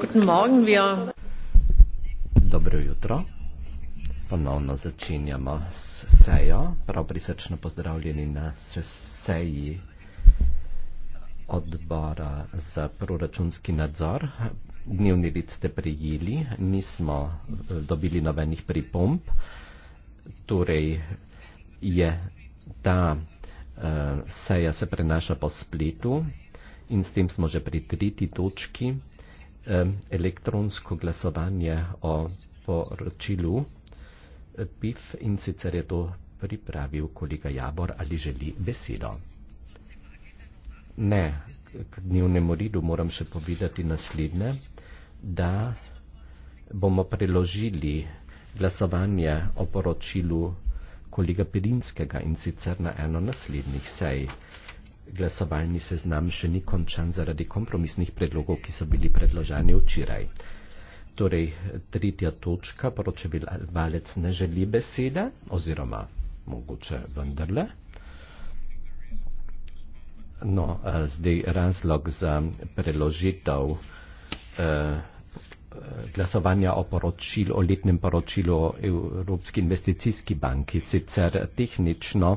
Guten Morgen, wir. Dobro jutro. Ponovno začenjamo s sejo. Prav prisrčno pozdravljeni na seji odbora za proračunski nadzor. Dnevni red ste prijeli, nismo eh, dobili nobenih pripomp. Torej je ta uh, seja se prenaša po spletu in s tem smo že pri tretji točki elektronsko glasovanje o poročilu PIF in sicer je to pripravil kolega Jabor ali želi besedo. Ne, k dnevnemu redu moram še povedati naslednje, da bomo preložili glasovanje o poročilu kolega Pedinskega in sicer na eno naslednjih sej glasovalni seznam še ni končan zaradi kompromisnih predlogov, ki so bili predloženi včeraj. Torej, tretja točka, poroče bil valec ne želi besede, oziroma mogoče vendarle. No, zdaj razlog za preložitev glasovanja o poročil, o letnem poročilu o Evropski investicijski banki. Sicer tehnično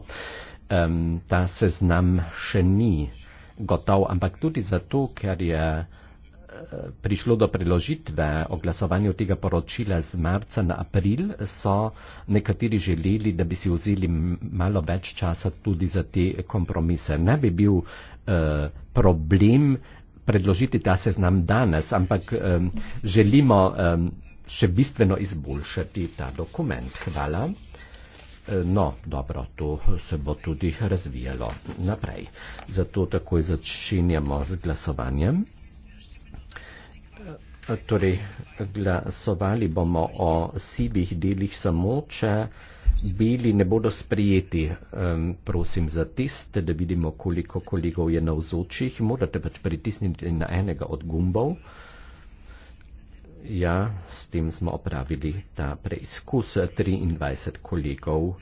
um, ta seznam še ni gotov, ampak tudi zato, ker je eh, prišlo do preložitve oglasovanja tega poročila z marca na april, so nekateri želeli, da bi si vzeli malo več časa tudi za te kompromise. Ne bi bil eh, problem predložiti ta seznam danes, ampak eh, želimo eh, še bistveno izboljšati ta dokument. Hvala. No, dobro, to se bo tudi razvijalo naprej. Zato takoj začenjamo z glasovanjem. Torej, glasovali bomo o sivih delih samo, če beli ne bodo sprijeti. Um, prosim za test, da vidimo, koliko kolegov je na vzočih. Morate pač pritisniti na enega od gumbov. Uh, ja, s tem smo opravili ta preizkus. 23 kolegov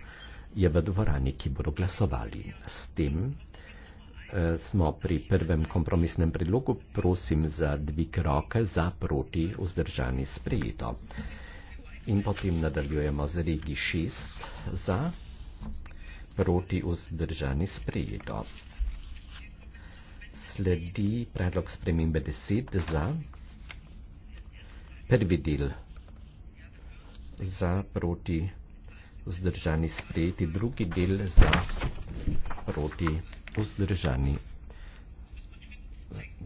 je v dvorani, ki bodo glasovali s tem. Eh, smo pri prvem kompromisnem predlogu. Prosim za dvig roke za proti vzdržani sprejeto. In potem nadaljujemo z regi 6 za proti vzdržani sprejeto. Sledi predlog spremembe 10 za prvi del za proti vzdržani sprejeti, drugi del za proti vzdržani.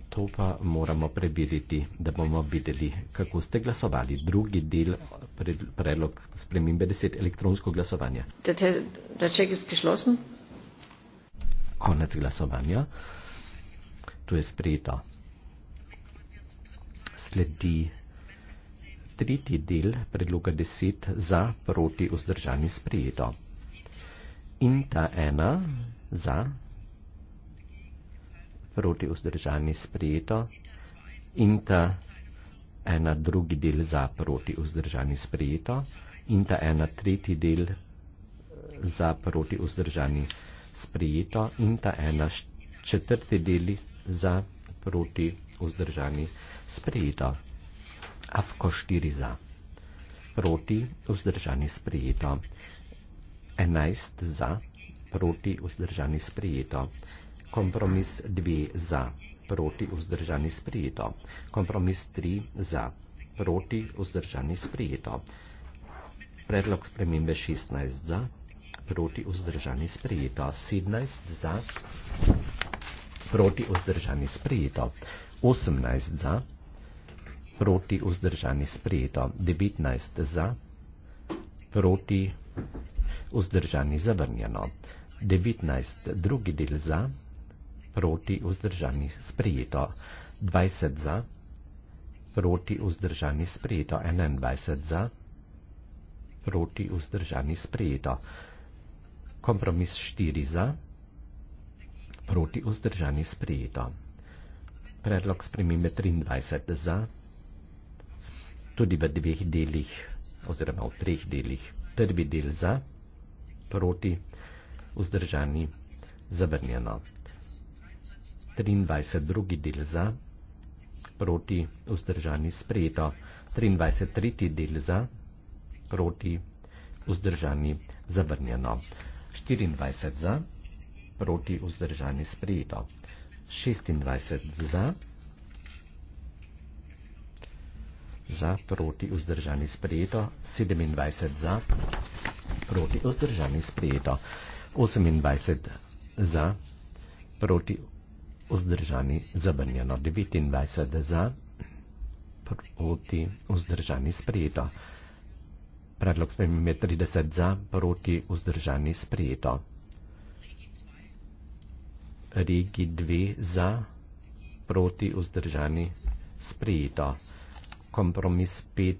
To pa moramo preveriti, da bomo videli, kako ste glasovali. Drugi del pred, predlog spremembe 10 elektronsko glasovanje. Konec glasovanja. To je sprejeto. Sledi tretji del predloga deset za proti vzdržani sprejeto. In ta ena za proti vzdržani sprejeto. In ta ena drugi del za proti vzdržani sprejeto. In ta ena tretji del eh, za proti vzdržani sprejeto. In ta ena četrti del za proti vzdržani sprejeto. AFKO 4 za, proti vzdržani sprejeto, 11 za, proti vzdržani sprejeto, kompromis 2 za, proti vzdržani sprejeto, kompromis 3 za, proti vzdržani sprejeto, predlog spremembe 16 za, proti vzdržani sprejeto, 17 za, proti vzdržani sprejeto, 18 za, proti vzdržani sprejeto, proti vzdržani sprejeto, 19 za, proti vzdržani zavrnjeno, 19 drugi del za, proti vzdržani sprejeto, 20 za, proti vzdržani sprejeto, 21 za, proti vzdržani sprejeto, kompromis 4 za, proti vzdržani sprejeto. Predlog spremime 23 za, proti vzdržani sprejeto tudi v dveh delih oziroma v treh delih. Prvi del za, proti, vzdržani, zavrnjeno. 23. drugi del za, proti, vzdržani, sprejeto. 23. tretji del za, proti, vzdržani, zavrnjeno. 24. za, proti, vzdržani, sprejeto. 26. za, proti, vzdržani, sprejeto. za, proti, vzdržani, sprejeto, 27 za, proti, vzdržani, sprejeto, 28 za, proti, vzdržani, zabrnjeno, 29 za, proti, vzdržani, sprejeto. Predlog spremem je 30 za, proti, vzdržani, sprejeto. Regi 2 za, proti, vzdržani, sprejeto kompromis 5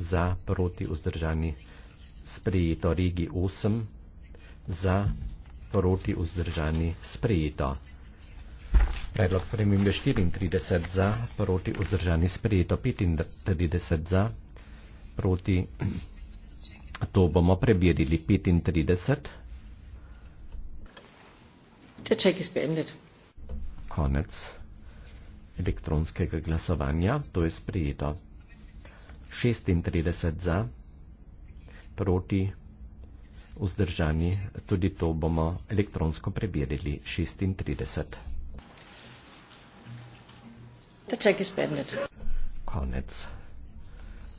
za proti vzdržani sprejeto regi 8 za proti vzdržani sprejeto. Predlog spremembe 34 za proti vzdržani sprejeto 35 za proti to bomo prebirili 35. Der Check ist beendet. Konec elektronskega glasovanja, to je sprejeto. 36 za, proti, vzdržani, tudi to bomo elektronsko preverili. 36. Teček izpernet. Konec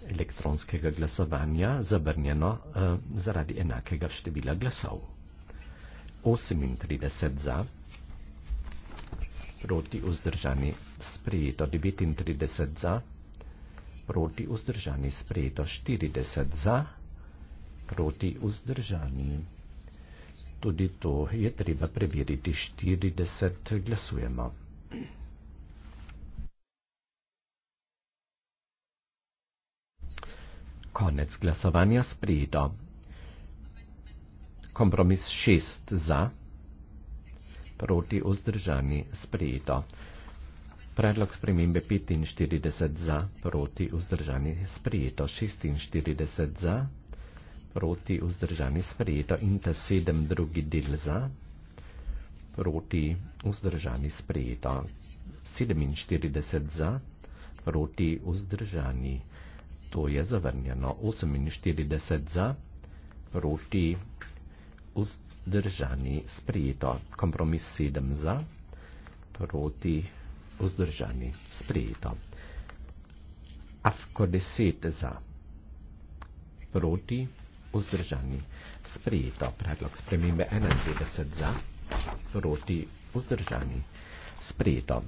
elektronskega glasovanja, zabrnjeno eh, zaradi enakega števila glasov. 38 za proti vzdržani sprejeto 39 za, proti vzdržani sprejeto 40 za, proti vzdržani. Tudi to je treba preveriti 40 glasujemo. Konec glasovanja sprejeto. Kompromis 6 za proti vzdržani sprejeto. Predlog spremembe 45 za proti vzdržani sprejeto, 46 za proti vzdržani sprejeto in ta sedem drugi del za proti vzdržani sprejeto, 47 za proti vzdržani, to je zavrnjeno, 48 za proti vzdržani vzdržani sprejeto. Kompromis 7 za, proti vzdržani sprejeto. Afko 10 za, proti vzdržani sprejeto. Predlog spremembe 91 za, proti vzdržani sprejeto.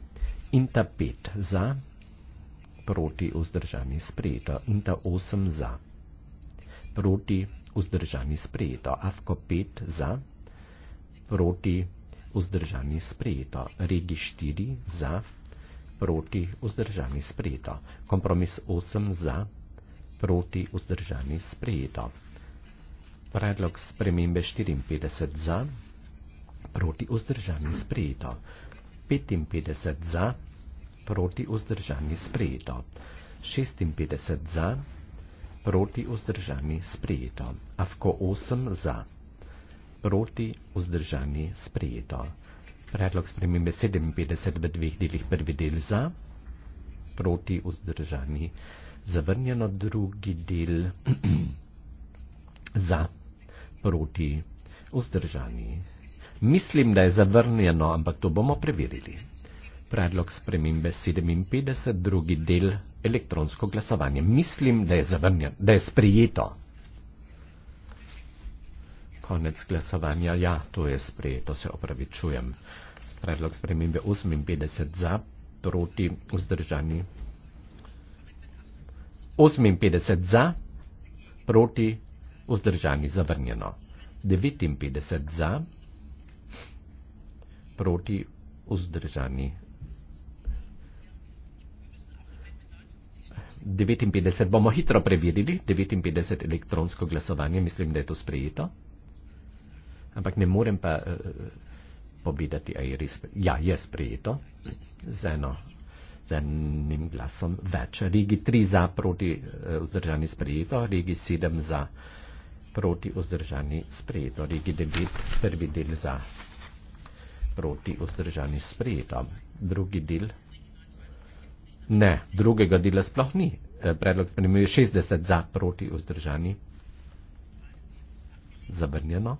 Inta 5 za, proti vzdržani sprejeto. Inta 8 za, proti vzdržani sprejeto vzdržani sprejeto. AFKO 5 za, proti vzdržani sprejeto. Regi 4 za, proti vzdržani sprejeto. Kompromis 8 za, proti vzdržani sprejeto. Predlog spremembe 54 za, proti vzdržani sprejeto. 55 za, proti vzdržani sprejeto. 56 za, proti vzdržani sprejeto proti vzdržani sprejeto. Avko 8 za. Proti vzdržani sprejeto. Predlog spremembe 57 v dveh delih prvi del za. Proti vzdržani zavrnjeno drugi del za. Proti vzdržani. Mislim, da je zavrnjeno, ampak to bomo preverili predlog spremembe 57, drugi del elektronsko glasovanje. Mislim, da je zavrnjen, da je sprejeto. Konec glasovanja, ja, to je sprejeto, se opravičujem. Predlog spremembe 58 za, proti vzdržani. 58 za, proti vzdržani zavrnjeno. 59 za, proti vzdržani zavrnjeno. 59 bomo hitro preverili, 59 elektronsko glasovanje, mislim, da je to sprejeto. Ampak ne morem pa uh, povedati, ali je res. Ja, je sprejeto z, eno, z enim glasom več. Regi 3 za proti uh, vzdržani sprejeto, regi 7 za proti vzdržani sprejeto, regi 9 prvi del za proti vzdržani sprejeto, drugi del Ne, drugega dela sploh ni. E, predlog sprememb je 60 za, proti vzdržani. Zabrnjeno.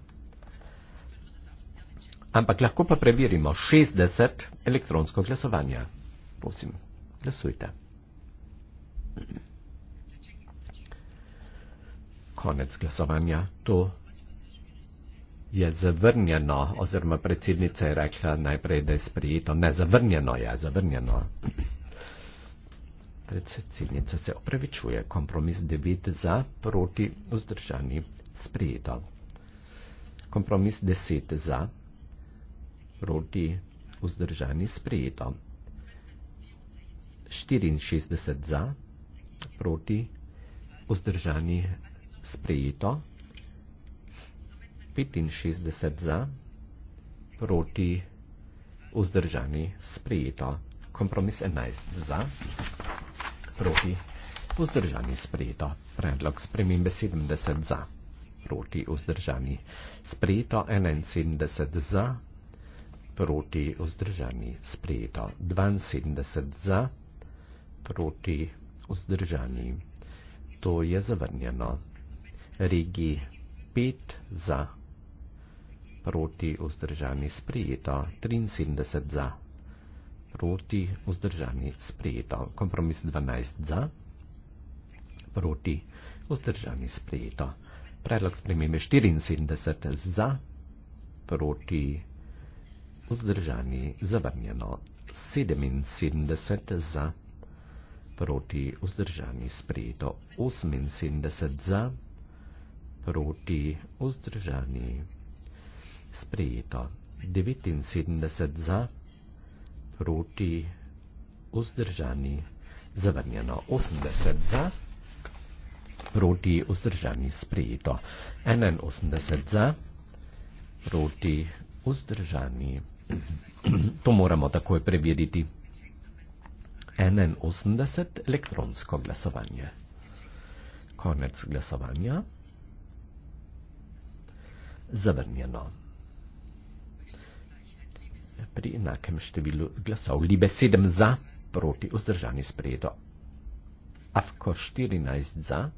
Ampak lahko pa preverimo 60 elektronsko glasovanja. Prosim, glasujte. Konec glasovanja. To je zavrnjeno, oziroma predsednica je rekla najprej, da je sprejeto. Ne, zavrnjeno je, zavrnjeno predsednica se opravičuje. Kompromis 9 za, proti, vzdržani, sprejeto. Kompromis 10 za, proti, vzdržani, sprejeto. 64 za, proti, vzdržani, sprejeto. 65 za, proti, vzdržani, sprejeto. Kompromis 11 za proti, vzdržani sprejeto. Predlog spremembe 70 za, proti vzdržani sprejeto, 71 za, proti vzdržani sprejeto, 72 za, proti vzdržani. To je zavrnjeno. Regi 5 za, proti vzdržani sprejeto, 73 za proti, vzdržani, sprejeto. Kompromis 12 za, proti, vzdržani, sprejeto. Predlog spremembe 74 za, proti, vzdržani, zavrnjeno. 77 za, proti, vzdržani, sprejeto. 78 za, proti, vzdržani, sprejeto. 79 za, proti, vzdržani, sprejeto proti vzdržani zavrnjeno. 80 za, proti vzdržani sprejeto. 81 za, proti vzdržani. To moramo takoj preveriti. 81 elektronsko glasovanje. Konec glasovanja. Zavrnjeno pri enakem številu glasov. Libe 7 za, proti vzdržani spredo. Avko 14 za,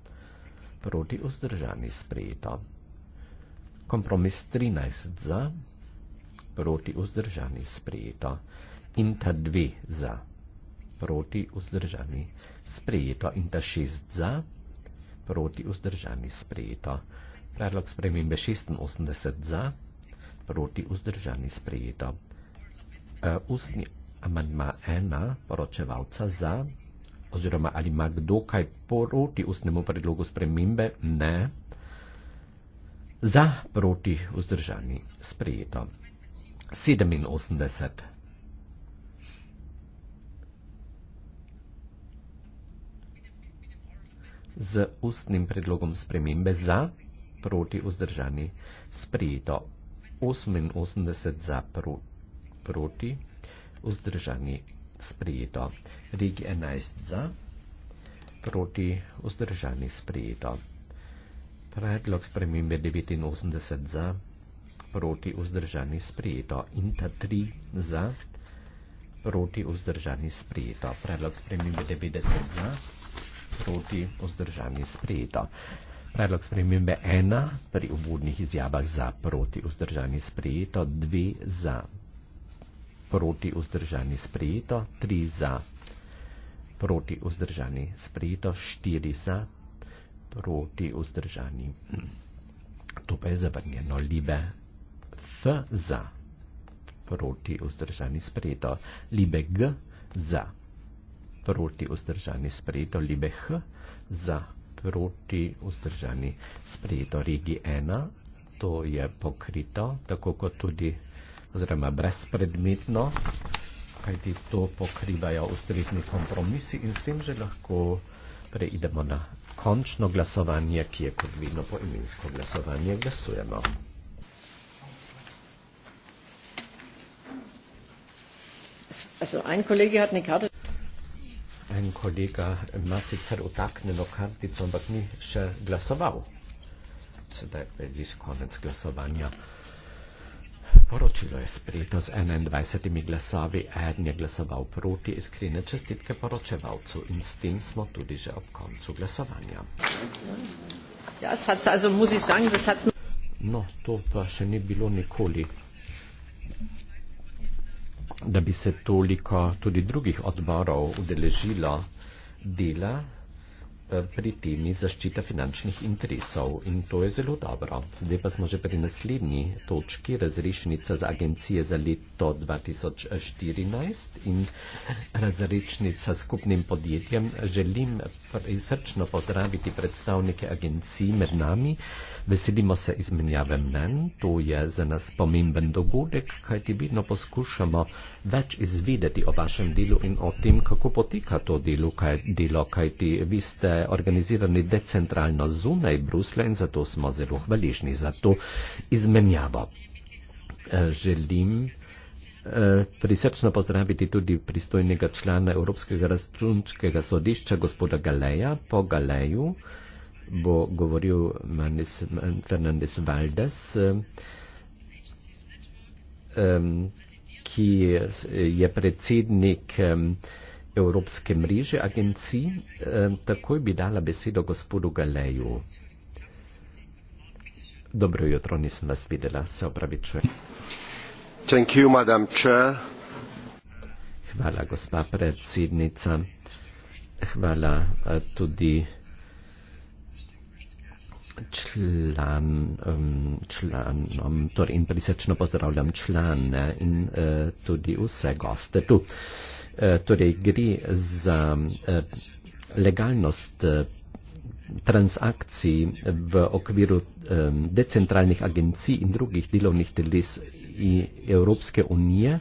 proti vzdržani spredo. Kompromis 13 za, proti vzdržani spredo. Inta 2 za, proti vzdržani spredo. Inta 6 za, proti vzdržani spredo. Predlog spremembe 86 za, proti vzdržani spredo. Eh, ustni amandma ena poročevalca za oziroma ali ima kdo kaj proti ustnemu predlogu spremembe? Ne. Za proti vzdržani sprejeto. 87. Z ustnim predlogom spremembe za proti vzdržani sprejeto. 88 za proti proti, vzdržani sprejeto. Rig 11 za, proti, vzdržani sprejeto. Predlog spremembe 89 za, proti, vzdržani sprejeto. In ta 3 za, proti, vzdržani sprejeto. Predlog spremembe 90 za, proti, vzdržani sprejeto. Predlog spremembe 1 pri obvodnih izjavah za proti vzdržani sprejeto, 2 za proti vzdržani sprejeto, 3 za, proti vzdržani sprejeto, 4 za, proti vzdržani. To pa je zavrnjeno, libe F za, proti vzdržani sprejeto, libe G za, proti vzdržani sprejeto, libe H za, proti vzdržani sprejeto, regi 1, to je pokrito, tako kot tudi oziroma brezpredmetno, kajti to pokrivajo ustrezni kompromisi in s tem že lahko preidemo na končno glasovanje, ki je kot vino poimensko glasovanje. Glasujemo. Also, ein Kollege hat eine Karte. Ein Kollege ima sicer utaknjeno kartico, ampak ni še glasoval. Sedaj je bil konec glasovanja. Poročilo je sprejeto z 21 glasovi, en je glasoval proti, iskrene čestitke poročevalcu in s tem smo tudi že ob koncu glasovanja. Ja, no, to pa še ni bilo nikoli, da bi se toliko tudi drugih odborov udeležilo dela Eh, pri temi zaščita finančnih interesov in to je zelo dobro. Zdaj pa smo že pri naslednji točki, razrešnica za agencije za leto 2014 in razrešnica skupnim podjetjem. Želim srčno pozdraviti predstavnike agencij med nami. Veselimo se izmenjave mnen, to je za nas pomemben dogodek, kajti vedno poskušamo več izvedeti o vašem delu in o tem, kako poteka to delo, kajti vi ste organizirani decentralno zunaj Bruslja in zato smo zelo hvaležni za to izmenjavo. Eh, želim eh, prisrčno pozdraviti tudi pristojnega člana Evropskega računskega sodišča, gospoda Galeja. Po Galeju bo govoril Manis, Fernandez Valdes, eh, ki je predsednik Evropske mreže agencij, eh, takoj bi dala besedo gospodu Galeju. Dobro jutro, nisem vas videla, se opravičujem. Hvala, gospa predsednica. Hvala eh, tudi član, članom, torej in prisrčno pozdravljam člane in eh, tudi vse goste tu. Eh, torej gre za eh, legalnost eh, transakcij v okviru decentralnih agencij in drugih delovnih teles Evropske unije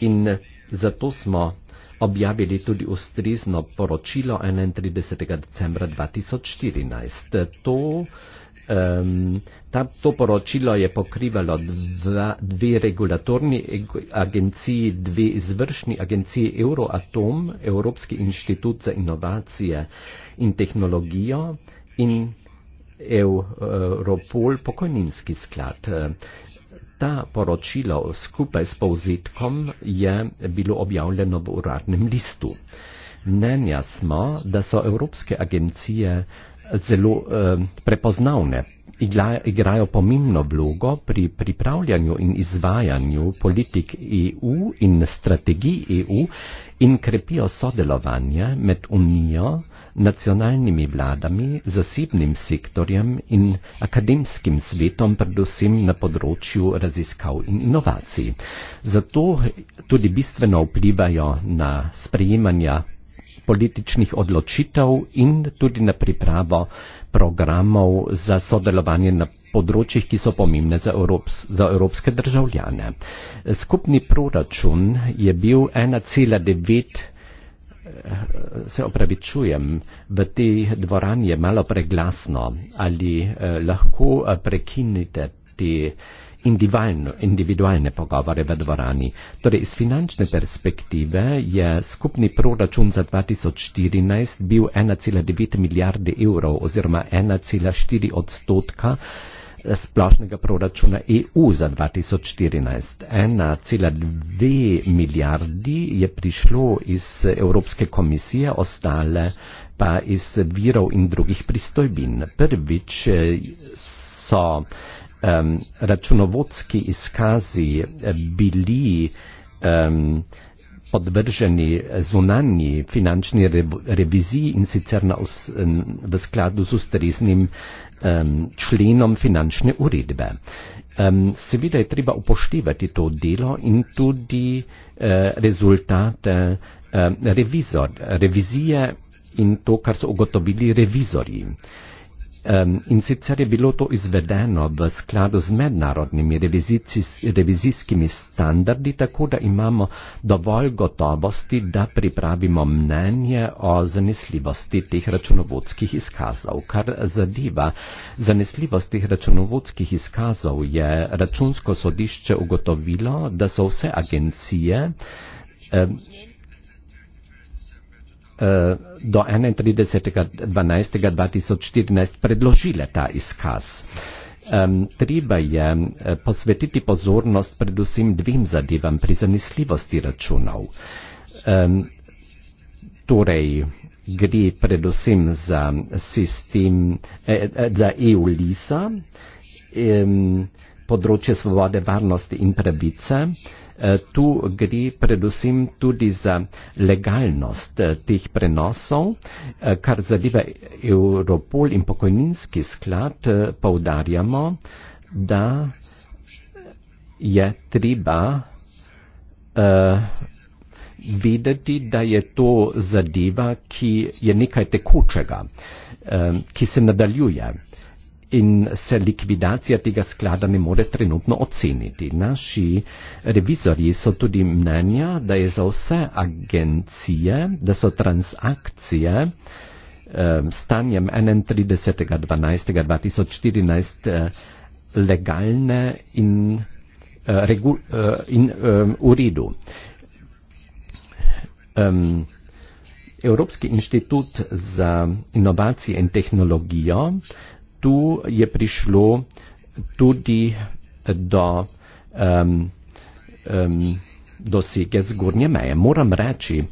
in zato smo objavili tudi ustrezno poročilo 31. decembra 2014. To um, ta, to poročilo je pokrivalo dva, dve regulatorni agenciji, dve izvršni agenciji Euroatom, Evropski inštitut za inovacije in tehnologijo in Europol pokojninski sklad. Ta poročilo skupaj s povzetkom je bilo objavljeno v uradnem listu. Mnenja smo, da so evropske agencije zelo eh, prepoznavne. Igrajo pomembno vlogo pri pripravljanju in izvajanju politik EU in strategij EU in krepijo sodelovanje med Unijo, nacionalnimi vladami, zasebnim sektorjem in akademskim svetom, predvsem na področju raziskav in inovacij. Zato tudi bistveno vplivajo na sprejemanja političnih odločitev in tudi na pripravo programov za sodelovanje na področjih, ki so pomembne za, Evrops, za evropske državljane. Skupni proračun je bil 1,9 eh, se opravičujem, v tej dvorani je malo preglasno, ali eh, lahko eh, prekinite imeti individualne pogovore v dvorani. Torej, iz finančne perspektive je skupni proračun za 2014 bil 1,9 milijarde evrov oziroma 1,4 odstotka eh, splošnega proračuna EU za 2014. 1,2 milijardi je prišlo iz Evropske komisije, ostale pa iz virov in drugih pristojbin. Prvič eh, so um, računovodski izkazi eh, bili um, podvrženi zunanji finančni reviziji in sicer na, v skladu z ustreznim um, členom finančne uredbe. Um, seveda je treba upoštevati to delo in tudi uh, rezultate uh, revizor, revizije in to, kar so ugotovili revizorji. Uh, Um, in sicer je bilo to izvedeno v skladu z mednarodnimi revizijskimi standardi, tako da imamo dovolj gotovosti, da pripravimo mnenje o zanesljivosti teh računovodskih izkazov. Kar zadeva zanesljivost teh računovodskih izkazov, je računsko sodišče ugotovilo, da so vse agencije um, Eh, do 31.12.2014 predložile ta izkaz. Um, treba je eh, posvetiti pozornost predvsem dvim zadevam pri zanesljivosti računov. Um, torej, gre predvsem za sistem, eh, eh za EU-LISA, eh, področje svobode, varnosti in pravice. Eh, Eh, tu gre predvsem tudi za legalnost eh, teh prenosov, eh, kar zadeva Europol in pokojninski sklad, poudarjamo, da je treba uh, vedeti, da je to zadeva, ki je nekaj tekočega, uh, ki se nadaljuje. Uh, in se likvidacija tega sklada ne more trenutno oceniti. Naši revizorji so tudi mnenja, da je za vse agencije, da so transakcije eh, stanjem 31.12.2014 eh, legalne in, eh, regu, eh, in eh, v redu. Um, Evropski inštitut za inovacije in tehnologijo tu je prišlo tudi do um, um, dosege zgornje meje. Moram reči,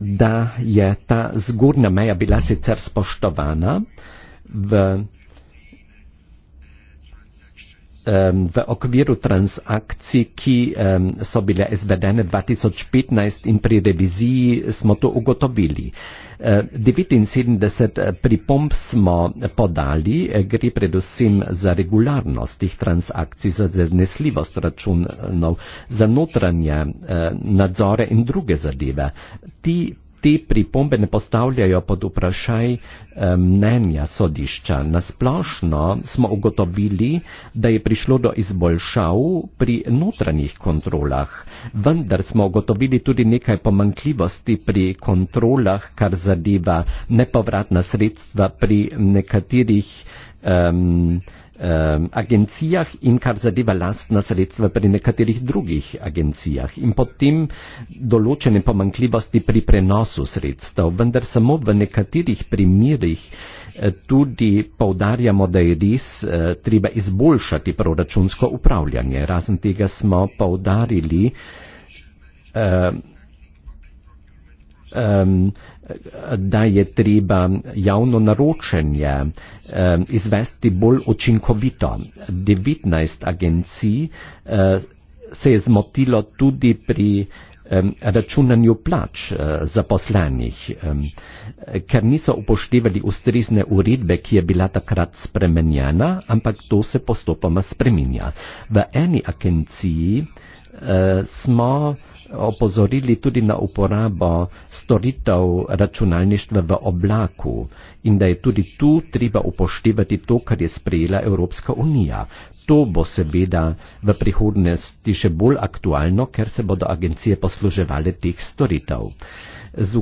da je ta zgornja meja bila sicer spoštovana v um, v okviru transakcij, ki um, so bile izvedene 2015 in pri reviziji smo to ugotovili. Uh, e, 79 e, pripomb smo podali, e, gre predvsem za regularnost teh transakcij, za zanesljivost računov, za notranje uh, nadzore in druge zadeve. Ti te pripombe ne postavljajo pod vprašaj eh, mnenja sodišča. Nasplošno smo ugotovili, da je prišlo do izboljšav pri notranjih kontrolah, vendar smo ugotovili tudi nekaj pomankljivosti pri kontrolah, kar zadeva nepovratna sredstva pri nekaterih um, agencijah in kar zadeva lastna sredstva pri nekaterih drugih agencijah in potem določene pomankljivosti pri prenosu sredstev, vendar samo v nekaterih primerjih eh, tudi povdarjamo, da je res eh, treba izboljšati proračunsko upravljanje. Razen tega smo povdarili. Eh, da je treba javno naročanje izvesti bolj očinkovito. 19 agencij eh, se je zmotilo tudi pri računanju plač eh, zaposlenih, ker niso upoštevali ustrezne uredbe, ki je bila takrat spremenjena, ampak to se postopoma spreminja. V eni agenciji eh, smo opozorili tudi na uporabo storitev računalništva v oblaku in da je tudi tu treba upoštevati to, kar je sprejela Evropska unija. To bo seveda v prihodnosti še bolj aktualno, ker se bodo agencije posluževale teh storitev. Z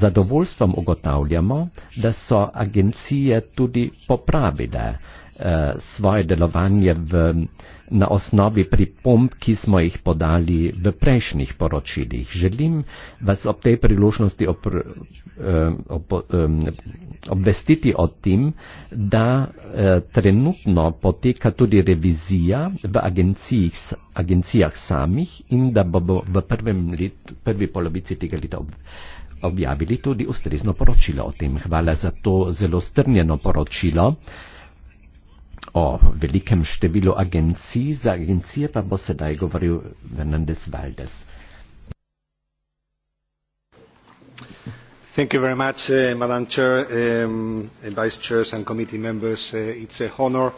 zadovoljstvom ugotavljamo, da so agencije tudi popravile eh, svoje delovanje v, na osnovi pripomb, ki smo jih podali v prejšnjih poročilih. Želim vas ob tej priložnosti opr, eh, op, eh, obvestiti o tem, da eh, trenutno poteka tudi revizija v agencijih, agencijah samih in da bo v let, prvi polovici tega leta. Ob, objavili tudi ustrezno poročilo o tem. Hvala za to zelo strnjeno poročilo. Uh, o velikem številu agencij, za agencije pa bo sedaj govoril Fernandez Valdes. Thank you very much, uh, Madam Chair, um, and eh, Vice Chairs and Committee Members. Uh, it's a honor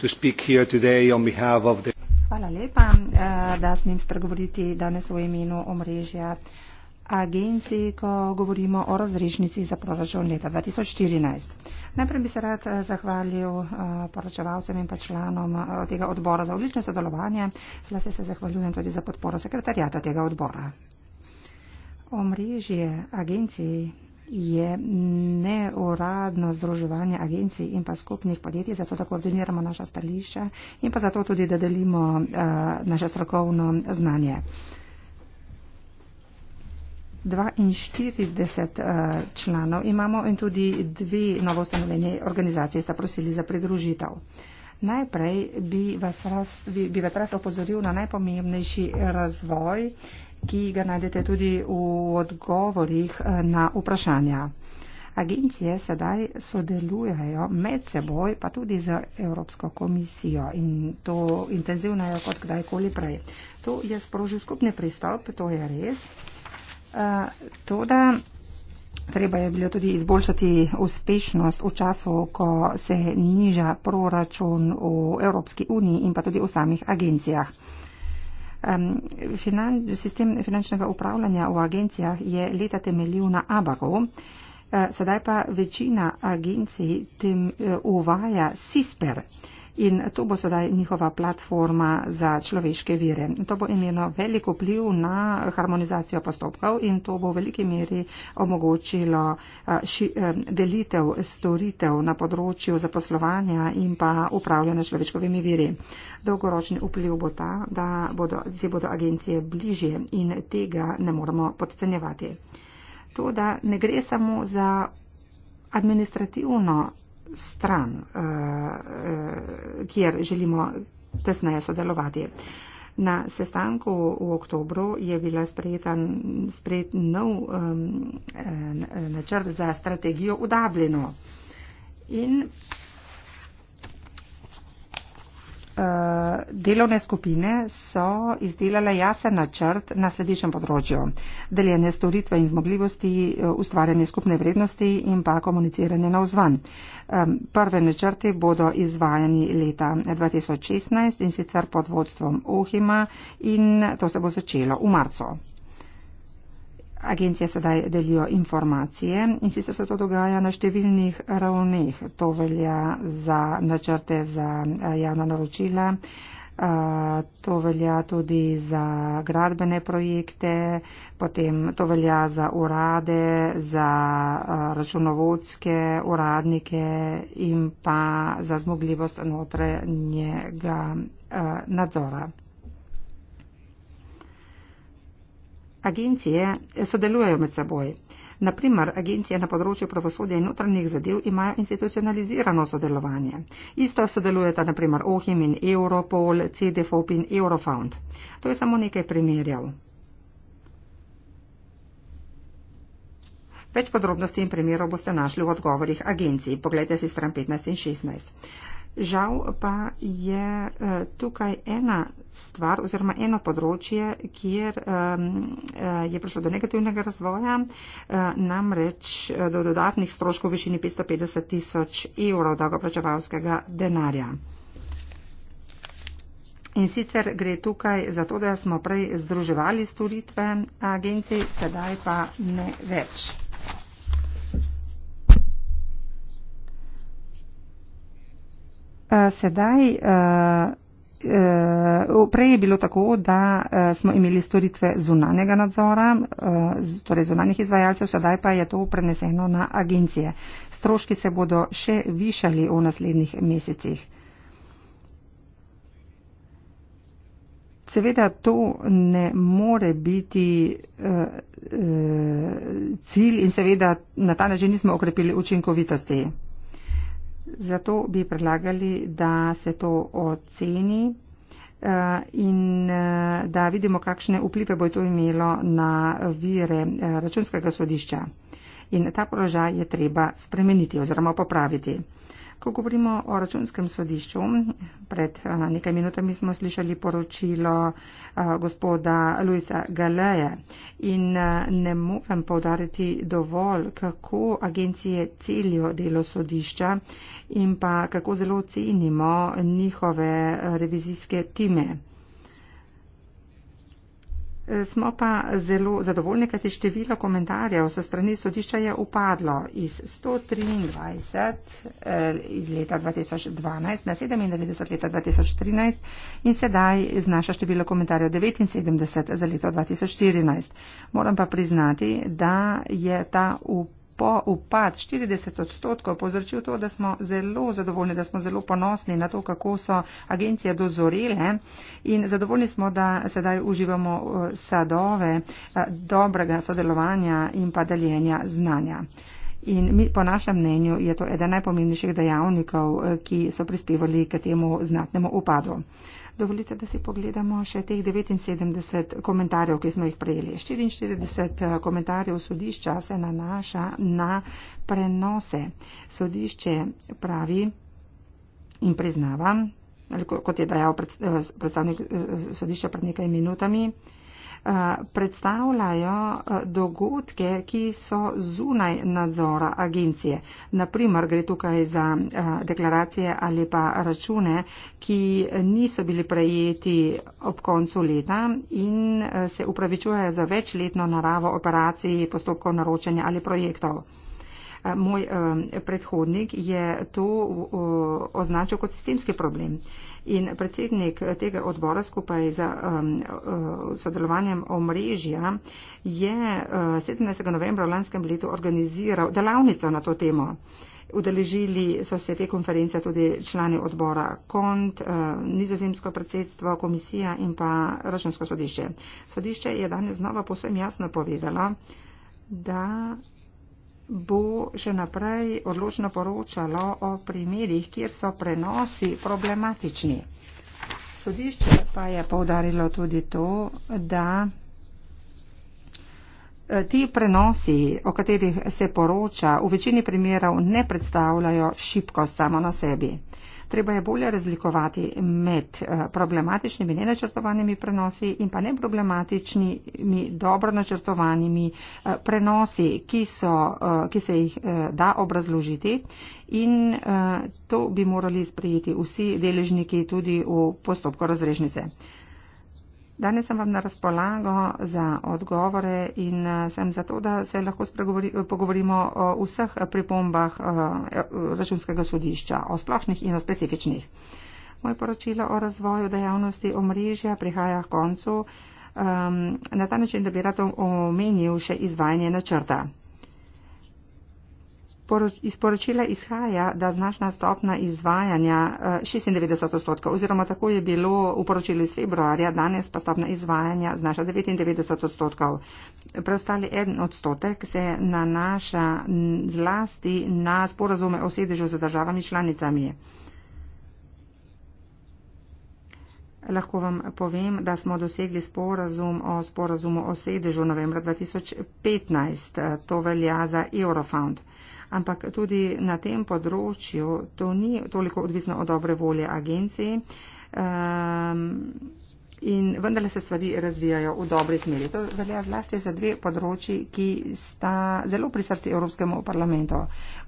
to speak here today on behalf of the... Hvala lepa, uh, da smem spregovoriti danes v imenu omrežja uh, agenciji, ko govorimo o razrešnici za proračun leta 2014. Najprej bi se rad eh, zahvalil eh, poročevalcem in pa članom eh, tega odbora za odlično sodelovanje. Zlasti se zahvaljujem tudi za podporo sekretarjata tega odbora. Omrežje agencij je neuradno združevanje agencij in pa skupnih podjetij, zato da koordiniramo naša stališča in pa zato tudi, da delimo uh, naše strokovno znanje. Uh, 42 uh, članov imamo in tudi dve novostanovljeni organizacije sta prosili za pridružitev. Najprej bi vas, raz, bi, bi vas raz opozoril na najpomembnejši razvoj, ki ga najdete tudi v odgovorih eh, na vprašanja. Agencije sedaj sodelujejo med seboj, pa tudi z Evropsko komisijo in to intenzivno je kot kdajkoli prej. To je sprožil skupni pristop, to je res. Toda treba je bilo tudi izboljšati uspešnost v času, ko se niža proračun v Evropski uniji in pa tudi v samih agencijah. Finan, sistem finančnega upravljanja v agencijah je leta temeljil na ABAGO, eh, sedaj pa večina agencij tem eh, uvaja SISPER in to bo sedaj njihova platforma za človeške vire. To bo imelo veliko vpliv na harmonizacijo postopkov in to bo v veliki meri omogočilo eh, ši, eh, delitev storitev na področju zaposlovanja in pa upravljanja človeškovimi viri. Dolgoročni vpliv bo ta, da bodo, se bodo agencije bližje in tega ne moremo podcenjevati. To, da ne gre samo za administrativno stran, eh, eh, kjer želimo tesneje sodelovati. Na sestanku v oktobru je bila sprejeta sprejet nov um, načrt za strategijo v Dublinu. In Eh, delovne skupine so izdelale jasen načrt na sledičem področju. Deljene storitve in zmogljivosti, eh, ustvarjanje skupne vrednosti in pa komuniciranje na vzvan. Prve načrte bodo izvajani leta 2016 in sicer pod vodstvom OHIMA in to se bo začelo v marcu. Agencije sedaj delijo informacije in sicer se to dogaja na številnih ravneh. To velja za načrte za eh, javna naročila, eh, to velja tudi za gradbene projekte, potem to velja za urade, za eh, računovodske uradnike in pa za zmogljivost notranjega nadzora. Agencije sodelujejo med seboj. Naprimer, agencije na področju pravosodja in notranjih zadev imajo institucionalizirano sodelovanje. Isto sodelujeta naprimer OHIM in Europol, CDFOP in Eurofound. To je samo nekaj primerjav. Več podrobnosti in primerov boste našli v odgovorih agencij. Poglejte si stran 15 in 16. Žal pa je eh, tukaj ena stvar oziroma eno področje, kjer eh, je prišlo do negativnega razvoja, eh, namreč do dodatnih stroškov v višini 550 tisoč evrov dolgoplačevalskega denarja. In sicer gre tukaj za to, da smo prej združevali storitve agencij, sedaj pa ne več. sedaj, uh, uh, prej je bilo tako, da uh, smo imeli storitve zunanega nadzora, uh, z, torej zunanih izvajalcev, sedaj pa je to preneseno na agencije. Stroški se bodo še višali v naslednjih mesecih. Seveda to ne more biti uh, uh, cilj in seveda na ta način nismo okrepili učinkovitosti. Zato bi predlagali, da se to oceni eh, in eh, da vidimo, kakšne vplive bo to imelo na vire eh, računskega sodišča. In ta položaj je treba spremeniti oziroma popraviti. Ko govorimo o računskem sodišču, pred eh, nekaj minutami smo slišali poročilo eh, gospoda Luisa Galeja in eh, ne morem povdariti dovolj, kako agencije celijo delo sodišča in pa kako zelo cenimo njihove revizijske time. Smo pa zelo zadovoljni, kajti število komentarjev sa strani sodišča je upadlo iz 123 eh, iz leta 2012 na 97 leta 2013 in sedaj znaša število komentarjev 79 za leto 2014. Moram pa priznati, da je ta upadlo po upad 40 odstotkov povzročil to, da smo zelo zadovoljni, da smo zelo ponosni na to, kako so agencije dozorele in zadovoljni smo, da sedaj uživamo eh, sadove eh, dobrega sodelovanja in pa deljenja znanja. In mi, po našem mnenju je to eden najpomembnejših dejavnikov, eh, ki so prispevali k temu znatnemu upadu. Dovolite, da si pogledamo še teh 79 komentarjev, ki smo jih prejeli. 44 eh, komentarjev sodišča se nanaša na prenose. Sodišče pravi in priznava, kot je dajal eh, predstavnik eh, sodišča pred nekaj minutami, Eh, predstavljajo eh, dogodke, ki so zunaj nadzora agencije. Naprimer, gre tukaj za eh, deklaracije ali pa račune, ki niso bili prejeti ob koncu leta in se upravičujejo za večletno naravo operacij, postopkov naročanja ali projektov moj eh, predhodnik je to eh, označil kot sistemski problem. In predsednik eh, tega odbora skupaj z sodelovanjem omrežja je 17. novembra v lanskem letu organiziral delavnico na to temo. Udeležili so se te konference tudi člani odbora KONT, nizozemsko predsedstvo, komisija in pa Računsko sodišče. Sodišče je danes znova posebno jasno povedalo, da bo še naprej odločno poročalo o primerih, kjer so prenosi problematični. Sodišče pa je povdarilo tudi to, da eh, ti prenosi, o katerih se poroča, v večini primerov ne predstavljajo šibkost samo na sebi treba je bolje razlikovati med eh, problematičnimi nenačrtovanimi prenosi in pa neproblematičnimi dobro načrtovanimi eh, prenosi, ki, so, eh, ki se jih da obrazložiti in to bi morali sprejeti vsi deležniki tudi v postopku razrežnice. Danes sem vam na razpolago za odgovore in eh, sem zato, da se lahko eh, pogovorimo o vseh pripombah eh, računskega sodišča, o splošnih in o specifičnih. Moje poročilo o razvoju dejavnosti omrežja prihaja k koncu. Ehm, na ta način, da bi rad omenil še izvajanje načrta. Iz poročila izhaja, da znašna stopna izvajanja 96 eh, odstotkov, oziroma tako je bilo v poročilu iz februarja, danes pa stopna izvajanja znaša 99 odstotkov. Preostali en odstotek se nanaša zlasti na sporazume o sedežu za državami članicami. Lahko vam povem, da smo dosegli sporazum o sporazumu o sedežu novembra 2015, eh, to velja za Eurofound ampak tudi na tem področju to ni toliko odvisno od dobre volje agencij. Um, In vendarle se stvari razvijajo v dobri smeri. To velja zlasti za dve področji, ki sta zelo pri srcu Evropskemu parlamentu.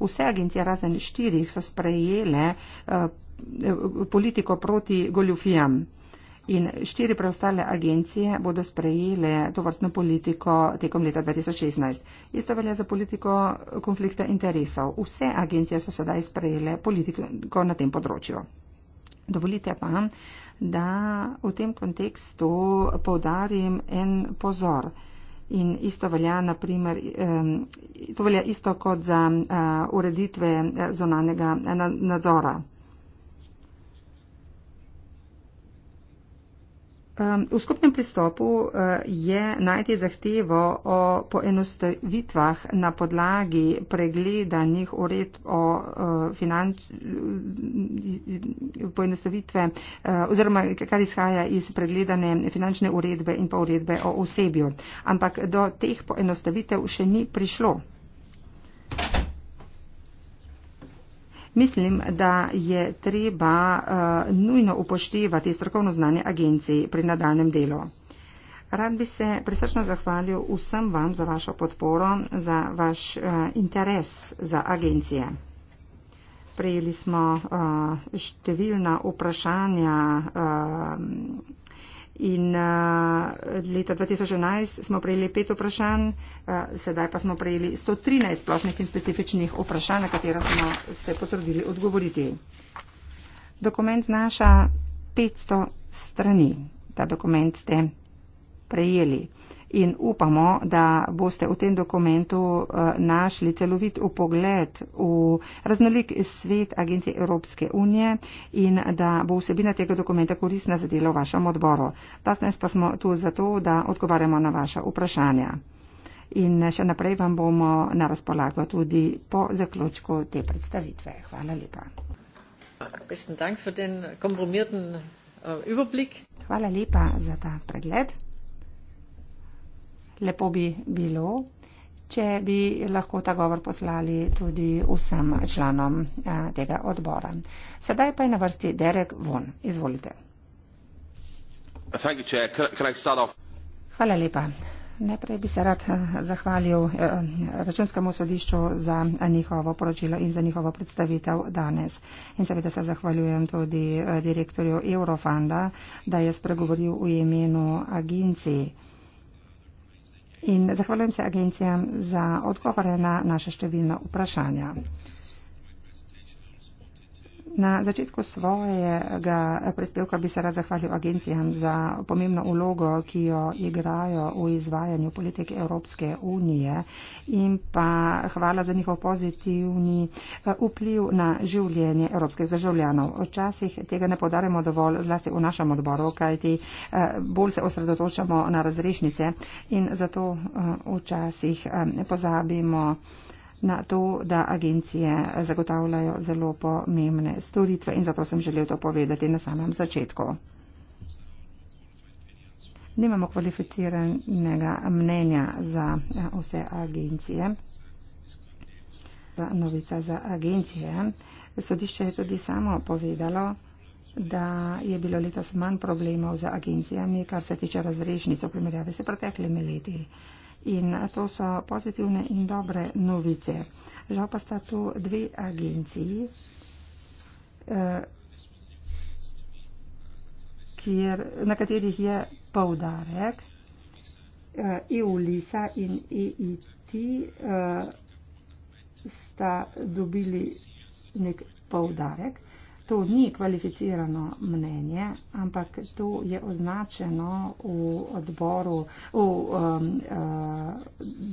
Vse agencije razen štirih so sprejele uh, politiko proti goljufijam in štiri preostale agencije bodo sprejele to vrstno politiko tekom leta 2016. Isto velja za politiko konflikta interesov. Vse agencije so sedaj sprejele politiko na tem področju. Dovolite pa, da v tem kontekstu povdarim en pozor. In isto velja, naprimer, to velja isto kot za eh, ureditve eh, zonanega eh, nadzora. Um, v skupnem pristopu uh, je najti zahtevo o poenostavitvah na podlagi pregledanih ured o uh, eh, finanč, eh, poenostavitve uh, oziroma kar izhaja iz pregledane finančne uredbe in pa uredbe o osebju. Ampak do teh poenostavitev še ni prišlo. Mislim, da je treba uh, nujno upoštevati strokovno znanje agencij pri nadaljem delu. Rad bi se presrčno zahvalil vsem vam za vašo podporo, za vaš uh, interes za agencije. Prejeli smo uh, številna vprašanja. Uh, In uh, leta 2011 smo prejeli pet vprašanj, uh, sedaj pa smo prejeli 113 splošnih in specifičnih vprašanj, na katera smo se potrudili odgovoriti. Dokument znaša 500 strani. Ta dokument ste prejeli. Uh, in upamo, da boste v tem dokumentu eh, našli celovit upogled v raznolik svet Agencije Evropske unije in da bo vsebina tega dokumenta koristna za delo v vašem odboru. Danes pa smo tu zato, da odgovarjamo na vaše vprašanja. In še naprej vam bomo na razpolago tudi po zaključku te predstavitve. Hvala lepa. Äh, Hvala lepa za ta pregled lepo bi bilo, če bi lahko ta govor poslali tudi vsem članom eh, tega odbora. Sedaj pa je na vrsti Derek Von. Izvolite. Thank you, chair. Can I start off? Hvala lepa. Najprej bi se rad eh, zahvalil eh, računskemu sodišču za njihovo poročilo in za njihovo predstavitev danes. In seveda se zahvaljujem tudi direktorju Eurofanda, da je spregovoril v imenu agenciji. In zahvaljujem se agencijam za odgovore na naše številna vprašanja. Na začetku svojega prispevka bi se rad zahvalil agencijam za pomembno ulogo, ki jo igrajo v izvajanju politike Evropske unije in pa hvala za njihov pozitivni eh, vpliv na življenje evropskih državljanov. Včasih tega ne podaremo dovolj, zlasti v našem odboru, kajti eh, bolj se osredotočamo na razrešnice in zato eh, včasih pozabimo na to, da agencije zagotavljajo zelo pomembne storitve in zato sem želel to povedati na samem začetku. Nimamo kvalificiranega mnenja za vse agencije. Novica za agencije. Sodišče je tudi samo povedalo, da je bilo letos manj problemov za agencijami, kar se tiče razrešnic v primerjavi s preteklimi leti in to so pozitivne in dobre novice. Žal pa sta tu dve agenciji, eh, kjer, na katerih je povdarek EULISA eh, e in EIT eh, sta dobili nek povdarek. To ni kvalificirano mnenje, ampak to je označeno v odboru, v um, uh,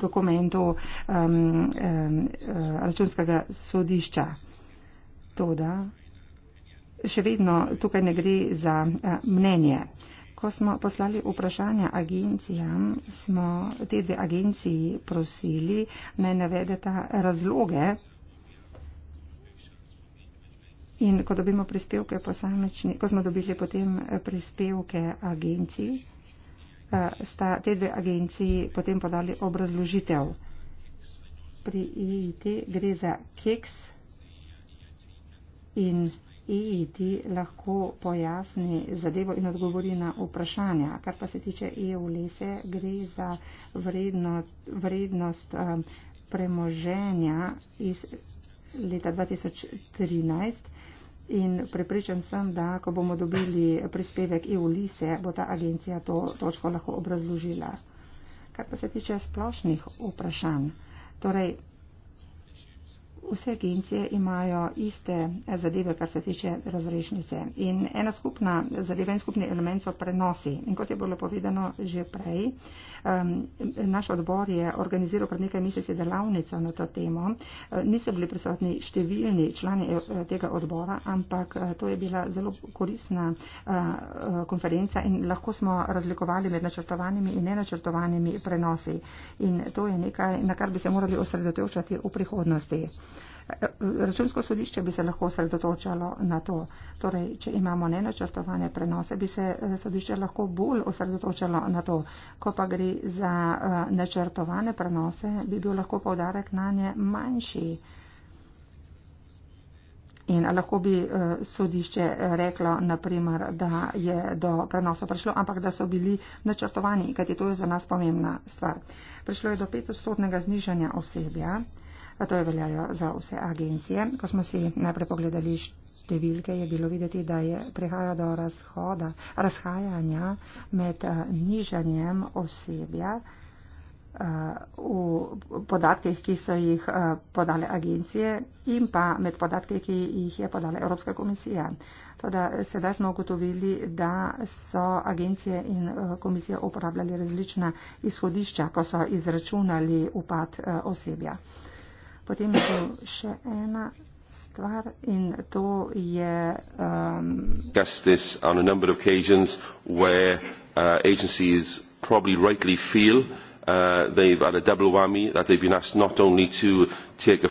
dokumentu um, um, uh, računskega sodišča. Toda še vedno tukaj ne gre za uh, mnenje. Ko smo poslali vprašanja agencijam, smo te dve agenciji prosili, naj navedeta razloge, In ko dobimo prispevke posamečni, ko smo dobili potem eh, prispevke agencij, eh, sta te dve agenciji potem podali obrazložitev. Pri EIT gre za keks in EIT lahko pojasni zadevo in odgovori na vprašanja. Kar pa se tiče EU lese, gre za vredno, vrednost eh, premoženja iz leta 2013 in prepričan sem, da ko bomo dobili prispevek EU lise, bo ta agencija to točko lahko obrazložila. Kar pa se tiče splošnih vprašanj, torej vse agencije imajo iste zadeve, kar se tiče razrešnice. In ena skupna zadeva in skupni element so prenosi. In kot je bilo povedano že prej, um, naš odbor je organiziral pred nekaj meseci delavnico na to temo. Uh, niso bili prisotni številni člani eh, tega odbora, ampak eh, to je bila zelo korisna uh, eh, konferenca in lahko smo razlikovali med načrtovanimi in nenačrtovanimi prenosi. In to je nekaj, na kar bi se morali osredotočati v prihodnosti. Računsko sodišče bi se lahko osredotočalo na to. Torej, če imamo nenačrtovane prenose, bi se eh, sodišče lahko bolj osredotočalo na to. Ko pa gre za eh, načrtovane prenose, bi bil lahko povdarek na nje manjši. In lahko bi eh, sodišče reklo, naprimer, da je do prenosa prišlo, ampak da so bili načrtovani, kajti to je za nas pomembna stvar. Prišlo je do 5-stotnega znižanja osebja. Ja? to je veljajo za vse agencije. Ko smo si najprej pogledali številke, je bilo videti, da je prihaja do razhoda, razhajanja med eh, nižanjem osebja eh, v podatkih, ki so jih eh, podale agencije in pa med podatki, ki jih je podala Evropska komisija. Teda sedaj smo ugotovili, da so agencije in komisije uporabljali različna izhodišča, ko so izračunali upad osebja. Potem je tu še ena stvar in to je. Um, uh, probably rightly feel uh, they've had a double whammy that they've been asked not only to take a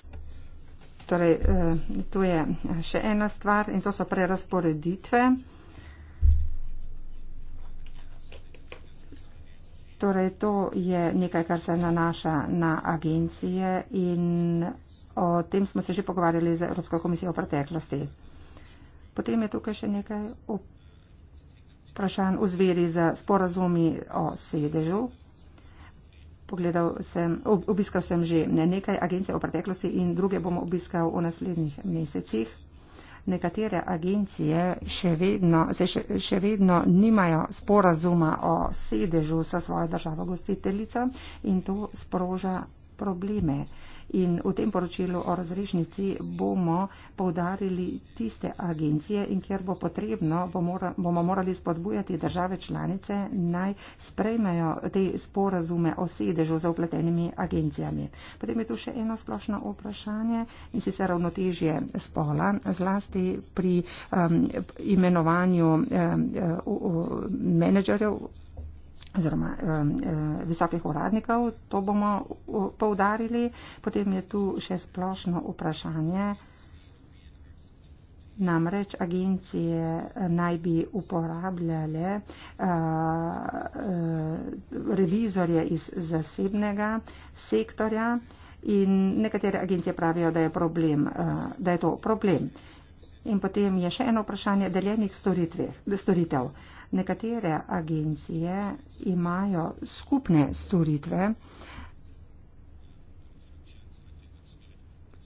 torej, uh, to je še ena stvar in to so prerasporeditve. Torej, to je nekaj, kar se nanaša na agencije in o tem smo se že pogovarjali z Evropsko komisijo v preteklosti. Potem je tukaj še nekaj vprašanj v zveri z sporazumi o sedežu. Pogledal sem, obiskal sem že nekaj agencij v preteklosti in druge bom obiskal v naslednjih mesecih nekatere agencije še vedno, še, še vedno nimajo sporazuma o sedežu sa svojo državo gostiteljico in to sproža probleme. In v tem poročilu o razrešnici bomo povdarili tiste agencije in kjer bo potrebno, bomo morali spodbujati države članice naj sprejmejo te sporazume o sedežu za upletenimi agencijami. Potem je tu še eno splošno vprašanje in sicer ravnotežje spola, zlasti pri um, imenovanju um, uh, menedžerjev oziroma visokih uradnikov, to bomo poudarili. Potem je tu še splošno vprašanje. Namreč agencije eh, naj bi uporabljale uh, uh, revizorje iz zasebnega sektorja in nekatere agencije pravijo, da je, problem, uh, da je to problem. In potem je še eno vprašanje deljenih storitev. Nekatere agencije imajo skupne storitve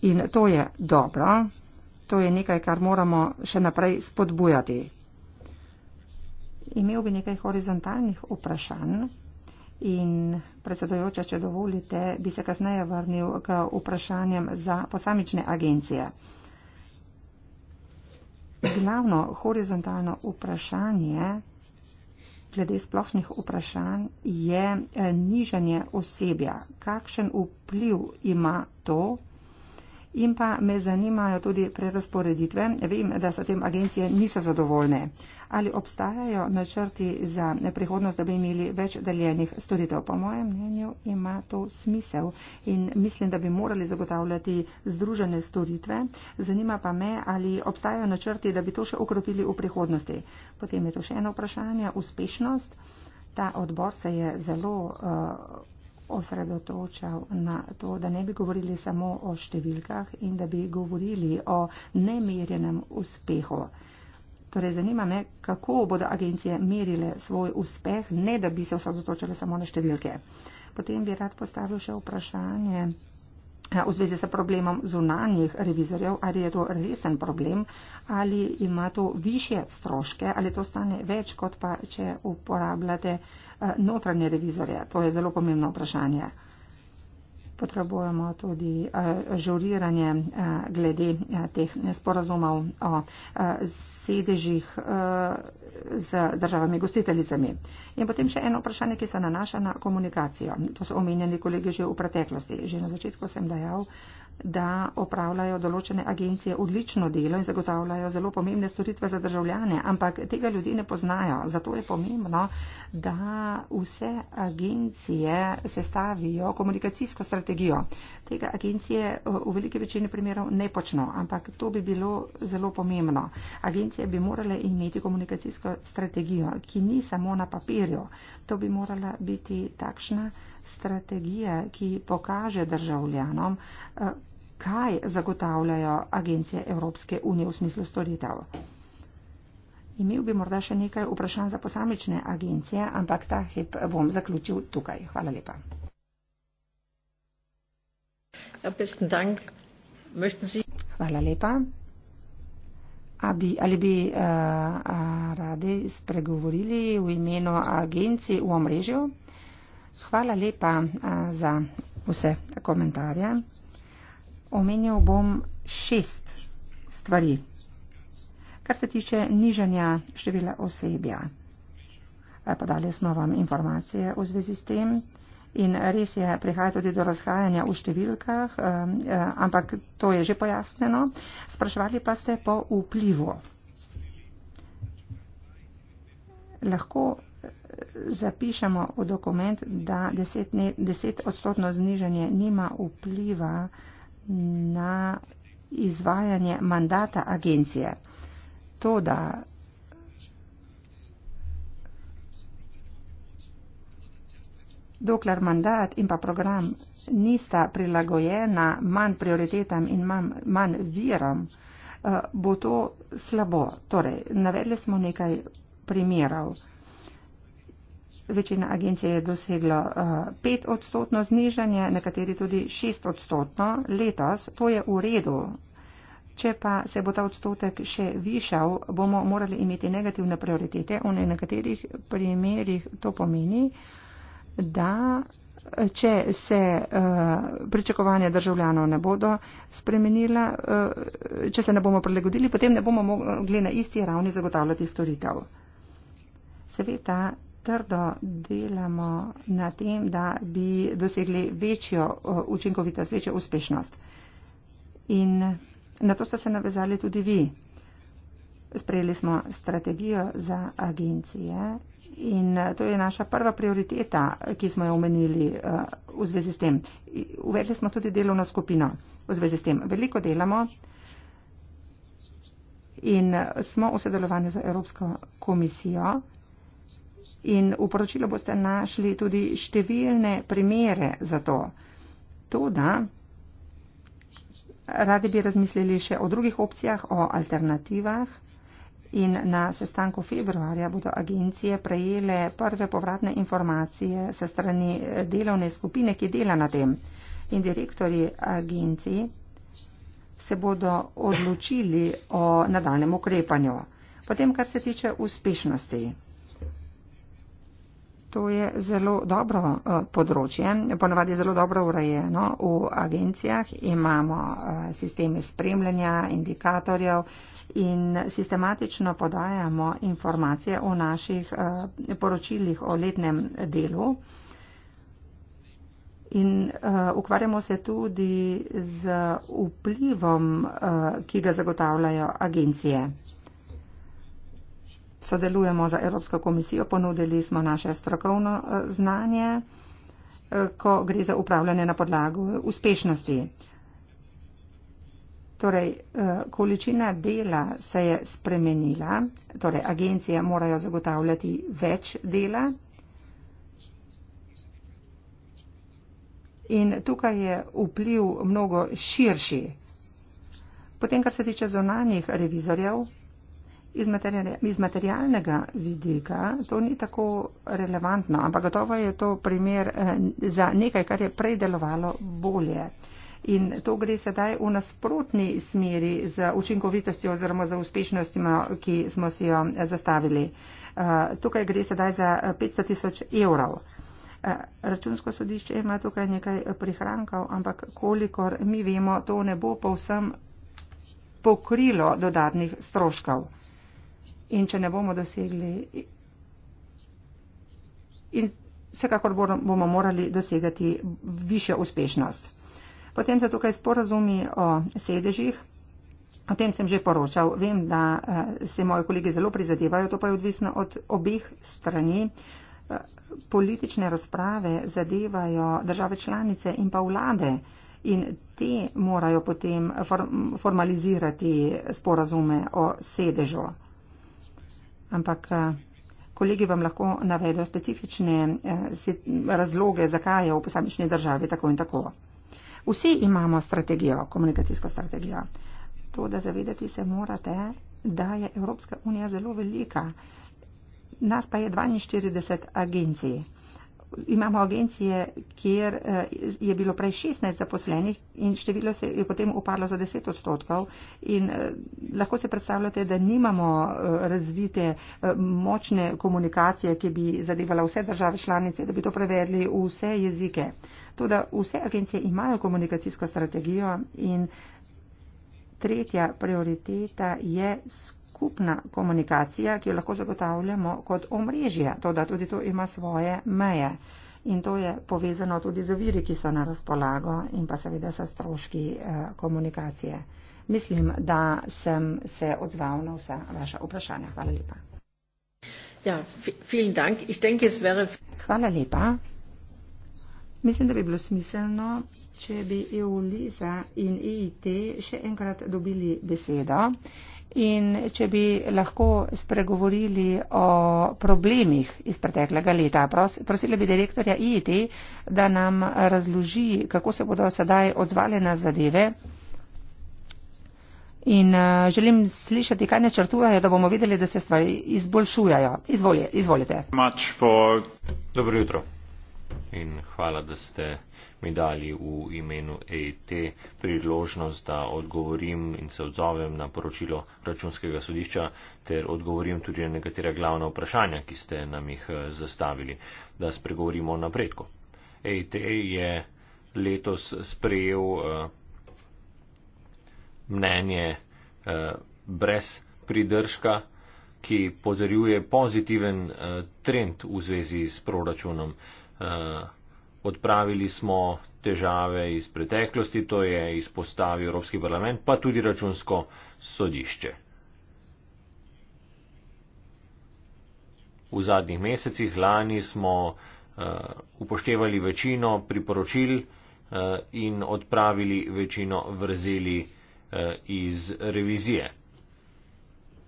in to je dobro. To je nekaj, kar moramo še naprej spodbujati. Imel bi nekaj horizontalnih vprašanj in predsedojoča, če dovolite, bi se kasneje vrnil k vprašanjem za posamične agencije. Glavno horizontalno vprašanje glede splošnih vprašanj je eh, nižanje osebja. Kakšen vpliv ima to? In pa me zanimajo tudi prerasporeditve. Vem, da se tem agencije niso zadovoljne. Uh, ali obstajajo načrti za prihodnost, da bi imeli več deljenih storitev. Po mojem mnenju ima to smisel in mislim, da bi morali zagotavljati združene storitve. Zanima pa me, ali obstajajo načrti, da bi to še okropili v prihodnosti. Potem je to še eno vprašanje. Uspešnost. Ta odbor se je zelo eh, osredotočal na to, da ne bi govorili samo o številkah in da bi govorili o nemirjenem uspehu. Torej, zanima me, kako bodo agencije merile svoj uspeh, ne da bi se osredotočile samo na številke. Potem bi rad postavil še vprašanje eh, v zvezi s problemom zunanjih revizorjev, ali je to resen problem, ali ima to više stroške, ali to stane več, kot pa če uporabljate eh, notranje revizorje. To je zelo pomembno vprašanje potrebujemo tudi eh, žuriranje eh, glede eh, teh sporazumov o sedežih z državami gostiteljicami. In potem še eno vprašanje, ki se nanaša na komunikacijo. To so omenjeni kolegi že v preteklosti. Že na začetku sem dejal, da opravljajo določene agencije odlično delo in zagotavljajo zelo pomembne storitve za državljane, ampak tega ljudje ne poznajo. Zato je pomembno, da vse agencije sestavijo komunikacijsko strategijo. Tega agencije eh, v veliki večini primerov ne počno, ampak to bi bilo zelo pomembno. Agencije bi morale imeti komunikacijsko strategijo, ki ni samo na papirju. To bi morala biti takšna strategija, ki pokaže državljanom, eh, kaj zagotavljajo agencije Evropske unije v smislu storitev. Imel bi morda še nekaj vprašanj za posamične agencije, ampak ta hip bom zaključil tukaj. Hvala lepa. Ja, Hvala lepa. Abi, ali bi uh, uh, radi spregovorili v imenu agencij v omrežju? Hvala lepa uh, za vse komentarje omenil bom šest stvari, kar se tiče nižanja števila osebja. Eh, podali smo vam informacije v zvezi s tem in res je, prihaja tudi do razhajanja v številkah, eh, eh, ampak to je že pojasneno. Sprašvali pa ste po vplivu. Lahko zapišemo v dokument, da deset, deset odstotno znižanje nima vpliva na na izvajanje mandata agencije. To, da dokler mandat in pa program nista prilagojena manj prioritetam in manj, manj virom, eh, bo to slabo. Torej, navedli smo nekaj primerov. Večina agencije je doseglo eh, pet uh, odstotno znižanje, nekateri tudi šest odstotno letos. To je v redu. Če pa se bo ta odstotek še višal, bomo morali imeti negativne prioritete. V nekaterih primerjih to pomeni, da če se uh, pričakovanja državljanov ne bodo spremenila, uh, če se ne bomo prilagodili, potem ne bomo mogli na isti ravni zagotavljati storitev. Seveda trdo delamo na tem, da bi dosegli večjo učinkovitost, večjo uspešnost. In na to ste se navezali tudi vi. Sprejeli smo strategijo za agencije in to je naša prva prioriteta, ki smo jo omenili e, v zvezi s tem. Uvedli smo tudi delovno skupino v zvezi s tem. Veliko delamo in smo v sodelovanju z Evropsko komisijo in v poročilu boste našli tudi številne primere za to. Toda radi bi razmislili še o drugih opcijah, o alternativah. In na sestanku februarja bodo agencije prejele prve povratne informacije se strani delovne skupine, ki dela na tem. In direktori agencij se bodo odločili o nadaljem ukrepanju. Potem, kar se tiče uspešnosti to je zelo dobro eh, področje, ponavadi zelo dobro urejeno v agencijah, imamo eh, sisteme spremljanja, indikatorjev in sistematično podajamo informacije o naših eh, poročilih o letnem delu. In uh, ukvarjamo se tudi z vplivom, uh, ki ga zagotavljajo agencije sodelujemo za Evropsko komisijo, ponudili smo naše strokovno eh, znanje, eh, ko gre za upravljanje na podlagu uspešnosti. Torej, eh, količina dela se je spremenila, torej agencije morajo zagotavljati več dela. In tukaj je vpliv mnogo širši. Potem, kar se tiče zonanjih revizorjev, Iz, materi iz materialnega vidika to ni tako relevantno, ampak gotovo je to primer eh, za nekaj, kar je prej delovalo bolje. In to gre sedaj v nasprotni smeri z učinkovitostjo oziroma z uspešnostjo, ki smo si jo eh, zastavili. Eh, tukaj gre sedaj za 500 eh, tisoč evrov. Eh, računsko sodišče ima tukaj nekaj prihrankov, ampak kolikor mi vemo, to ne bo povsem pokrilo dodatnih stroškov in če ne bomo dosegli. In vsekakor bomo morali dosegati višjo uspešnost. Potem so tukaj sporazumi o sedežih. O tem sem že poročal. Vem, da eh, se moji kolegi zelo prizadevajo, to pa je odvisno od obih strani. Eh, politične razprave zadevajo države članice in pa vlade in te morajo potem formalizirati sporazume o sedežu ampak eh, kolegi vam lahko navedo specifične eh, razloge, zakaj je v posamični državi tako in tako. Vsi imamo strategijo, komunikacijsko strategijo. To, da zavedati se morate, da je Evropska unija zelo velika. Nas pa je 42 agencij imamo agencije, kjer eh, je bilo prej 16 zaposlenih in število se je potem upadlo za 10 odstotkov in eh, lahko se predstavljate, da nimamo eh, razvite močne komunikacije, ki bi zadevala vse države članice, da bi to prevedli v vse jezike. Tudi vse agencije imajo komunikacijsko strategijo in tretja prioriteta je skupna komunikacija, ki jo lahko zagotavljamo kot omrežje, to da tudi to ima svoje meje. In to je povezano tudi z viri, ki so na razpolago in pa seveda sa stroški eh, komunikacije. Mislim, da sem se odzval na vsa vaša vprašanja. Hvala lepa. Ja, vielen Dank. Ich denke, es wäre... Hvala lepa. Mislim, da bi bilo smiselno, če bi EU-LISA in EIT še enkrat dobili besedo in če bi lahko spregovorili o problemih iz preteklega leta. Pros, prosili bi direktorja EIT, da nam razloži, kako se bodo sedaj odzvali na zadeve. In uh, želim slišati, kaj načrtujejo, da bomo videli, da se stvari izboljšujajo. Izvolje, izvolite. Dobro jutro in hvala, da ste mi dali v imenu EIT priložnost, da odgovorim in se odzovem na poročilo računskega sodišča ter odgovorim tudi na nekatera glavna vprašanja, ki ste nam jih eh, zastavili, da spregovorimo o napredku. EIT je letos sprejel eh, mnenje eh, brez pridržka, ki podarjuje pozitiven trend v zvezi s proračunom. Eh, odpravili smo težave iz preteklosti, to je izpostavil Evropski parlament, pa tudi računsko sodišče. V zadnjih mesecih lani smo eh, upoštevali večino priporočil eh, in odpravili večino vrzeli iz revizije.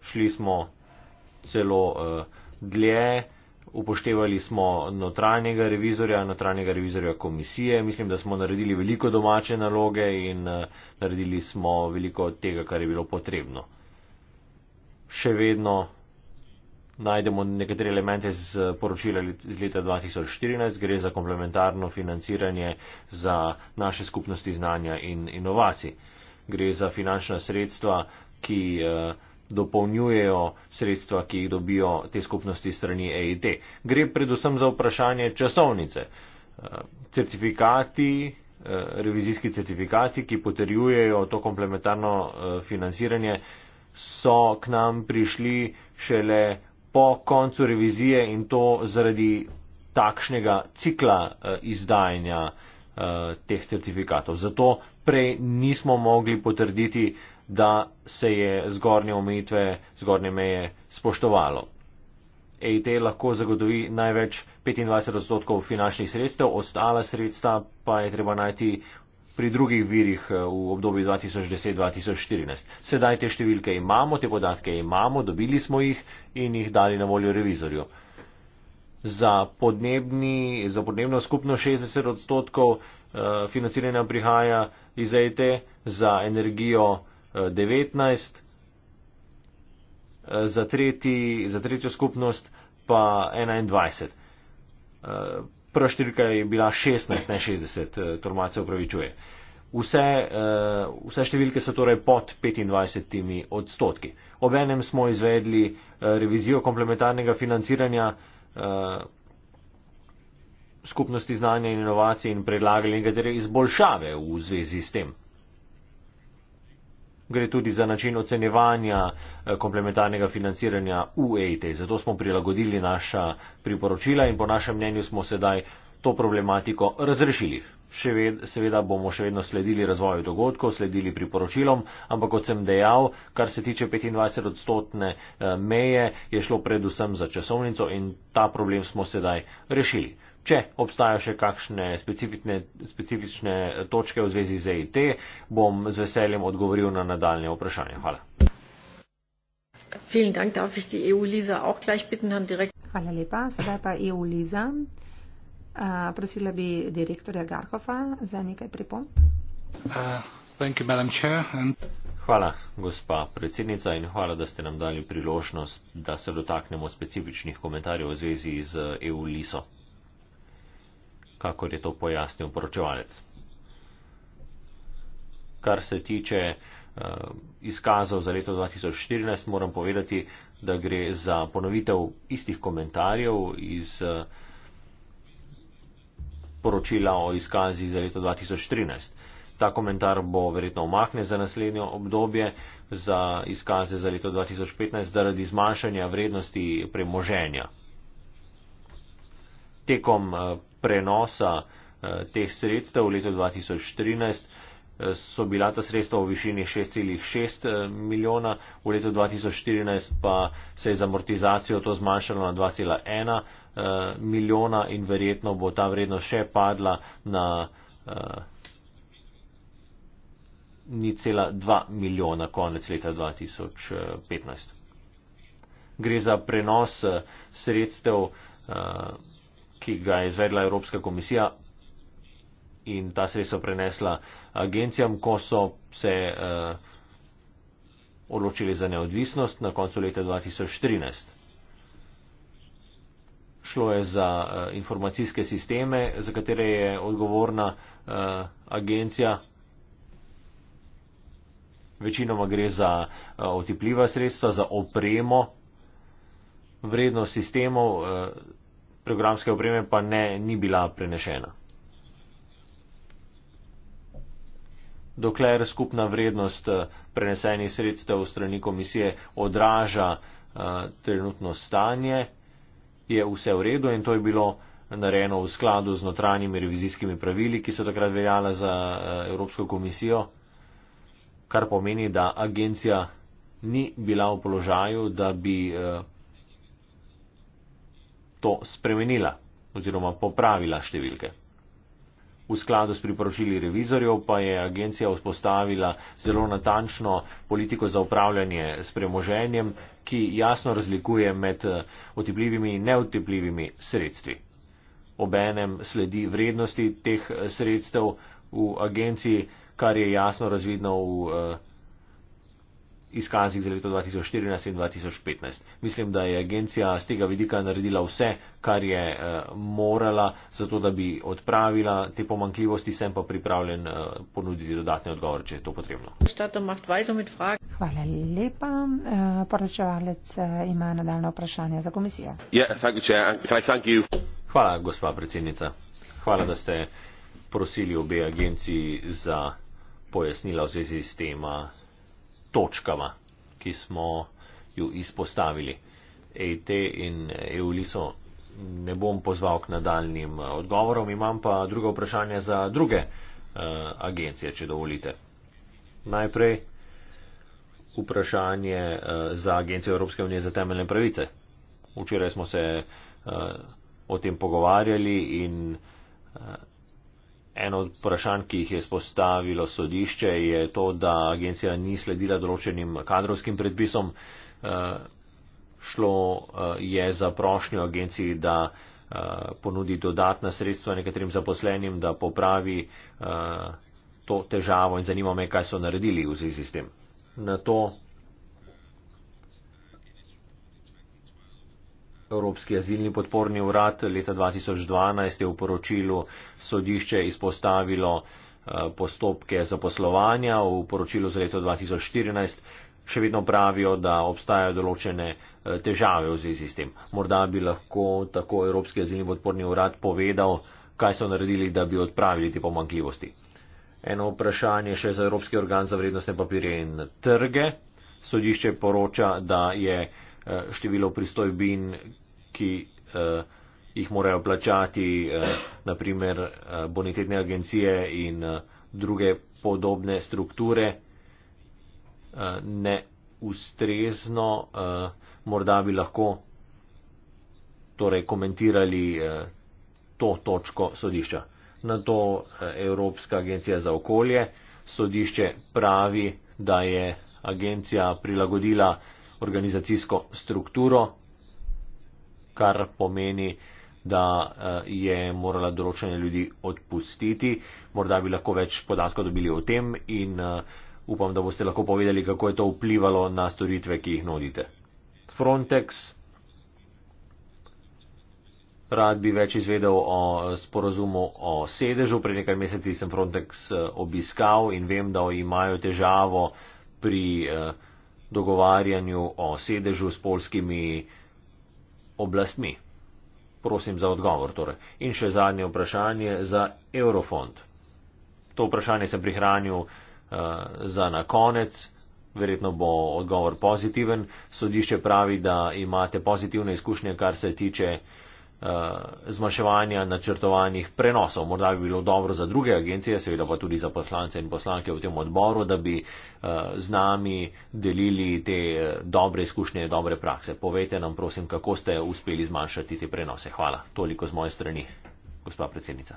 Šli smo celo dlje, upoštevali smo notranjega revizorja, notranjega revizorja komisije. Mislim, da smo naredili veliko domače naloge in eh, naredili smo veliko tega, kar je bilo potrebno. Še vedno najdemo nekatere elemente z poročila iz leta 2014, gre za komplementarno financiranje za naše skupnosti znanja in inovacij. Gre za finančna sredstva, ki uh, dopolnjujejo sredstva, ki jih dobijo te skupnosti strani EIT. Gre predvsem za vprašanje časovnice. Eh, certifikati, eh, revizijski certifikati, ki potrjujejo to komplementarno eh, financiranje, so k nam prišli šele po koncu revizije in to zaradi takšnega cikla izdajanja teh certifikatov. Zato prej nismo mogli potrditi da se je zgornje omejitve, zgornje meje spoštovalo. EIT lahko zagotovi največ 25 odstotkov finančnih sredstev, ostala sredstva pa je treba najti pri drugih virih eh, v obdobju 2010-2014. Sedaj te številke imamo, te podatke imamo, dobili smo jih in jih dali na voljo revizorju. Za, podnebni, za podnebno skupno 60 odstotkov eh, financiranja prihaja iz EIT, za energijo 19, eh, za, tretji, za tretjo skupnost pa 21. Eh, prva štirka je bila 16, ne 60, eh, Tormacev upravičuje. Vse, vse številke so torej pod 25 odstotki. Obenem smo izvedli revizijo komplementarnega financiranja skupnosti znanja in inovacij in predlagali nekatere izboljšave v zvezi s tem gre tudi za način ocenjevanja eh, komplementarnega financiranja v EIT. Zato smo prilagodili naša priporočila in po našem mnenju smo sedaj to problematiko razrešili. Ved, seveda bomo še vedno sledili razvoju dogodkov, sledili priporočilom, ampak kot sem dejal, kar se tiče 25 odstotne eh, meje, je šlo predvsem za časovnico in ta problem smo sedaj rešili. Če obstajajo še kakšne specifične, specifične točke v zvezi z EIT, bom z veseljem odgovoril na nadaljne vprašanja. Hvala. E hvala lepa. Sedaj pa EU Liza. Uh, prosila bi direktorja Garhofa za nekaj pripomb. Uh, hvala, gospa predsednica, in hvala, da ste nam dali priložnost, da se dotaknemo specifičnih komentarjev v zvezi z EU LISO kakor je to pojasnil poročevalec. Kar se tiče eh, izkazov za leto 2014, moram povedati, da gre za ponovitev istih komentarjev iz eh, poročila o izkazi za leto 2013. Ta komentar bo verjetno omaknen za naslednjo obdobje za izkaze za leto 2015 zaradi zmanjšanja vrednosti premoženja. Tekom eh, prenosa eh, teh sredstev v letu 2013 eh, so bila ta sredstva v višini 6,6 eh, milijona, v letu 2014 pa se je z amortizacijo to zmanjšalo na 2,1 milijona in verjetno bo ta vrednost še padla na ni cela 2 milijona konec leta 2015. Gre za prenos sredstev ki ga je izvedla Evropska komisija in ta sredstva prenesla agencijam, ko so se uh, odločili za neodvisnost na koncu leta 2013. Šlo je za uh, informacijske sisteme, za katere je odgovorna uh, agencija. Večinoma gre za uh, otipljiva sredstva, za opremo. Vrednost sistemov uh, programske opreme pa ne, ni bila prenešena. Dokler skupna vrednost eh, prenesenih sredstev v strani komisije odraža eh, trenutno stanje, je vse v redu in to je bilo narejeno v skladu z notranjimi revizijskimi pravili, ki so takrat veljala za eh, Evropsko komisijo, kar pomeni, da agencija ni bila v položaju, da bi to spremenila oziroma popravila številke. V skladu s priporočili revizorjev pa je agencija vzpostavila zelo natančno politiko za upravljanje s premoženjem, ki jasno razlikuje med eh, otepljivimi in neotepljivimi sredstvi. Obenem sledi vrednosti teh eh, sredstev v agenciji, kar je jasno razvidno v eh, izkazih za leto 2014 in 2015. Mislim, da je agencija z tega vidika naredila vse, kar je uh, morala, zato da bi odpravila te pomankljivosti, sem pa pripravljen uh, ponuditi dodatne odgovore, če je to potrebno. Hvala lepa. Uh, Poročevalec uh, ima nadaljno vprašanje za komisijo. Ja, yeah, Hvala, gospa predsednica. Hvala, da ste prosili obe agenciji za pojasnila v zvezi s tema točkama, ki smo ju izpostavili. EIT in EULISO ne bom pozval k nadaljnim eh, odgovorom, imam pa druga vprašanja za druge uh, agencije, če dovolite. Najprej vprašanje uh, za Agencijo Evropske unije za temeljne pravice. Včeraj smo se uh, o tem pogovarjali in uh, Eno od vprašanj, ki jih je spostavilo sodišče, je to, da agencija ni sledila določenim kadrovskim predpisom. Eh, šlo eh, je za prošnjo agenciji, da eh, ponudi dodatna sredstva nekaterim zaposlenim, da popravi to težavo in zanima me, kaj so naredili v zvezi s tem. Na to Evropski azilni podporni urad leta 2012 je v poročilu sodišče izpostavilo eh, postopke zaposlovanja, v poročilu za leto 2014 še vedno pravijo, da obstajajo določene eh, težave v zvezi s tem. Morda bi lahko tako Evropski azilni podporni urad povedal, kaj so naredili, da bi odpravili te pomankljivosti. Eno vprašanje še za Evropski organ za vrednostne papirje in trge. Sodišče poroča, da je Eh, število pristojbin, ki eh, jih morajo plačati, eh, naprimer bonitetne agencije in druge podobne strukture, neustrezno, morda bi lahko torej komentirali to točko sodišča. Na to Evropska agencija za okolje sodišče pravi, da je agencija prilagodila organizacijsko strukturo, kar pomeni, da eh, je morala določene ljudi odpustiti. Morda bi lahko več podatkov dobili o tem in eh, upam, da boste lahko povedali, kako je to vplivalo na storitve, ki jih nudite. Frontex. Rad bi več izvedel o eh, sporozumu o sedežu. Pred nekaj meseci sem Frontex obiskal in vem, da imajo težavo pri eh, dogovarjanju o sedežu s polskimi oblastmi? Prosim za odgovor. Torej. In še zadnje vprašanje za Eurofond. To vprašanje sem prihranil uh, za na konec. Verjetno bo odgovor pozitiven. Sodišče pravi, da imate pozitivne izkušnje, kar se tiče uh, Eh, zmanjševanja načrtovanih prenosov. Morda bi bilo dobro za druge agencije, seveda pa tudi za poslance in poslanke v tem odboru, da bi eh, z nami delili te eh, dobre izkušnje, dobre prakse. Povejte nam, prosim, kako ste uspeli zmanjšati te prenose. Hvala. Toliko z moje strani, gospa predsednica.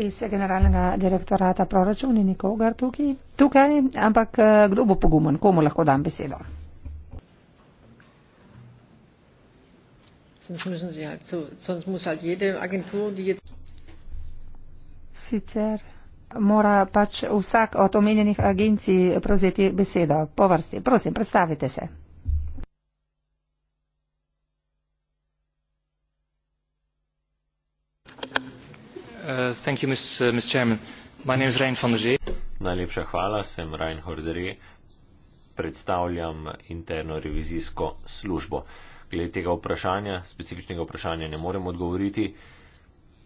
Iz generalnega direktorata proračun ni nikogar tukaj, tukaj, ampak kdo bo pogumen, komu lahko dam besedo? Sicer mora pač vsak od omenjenih agencij prevzeti besedo po vrsti. Prosim, predstavite se. Uh, thank you, Ms. Uh, Ms. Chairman. My name is Rein van der Zee. Najlepša hvala, sem Rein Horderi, predstavljam interno revizijsko službo. Uh, glede tega vprašanja, specifičnega vprašanja ne morem odgovoriti.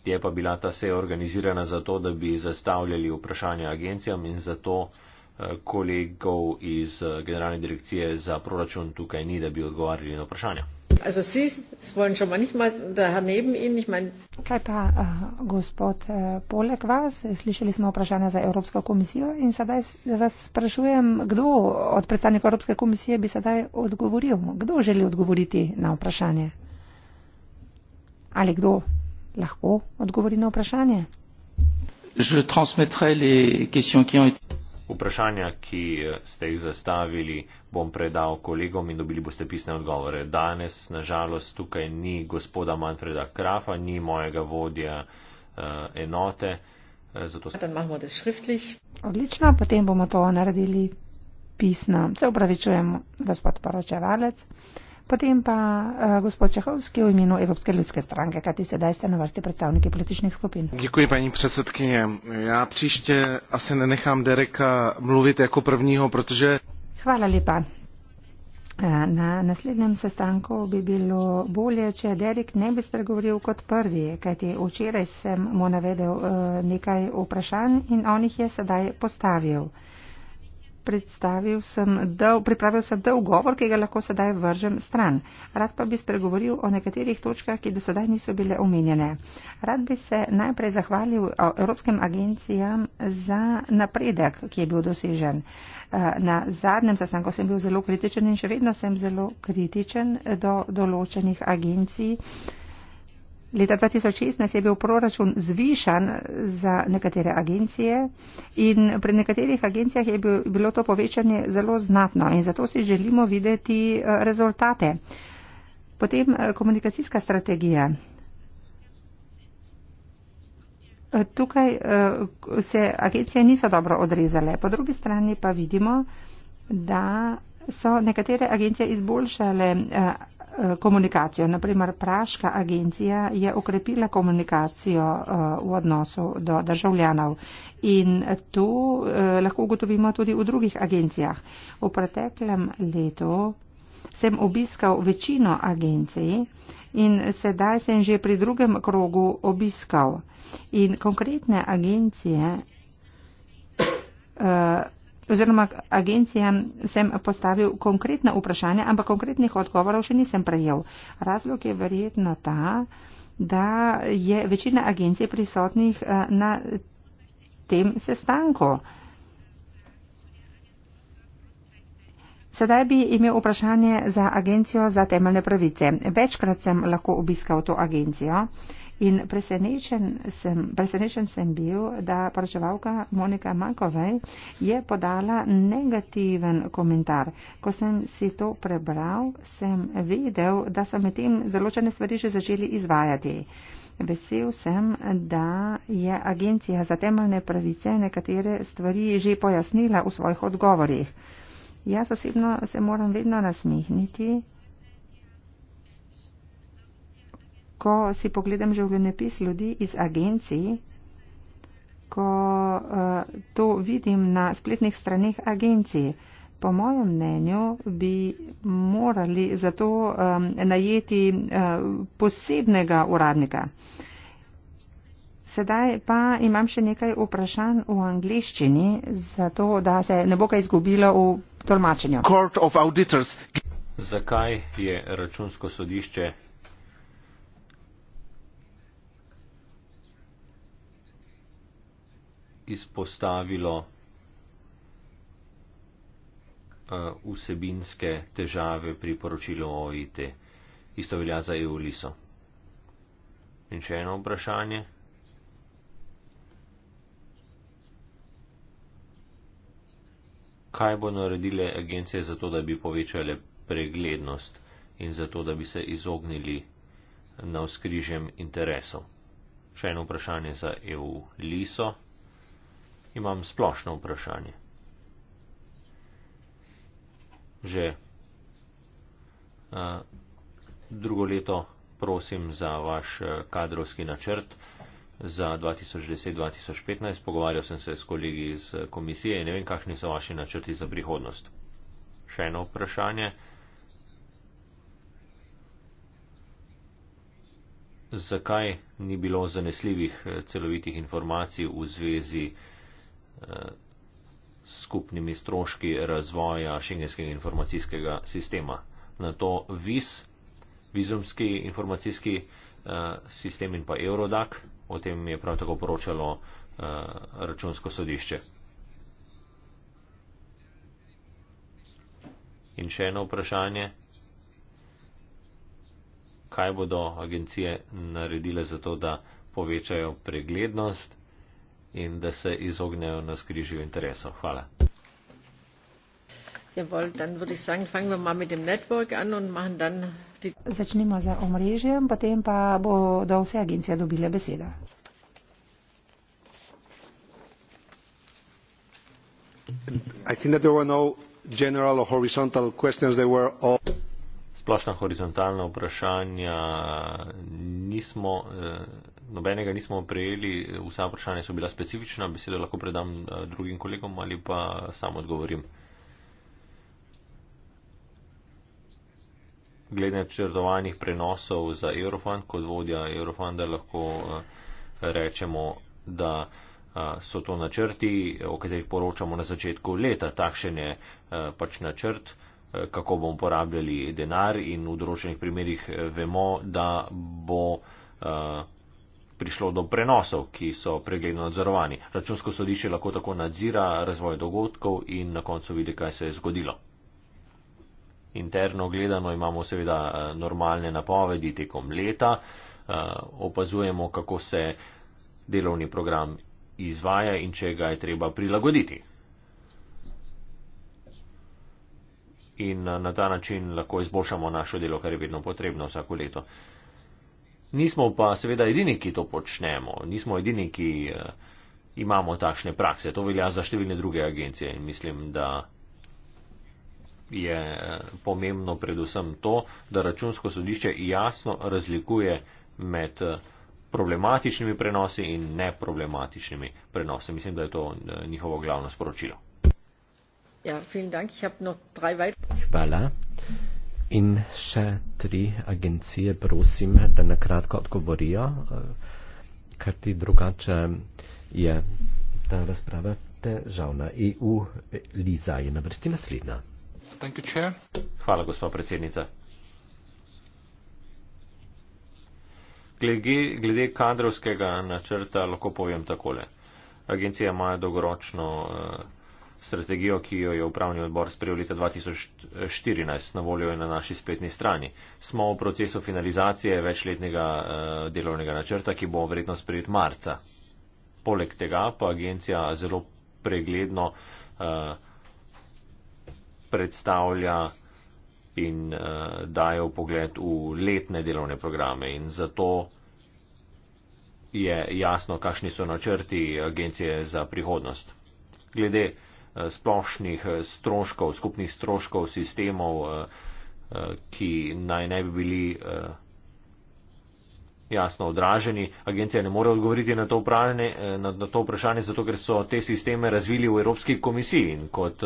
Je pa bila ta seja organizirana zato, da bi zastavljali vprašanja agencijam in zato eh, kolegov iz eh, Generalne direkcije za proračun tukaj ni, da bi odgovarjali na vprašanja. Also Sie es wollen schon mal nicht mal, der Herr neben Ihnen, ich meine. Kaj pa uh, gospod uh, poleg vas? Slišali smo vprašanja za Evropsko komisijo in sedaj vas sprašujem, kdo od predstavnikov Evropske komisije bi sedaj odgovoril? Kdo želi odgovoriti na vprašanje? Ali kdo lahko odgovori na vprašanje? Je transmetrai les questions, ki ont été vprašanja, ki eh, ste jih zastavili, bom predal kolegom in dobili boste pisne odgovore. Danes, nažalost, tukaj ni gospoda Manfreda Krafa, ni mojega vodja uh, enote. Eh, zato... Odlično, potem bomo to naredili pisno. Se upravičujem, gospod poročevalec. Uh, Potem pa uh, gospod Čehovski v imenu Evropske ljudske stranke, kaj ti sedaj ste na vrsti predstavniki političnih skupin. Děkuji, paní předsedkyně. Já příště asi nenechám Dereka mluvit jako prvního, protože... Hvala lepa. Eh, na naslednjem sestanku bi bilo bolje, če Derek ne bi spregovoril kot prvi, kajti včeraj sem mu navedel eh, nekaj vprašanj in on jih je sedaj postavil predstavil sem dol, pripravil sem dolg govor, ki ga lahko sedaj vržem stran. Rad pa bi spregovoril o nekaterih točkah, ki do sedaj niso bile omenjene. Rad bi se najprej zahvalil Evropskim agencijam za napredek, ki je bil dosežen. Eh, na zadnjem sestanku sem bil zelo kritičen in še vedno sem zelo kritičen do določenih agencij. Leta 2016 je bil proračun zvišan za nekatere agencije in pri nekaterih agencijah je bilo to povečanje zelo znatno in zato si želimo videti eh, rezultate. Potem eh, komunikacijska strategija. Eh, tukaj se agencije niso dobro odrezale. Po drugi strani pa vidimo, da so nekatere agencije izboljšale Eh, komunikacijo. Naprimer, Praška agencija je okrepila komunikacijo eh, v odnosu do državljanov in to eh, lahko ugotovimo tudi v drugih agencijah. V preteklem letu sem obiskal večino agencij in sedaj sem že pri drugem krogu obiskal. In konkretne agencije. Uh, oziroma agencijam sem postavil konkretna vprašanja, ampak konkretnih odgovorov še nisem prejel. Razlog je verjetno ta, da je večina agencij prisotnih eh, na tem sestanku. Sedaj bi imel vprašanje za agencijo za temeljne pravice. Večkrat sem lahko obiskal to agencijo. In presenečen sem, presenečen sem bil, da poročevalka Monika Makovej je podala negativen komentar. Ko sem si to prebral, sem vedel, da so med tem določene stvari že začeli izvajati. Vesel sem, da je Agencija za temeljne pravice nekatere stvari že pojasnila v svojih odgovorih. Jaz osebno se moram vedno nasmihniti, ko si pogledam življenjepis ljudi iz agencij, ko uh, to vidim na spletnih stranih agencij. Po mojem mnenju bi morali zato um, eh, najeti uh, posebnega uradnika. Sedaj pa imam še nekaj vprašanj v angliščini, zato da se ne bo kaj izgubilo v tolmačenju. Zakaj je računsko sodišče izpostavilo eh, vsebinske težave pri poročilu OIT. Isto velja za EULISO. In še eno vprašanje. Kaj bo naredile agencije za to, da bi povečale preglednost in za to, da bi se izognili na vzkrižem interesov? Še eno vprašanje za EULISO imam splošno vprašanje. Že uh, drugo leto prosim za vaš eh, kadrovski načrt za 2010-2015. Pogovarjal sem se s kolegi iz eh, komisije in ne vem, kakšni so vaši načrti za prihodnost. Še eno vprašanje. Zakaj ni bilo zanesljivih celovitih informacij v zvezi z. Eh, skupnimi stroški razvoja šengenskega informacijskega sistema. Na to VIS, vizumski informacijski eh, sistem in pa Eurodac, o tem je prav tako poročalo eh, računsko sodišče. In še eno vprašanje, kaj bodo agencije naredile za to, da povečajo preglednost in da se izognejo na skrižju interesov. Hvala. Jawohl, dann würde ich sagen, fangen wir mal mit dem Network an und machen dann die. Začnimo za omrežjem, potem pa bo do vse agencije dobile besedo. I think that there were no general or horizontal questions, they were all splošna horizontalna vprašanja, nismo, eh, nobenega nismo prejeli, vsa vprašanja so bila specifična, besedo lahko predam eh, drugim kolegom ali pa sam odgovorim. Glede načrtovanih prenosov za Eurofund, kot vodja Eurofunda lahko eh, rečemo, da so to načrti, o katerih poročamo na začetku leta. Takšen je pač načrt kako bomo porabljali denar in v določenih primerjih eh, vemo, da bo eh, prišlo do prenosov, ki so pregledno nadzorovani. Računsko sodišče lahko tako nadzira razvoj dogodkov in na koncu vidi, kaj se je zgodilo. Interno gledano imamo seveda eh, normalne napovedi tekom leta, opazujemo, kako se delovni program izvaja in če ga je treba prilagoditi. in eh, na ta način lahko izboljšamo našo delo, kar je vedno potrebno vsako leto. Nismo pa seveda edini, ki to počnemo, nismo edini, ki eh, imamo takšne prakse. To velja za številne druge agencije in mislim, da je eh, pomembno predvsem to, da računsko sodišče jasno razlikuje med problematičnimi prenosi in neproblematičnimi prenosi. Mislim, da je to njihovo glavno sporočilo. Ja, vielen Dank. Ich habe noch drei weitere. Hvala. In še tri agencije, prosim, da na kratko odgovorijo, eh, ker ti drugače je ta razprava težavna. EU Liza je na vrsti naslednja. Thank you, chair. Hvala, gospod predsednica. Glede, glede kadrovskega načrta lahko povem takole. Agencija ima dolgoročno eh, strategijo, ki jo je upravni odbor sprejel leta 2014, na voljo je na naši spletni strani. Smo v procesu finalizacije večletnega eh, delovnega načrta, ki bo vredno sprejet marca. Poleg tega pa agencija zelo pregledno eh, predstavlja in eh, daje v pogled v letne delovne programe in zato je jasno, kakšni so načrti agencije za prihodnost. Glede splošnih eh, stroškov, skupnih stroškov sistemov, eh, eh, ki naj ne bi bili jasno odraženi. Agencija ne more odgovoriti na to, upravne, na, na to vprašanje, zato ker so te sisteme razvili v Evropski komisiji. In kot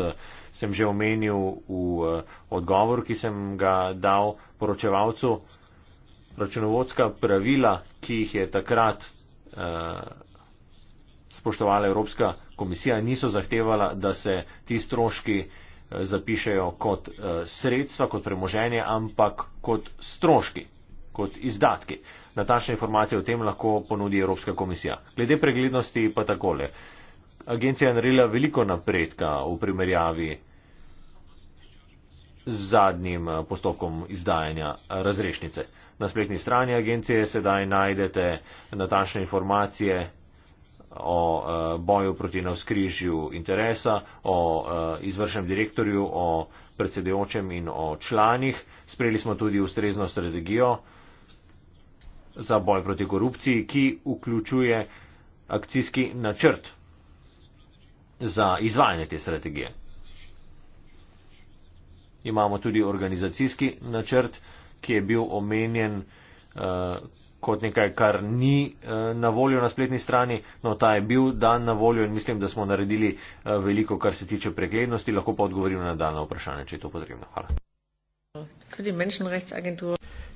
sem že omenil v odgovor, ki sem ga dal poročevalcu, računovodska pravila, ki jih je takrat spoštovala Evropska komisija, komisija niso zahtevala, da se ti stroški eh, zapišejo kot eh, sredstva, kot premoženje, ampak kot stroški, kot izdatki. Natačne informacije o tem lahko ponudi Evropska komisija. Glede preglednosti pa takole. Agencija je naredila veliko napredka v primerjavi z zadnjim eh, postopkom izdajanja razrešnice. Na spletni strani agencije sedaj najdete natačne informacije o e, boju proti navskrižju interesa, o e, izvršnem direktorju, o predsedujočem in o članih. Sprejeli smo tudi ustrezno strategijo za boj proti korupciji, ki vključuje akcijski načrt za izvajanje te strategije. Imamo tudi organizacijski načrt, ki je bil omenjen e, kot nekaj, kar ni eh, na voljo na spletni strani, no ta je bil dan na voljo in mislim, da smo naredili eh, veliko, kar se tiče preglednosti, lahko pa odgovorim na dano vprašanje, če je to potrebno. Hvala.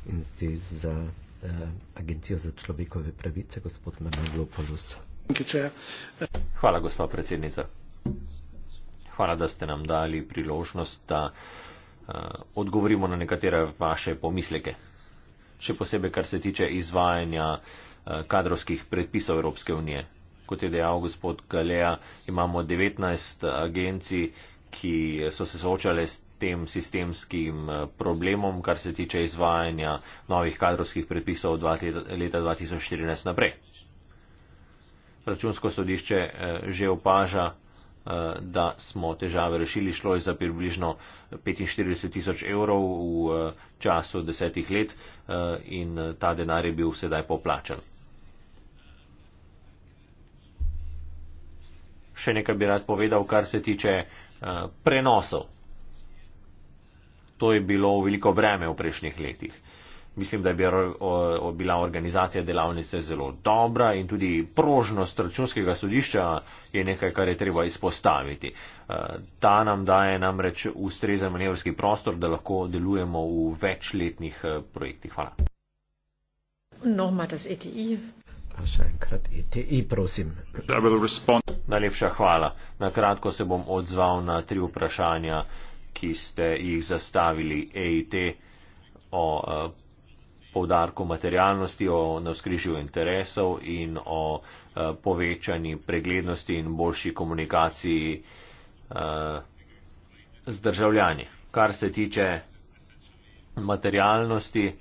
In zdaj za eh, Agencijo za človekove pravice, gospod Manolopoulos. Hvala, gospa predsednica. Hvala, da ste nam dali priložnost, da eh, odgovorimo na nekatere vaše pomisleke še posebej kar se tiče izvajanja eh, kadrovskih predpisov Evropske unije. Kot je dejal gospod Galea, imamo 19 eh, agencij, ki so se soočale s tem sistemskim eh, problemom, kar se tiče izvajanja novih kadrovskih predpisov od leta 2014 naprej. Računsko sodišče že opaža, Eh, da smo težave rešili, šlo je za približno 45 tisoč evrov v eh, času desetih let eh, in ta denar je bil sedaj poplačen. Še nekaj bi rad povedal, kar se tiče prenosov. To je bilo veliko breme v prejšnjih letih. Mislim, da je bila organizacija delavnice zelo dobra in tudi prožnost računskega sodišča je nekaj, kar je treba izpostaviti. Eh, ta nam daje namreč ustrezen manevrski prostor, da lahko delujemo v večletnih eh, projektih. Hvala. E pa še enkrat, ETI, prosim. Najlepša hvala. Na kratko se bom odzval na tri vprašanja, ki ste jih zastavili EIT o eh, povdarku materialnosti, o navskrižju interesov in o eh, povečani preglednosti in boljši komunikaciji eh, z državljani. Kar se tiče materialnosti,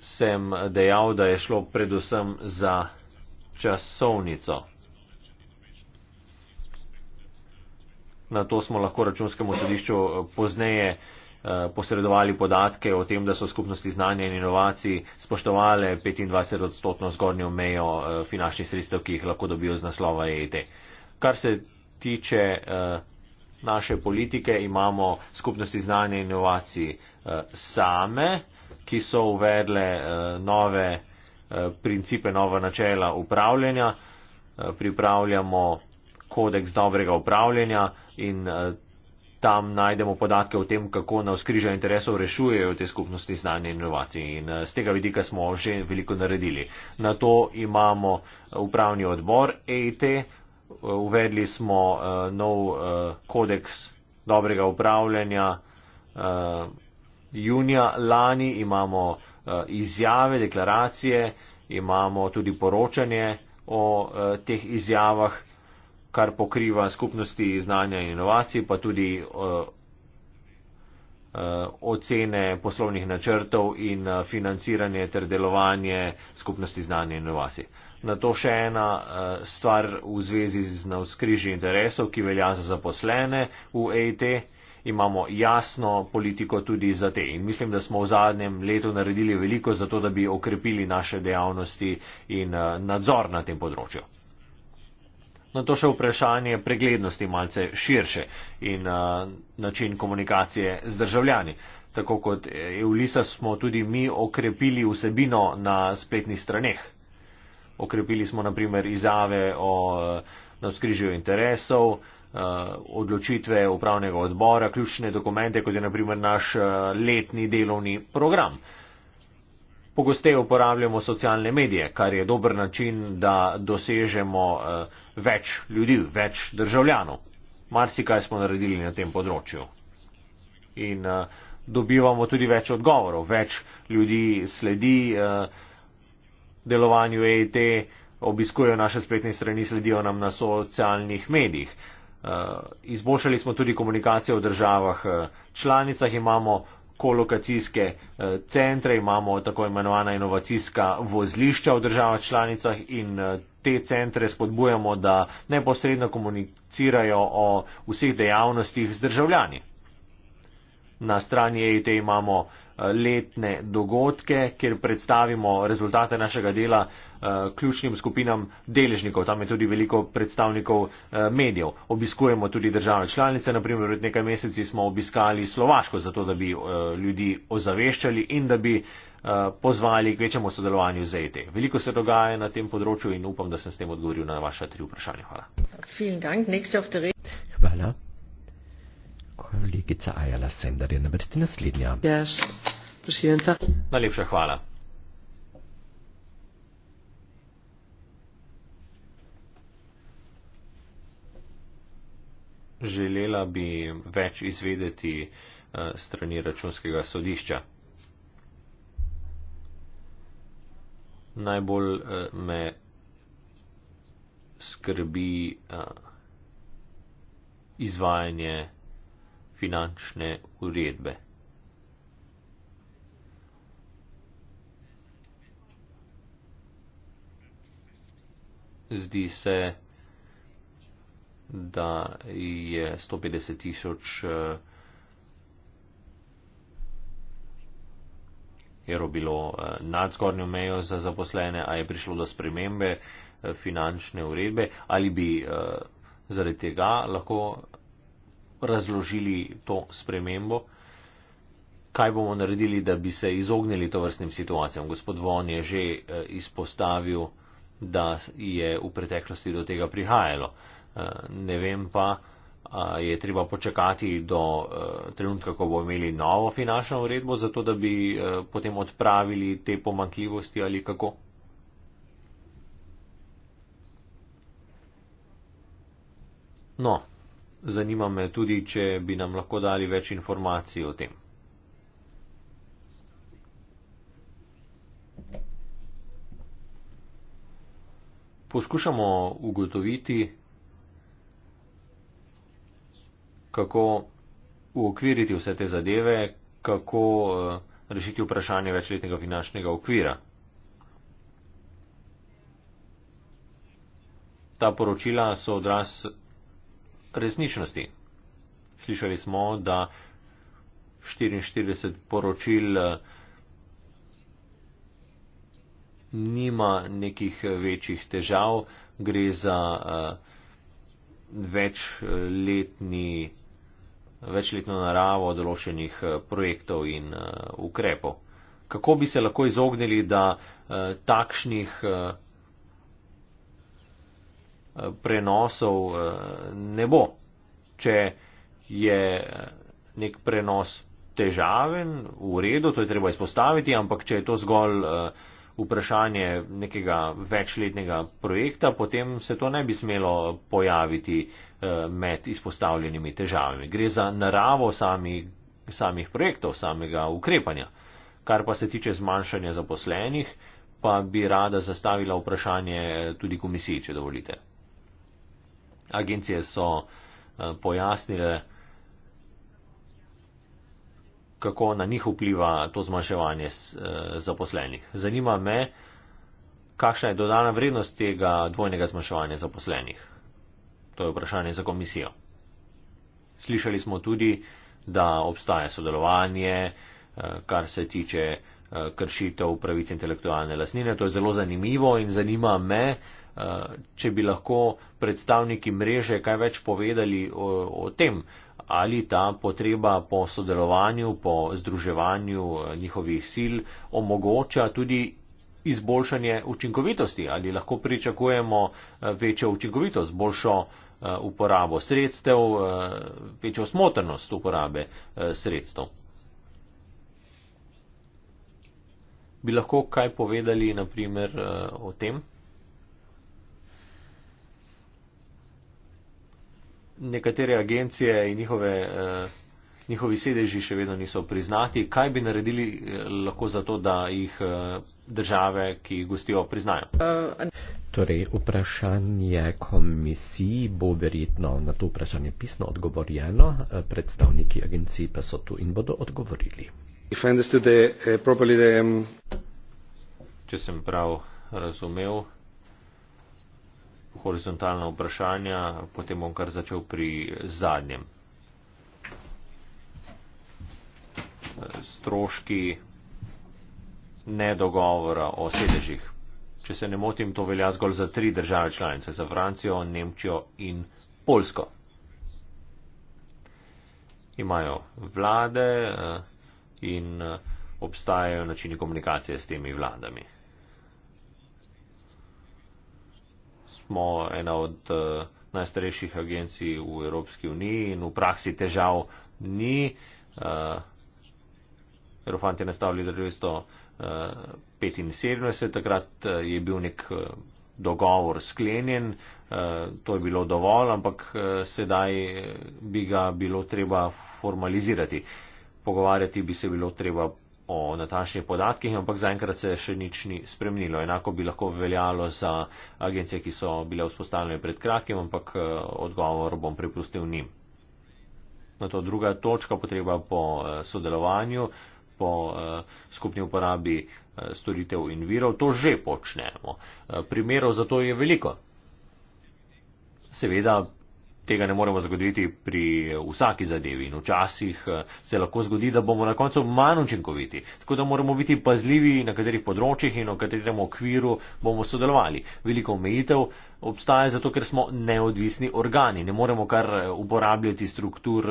sem dejal, da je šlo predvsem za časovnico. Na to smo lahko računskemu sodišču eh, pozneje uh, Eh, posredovali podatke o tem, da so skupnosti znanja in inovacij spoštovale 25 odstotno zgornjo mejo eh, finančnih sredstev, ki jih lahko dobijo z naslova EIT. E Kar se tiče eh, naše politike, imamo skupnosti znanja in inovacij same, ki so uvedle nove principe, nova načela upravljanja. Pripravljamo kodeks dobrega upravljanja in tam najdemo podatke o tem, kako na vzkrižju interesov rešujejo te skupnosti znanja in inovacij. In z eh, tega vidika smo že veliko naredili. Na to imamo eh, upravni odbor EIT, eh, uvedli smo nov kodeks dobrega upravljanja junija lani, imamo izjave, deklaracije, imamo tudi poročanje o teh izjavah kar pokriva skupnosti znanja in inovacij, pa tudi eh, eh, ocene poslovnih načrtov in eh, financiranje ter delovanje skupnosti znanja in inovacij. Na to še ena stvar v zvezi z navskriži interesov, ki velja za zaposlene v EIT. Imamo jasno politiko tudi za te in mislim, da smo v zadnjem letu naredili veliko za to, da bi okrepili naše dejavnosti in nadzor na tem področju. Na to še vprašanje preglednosti malce širše in a, način komunikacije z državljani. Tako kot e, EULISA smo tudi mi okrepili vsebino na spletnih straneh. Okrepili smo naprimer izjave o navskrižju interesov, a, odločitve upravnega odbora, ključne dokumente, kot je naprimer naš a, letni delovni program. A, pogosteje uporabljamo socialne medije, kar je dober način, da dosežemo eh, več ljudi, več državljanov. Marsikaj smo naredili na tem področju. In eh, dobivamo tudi več odgovorov, več ljudi sledi eh, delovanju EIT, obiskujejo naše spletne strani, sledijo nam na socialnih medijih. Izboljšali smo tudi komunikacijo v državah članicah, imamo kolokacijske eh, centre, imamo tako imenovana inovacijska vozlišča v državah članicah in eh, te centre spodbujamo, da neposredno komunicirajo o vseh dejavnostih z državljani. Na strani EIT imamo uh, letne dogodke, kjer predstavimo rezultate našega dela eh, ključnim skupinam deležnikov. Tam je tudi veliko predstavnikov eh, medijev. Obiskujemo tudi države članice, naprimer pred nekaj meseci smo obiskali Slovaško, zato da bi eh, ljudi ozaveščali in da bi pozvali k večjemu sodelovanju z ET. Veliko se dogaja na tem področju in upam, da sem s tem odgovoril na vaše tri vprašanja. Hvala. Hvala kolegica Ajala Sender je na vrsti naslednja. Yes, presidenta. Najlepša hvala. Želela bi več izvedeti eh, strani računskega sodišča. Najbolj eh, me skrbi eh, izvajanje finančne uredbe. Zdi se, da je 150 tisoč eh, evrov bilo eh, nad zgornjo mejo za zaposlene, a je prišlo do spremembe eh, finančne uredbe, ali bi zaradi tega lahko razložili to spremembo, kaj bomo naredili, da bi se izognili to vrstnim situacijam. Gospod Von je že eh, izpostavil, da je v preteklosti do tega prihajalo. Eh, ne vem pa, je treba počakati do eh, trenutka, ko bomo imeli novo finančno uredbo, zato da bi potem odpravili te pomankljivosti ali kako. No, zanima me tudi, če bi nam lahko dali več informacij o tem. Poskušamo ugotoviti, kako uokviriti vse te zadeve, kako eh, rešiti vprašanje večletnega finančnega okvira. Ta poročila so odraz resničnosti. Slišali smo, da 44 poročil eh, nima nekih eh, večjih težav, gre za eh, večletni, večletno naravo določenih projektov in ukrepov. Kako bi se lahko izognili, da takšnih prenosov eh, ne bo. Če je nek prenos težaven, v redu, to je treba izpostaviti, ampak če je to zgolj eh, vprašanje nekega večletnega projekta, potem se to ne bi smelo pojaviti eh, med izpostavljenimi težavami. Gre za naravo sami, samih projektov, samega ukrepanja. Kar pa se tiče zmanjšanja zaposlenih, pa bi rada zastavila vprašanje tudi komisiji, če dovolite. Agencije so eh, pojasnile, kako na njih vpliva to zmanjševanje eh, zaposlenih. Zanima me, kakšna je dodana vrednost tega dvojnega zmanjševanja zaposlenih. To je vprašanje za komisijo. Slišali smo tudi, da obstaja sodelovanje, eh, kar se tiče kršitev pravic intelektualne lasnine. To je zelo zanimivo in zanima me, Eh, če bi lahko predstavniki mreže kaj več povedali o, o tem, ali ta potreba po sodelovanju, po združevanju eh, njihovih sil omogoča tudi izboljšanje učinkovitosti, ali lahko pričakujemo eh, večjo učinkovitost, boljšo uporabo sredstev, večjo smotrnost uporabe sredstev. Bi lahko kaj povedali, naprimer, o tem? nekatere agencije in njihove, eh, njihovi sedeži še vedno niso priznati. Kaj bi naredili eh, lahko za to, da jih eh, države, ki jih gostijo, priznajo? Torej, vprašanje komisiji bo verjetno na to vprašanje pisno odgovorjeno, predstavniki agencij pa so tu in bodo odgovorili. The, uh, the, um... Če sem prav razumel, horizontalna vprašanja, potem bom kar začel pri zadnjem. Stroški nedogovora o sedežih. Če se ne motim, to velja zgolj za tri države članice, za Francijo, Nemčijo in Polsko. Imajo vlade eh, in eh, obstajajo načini komunikacije s temi vladami. smo ena od uh, najstarejših agencij v Evropski uniji in v praksi težav ni. Uh, eh, Erofant je nastavil leta 1975, eh, takrat je bil nek dogovor sklenjen, to je bilo dovolj, ampak sedaj bi ga bilo treba formalizirati. Pogovarjati bi se bilo treba o natančnih podatkih, ampak zaenkrat se še nič ni spremenilo. Enako bi lahko veljalo za agencije, ki so bile vzpostavljene pred kratkim, ampak eh, odgovor bom prepustil njim. Na to druga točka potreba po eh, sodelovanju, po eh, skupni uporabi storitev in virov, to že počnemo. Primerov za to je veliko. Seveda tega ne moremo zgoditi pri eh, vsaki zadevi in včasih eh, se lahko zgodi, da bomo na koncu manj učinkoviti. Tako da moramo biti pazljivi, na katerih področjih in v katerem okviru bomo sodelovali. Veliko omejitev obstaja zato, ker smo neodvisni organi. Ne moremo kar eh, uporabljati struktur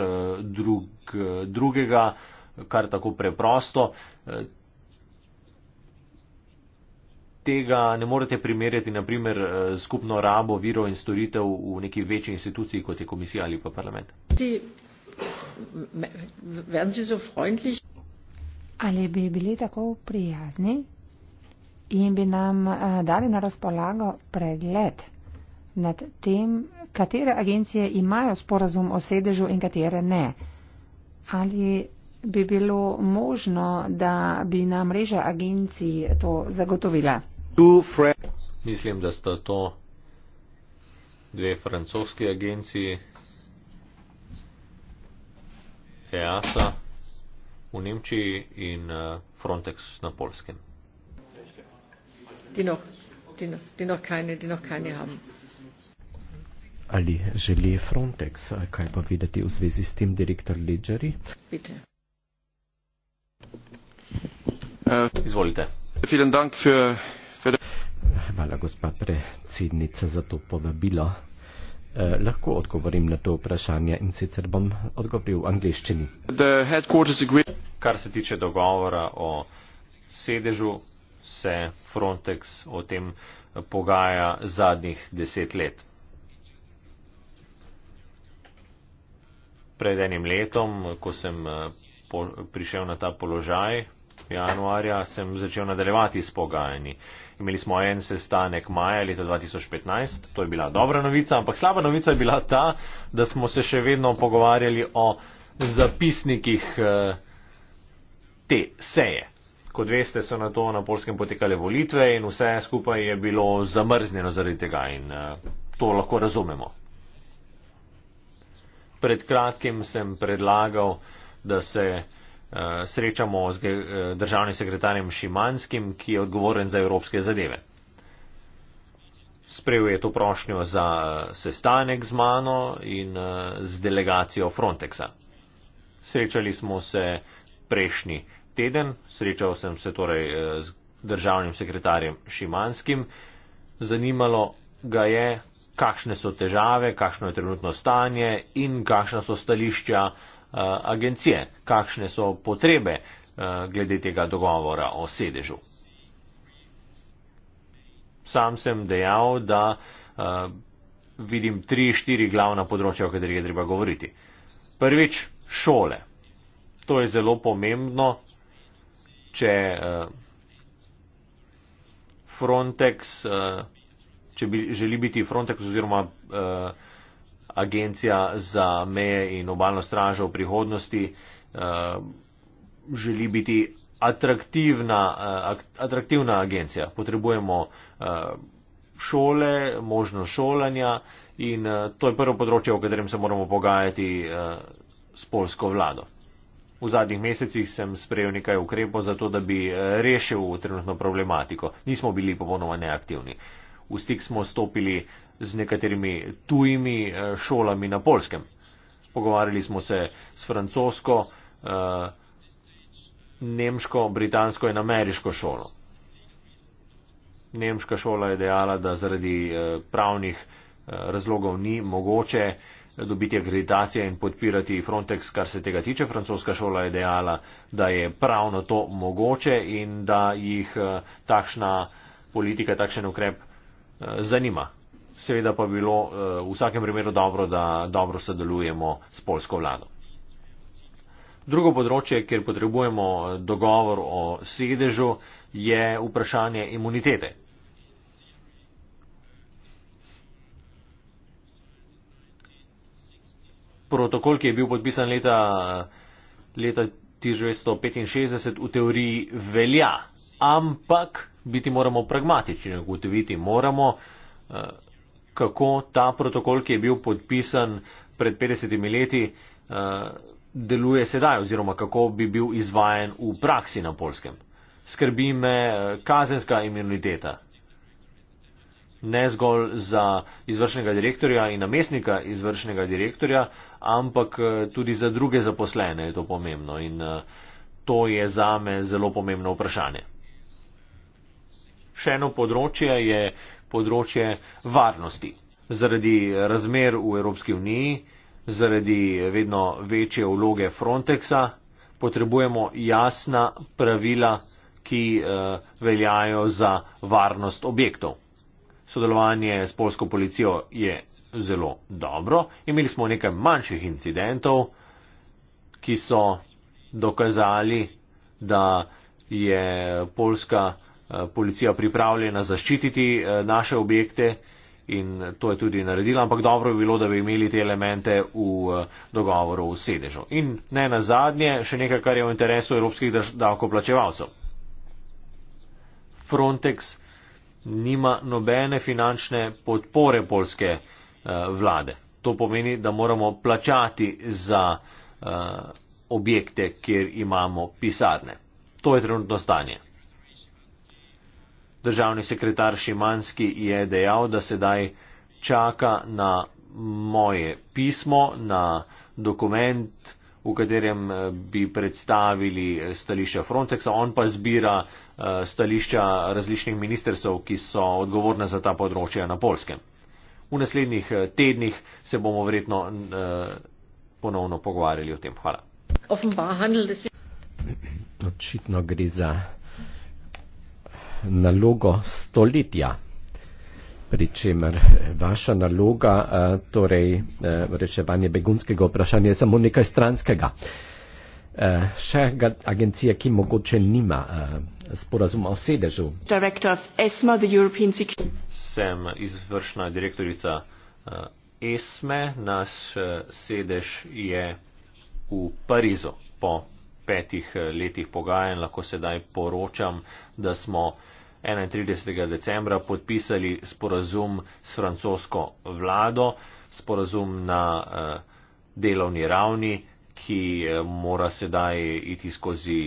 drug, drugega, kar tako preprosto tega ne morete primerjati, naprimer, eh, skupno rabo virov in storitev v neki večji instituciji, kot je komisija ali pa parlament. Ali bi bili tako prijazni in bi nam eh, dali na razpolago pregled nad tem, katere agencije imajo sporazum o sedežu in katere ne? Ali bi bilo možno, da bi nam mreža agencij to zagotovila? Mislim, da sta to dve francoski agenciji, EASA v Nemčiji in eh, Frontex na Polskem. Die noch, die, noch, die, noch keine, die noch keine haben. Ali želi Frontex eh, kaj povedati v zvezi s tem, direktor Ledgeri? Bitte. Uh, izvolite. Vielen Dank für Hvala, gospa predsednica, za to povabilo. Eh, lahko odgovorim na to vprašanje in sicer bom odgovoril v angliščini. Kar se tiče dogovora o sedežu, se Frontex o tem pogaja zadnjih deset let. Pred enim letom, ko sem eh, prišel na ta položaj, januarja, sem začel nadaljevati s pogajanji. Imeli smo en sestanek maja leta 2015, to je bila dobra novica, ampak slaba novica je bila ta, da smo se še vedno pogovarjali o zapisnikih eh, te seje. Kot veste, so na to na polskem potekale volitve in vse skupaj je bilo zamrznjeno zaradi tega in eh, to lahko razumemo. Pred kratkim sem predlagal, da se Eh, srečamo z eh, državnim sekretarjem Šimanskim, ki je odgovoren za evropske zadeve. Sprejel je to prošnjo za eh, sestanek z mano in z delegacijo Frontexa. Srečali smo se prejšnji teden, srečal sem se torej z državnim sekretarjem Šimanskim. Zanimalo ga je, kakšne so težave, kakšno je trenutno stanje in kakšna so stališča uh, Eh, agencije, kakšne so potrebe eh, glede tega dogovora o sedežu. Sam sem dejal, da eh, vidim tri, štiri glavna področja, o katerih je treba govoriti. Prvič, šole. To je zelo pomembno, če Frontex, če bi, želi biti Frontex oziroma agencija za meje in obalno stražo v prihodnosti eh, želi biti atraktivna, eh, atraktivna agencija. Potrebujemo eh, šole, možnost šolanja in to je prvo področje, o katerem se moramo pogajati s polsko vlado. V zadnjih mesecih sem sprejel nekaj ukrepov za to, da bi rešil trenutno problematiko. Nismo bili popolnoma neaktivni. Uh, v stik smo stopili z nekaterimi tujimi eh, šolami na polskem. Pogovarjali smo se s francosko, eh, nemško, britansko in ameriško šolo. Nemška šola je dejala, da zaradi eh, pravnih razlogov ni mogoče dobiti akreditacije in podpirati Frontex, kar se tega tiče. Francoska šola je dejala, da je pravno to mogoče in da jih takšna politika, takšen ukrep Eh, zanima. Seveda pa bi bilo eh, v vsakem primeru dobro, da dobro sodelujemo s polsko vlado. Drugo področje, kjer potrebujemo dogovor o sedežu, je vprašanje imunitete. Protokol, ki je bil podpisan leta, leta 1965, v teoriji velja, ampak biti moramo pragmatični, ugotoviti moramo, eh, kako ta protokol, ki je bil podpisan pred 50 leti, eh, deluje sedaj oziroma kako bi bil izvajen v praksi na polskem. Skrbi me eh, kazenska imuniteta. Ne zgolj za izvršnega direktorja in namestnika izvršnega direktorja, ampak tudi za druge zaposlene je to pomembno in to je zame zelo pomembno vprašanje. Še eno področje je področje varnosti. Zaradi razmer v Evropski uniji, zaradi vedno večje vloge Frontexa, potrebujemo jasna pravila, ki eh, veljajo za varnost objektov. Sodelovanje s polsko policijo je zelo dobro. Imeli smo nekaj manjših incidentov, ki so dokazali, da je polska Eh, policija pripravljena zaščititi eh, naše objekte in to je tudi naredila, ampak dobro bi bilo, da bi imeli te elemente v eh, dogovoru v sedežu. In ne na zadnje, še nekaj, kar je v interesu evropskih davkoplačevalcev. Frontex nima nobene finančne podpore polske vlade. To pomeni, da moramo plačati za objekte, kjer imamo pisarne. To je trenutno stanje. Državni sekretar Šimanski je dejal, da sedaj čaka na moje pismo, na dokument, v katerem eh, bi predstavili eh, stališča Frontexa. On pa zbira eh, stališča različnih ministersov, ki so odgovorne za ta področja na polskem. V naslednjih tednih se bomo verjetno ponovno pogovarjali o tem. Hvala. Očitno gre za nalogo stoletja. Pričemer vaša naloga, eh, torej eh, reševanje begunskega vprašanja, je samo nekaj stranskega. Eh, še agencija, ki mogoče nima sporazuma o sedežu. ESMA, Sem izvršna direktorica ESME, naš sedež je v Parizu po petih eh, letih pogajanj lahko sedaj poročam, da smo 31. decembra podpisali sporazum s francosko vlado, sporazum na eh, delovni ravni, ki eh, mora sedaj iti skozi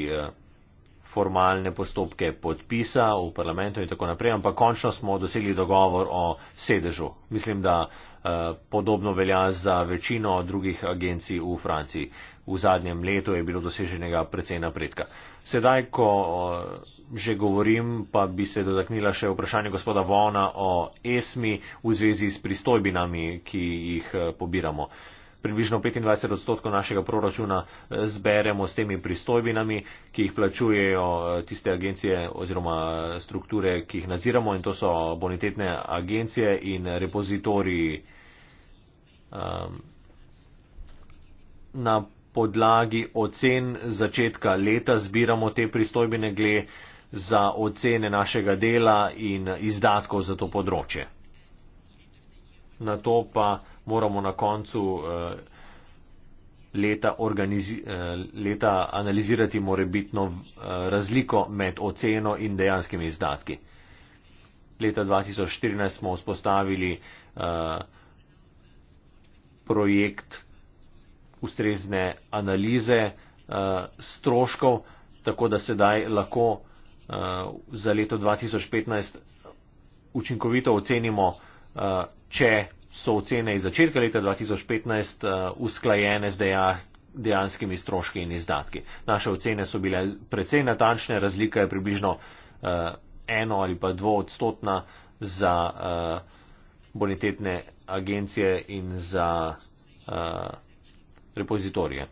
formalne postopke podpisa v parlamentu in tako naprej, ampak končno smo dosegli dogovor o sedežu. Mislim, da Eh, podobno velja za večino drugih agencij v Franciji. V zadnjem letu je bilo doseženega precej napredka. Sedaj, ko eh, že govorim, pa bi se dotaknila še vprašanje gospoda Vona o ESMI v zvezi s pristojbinami, ki jih eh, pobiramo približno 25 odstotkov našega proračuna eh, zberemo s temi pristojbinami, ki jih plačujejo eh, tiste agencije oziroma strukture, ki jih naziramo in to so bonitetne agencije in repozitoriji. Um, na podlagi ocen začetka leta zbiramo te pristojbine gle za ocene našega dela in izdatkov za to področje. Na to pa moramo na koncu eh, leta, eh, leta analizirati morebitno eh, razliko med oceno in dejanskimi izdatki. Leta 2014 smo vzpostavili projekt ustrezne analize stroškov, tako da sedaj lahko za leto 2015 učinkovito ocenimo, če so ocene iz začetka leta 2015 uh, eh, usklajene z deja, dejanskimi stroški in izdatki. Naše ocene so bile precej natančne, razlika je približno uh, eno ali pa dvo odstotna za uh, bonitetne agencije in za uh, repozitorije.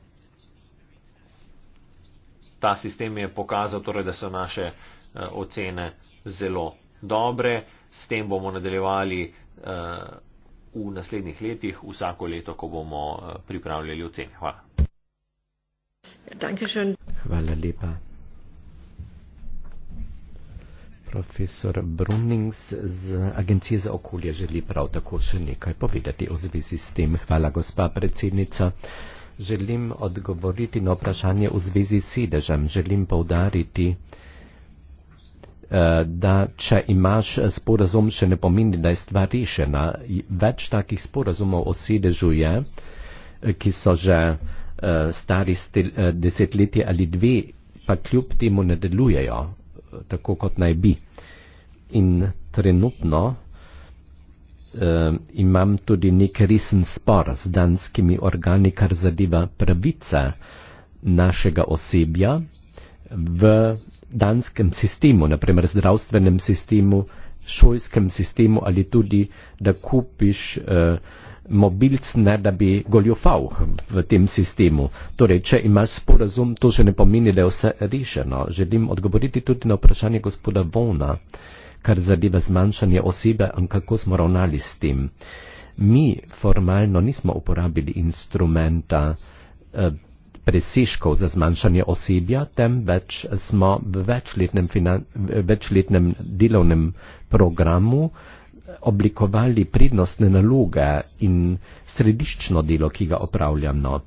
Ta sistem je pokazal, torej, da so naše uh, ocene zelo dobre, s tem bomo nadaljevali uh, v naslednjih letih, vsako leto, ko bomo eh, pripravljali ocene. Hvala. Hvala lepa. Profesor Brunings z Agencije za okolje želi prav tako še nekaj povedati o zvezi s tem. Hvala, gospa predsednica. Želim odgovoriti na vprašanje v zvezi s sedežem. Želim povdariti, Eh, da če imaš eh, sporazum, še ne pomeni, da je stvar rešena. Več takih sporazumov o sedežu je, eh, ki so že stari desetletje ali dve, pa kljub temu ne delujejo tako, kot naj bi. In trenutno eh, imam tudi nek resen spor z danskimi organi, kar zadeva pravice našega osebja, v danskem sistemu, naprimer zdravstvenem sistemu, šolskem sistemu ali tudi, da kupiš uh, mobilc, ne da bi goljofal v tem sistemu. Torej, če imaš sporazum, to še ne pomeni, da je vse rešeno. Želim odgovoriti tudi na vprašanje gospoda Vona, kar zadeva zmanjšanje osebe in kako smo ravnali s tem. Mi formalno nismo uporabili instrumenta uh, presežkov za zmanjšanje osebja, temveč smo v večletnem, finan, v večletnem delovnem programu eh, oblikovali prednostne naloge in središčno delo, ki ga opravljamo.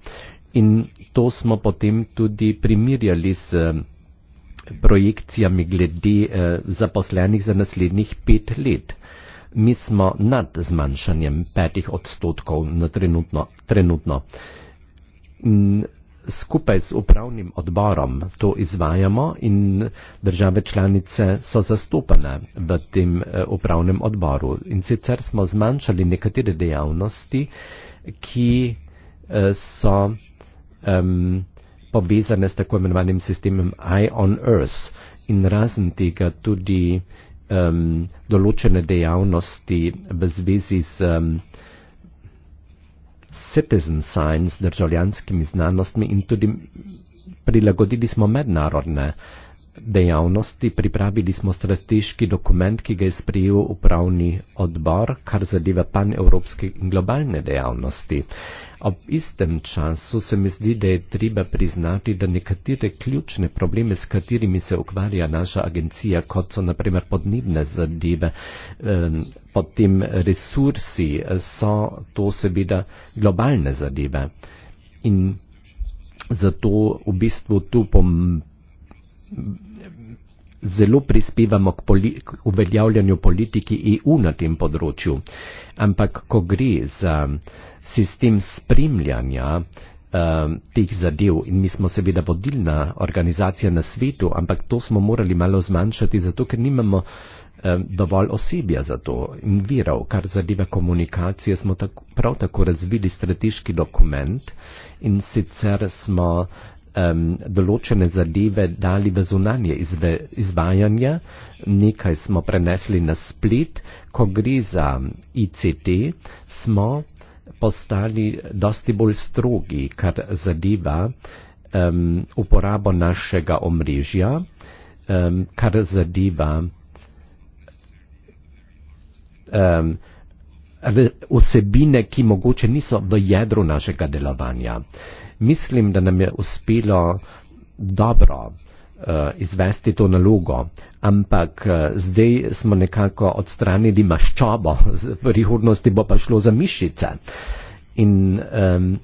In to smo potem tudi primirjali s eh, projekcijami glede eh, zaposlenih za naslednjih pet let. Mi smo nad zmanjšanjem petih odstotkov na trenutno. trenutno skupaj z upravnim odborom to izvajamo in države članice so zastopane v tem eh, upravnem odboru. In sicer smo zmanjšali nekatere dejavnosti, ki eh, so um, povezane s tako imenovanim sistemom Eye on Earth in razen tega tudi um, določene dejavnosti v zvezi z um, citizen science, državljanskimi znanostmi in tudi prilagodili smo mednarodne uh, dejavnosti pripravili smo strateški dokument, ki ga je sprejel upravni odbor, kar zadeva panevropske in globalne dejavnosti. Ob istem času se mi zdi, da je treba priznati, da nekatere ključne probleme, s katerimi se ukvarja naša agencija, kot so naprimer podnebne zadeve, potem resursi, so to seveda globalne zadeve. In zato v bistvu tu pomeni, zelo prispevamo k, poli, k uveljavljanju politiki EU na tem področju. Ampak, ko gre za sistem spremljanja uh, teh zadev, in mi smo seveda vodilna organizacija na svetu, ampak to smo morali malo zmanjšati, zato ker nimamo uh, dovolj osebja za to in virov, kar zadeva komunikacije, smo tako, prav tako razvili strateški dokument in sicer smo uh, um, določene zadeve dali v zunanje izve, izvajanje, nekaj smo prenesli na splet, ko gre za ICT, smo postali dosti bolj strogi, kar zadeva um, uporabo našega omrežja, um, kar zadeva um, vsebine, ki mogoče niso v jedru našega delovanja. Uh, mislim, da nam je uspelo dobro uh, izvesti to nalogo, ampak uh, zdaj smo nekako odstranili maščobo, v prihodnosti bo pa šlo za mišice. In, um,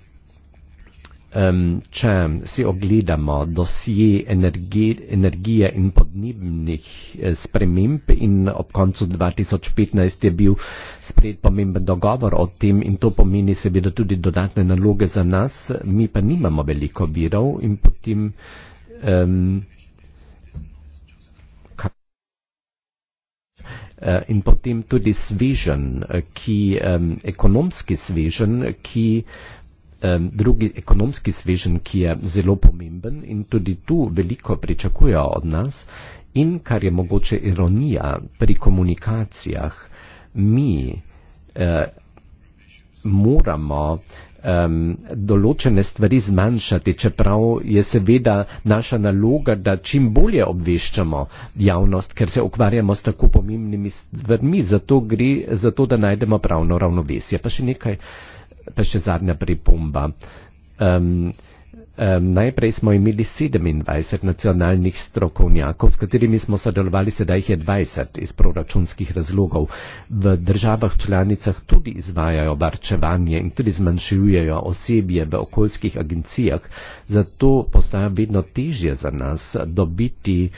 um, če si ogledamo dosije energije, energije in podnebnih eh, sprememb in ob koncu 2015 je bil spred pomemben dogovor o tem in to pomeni seveda tudi dodatne naloge za nas, mi pa nimamo veliko virov in potem. Um, In potem tudi svežen, eh, ki, um, ekonomski svežen, ki drugi ekonomski svežen, ki je zelo pomemben in tudi tu veliko pričakujejo od nas in kar je mogoče ironija pri komunikacijah, mi eh, moramo eh, določene stvari zmanjšati, čeprav je seveda naša naloga, da čim bolje obveščamo javnost, ker se ukvarjamo s tako pomembnimi stvarmi, zato gre za to, da najdemo pravno ravnovesje. Pa še nekaj. Eh, pa še zadnja pripomba. Um, Um, najprej smo imeli 27 nacionalnih strokovnjakov, s katerimi smo sodelovali, sedaj jih je 20 iz proračunskih razlogov. V državah članicah tudi izvajajo varčevanje in tudi zmanjšujejo osebje v okoljskih agencijah, zato postaja vedno težje za nas dobiti.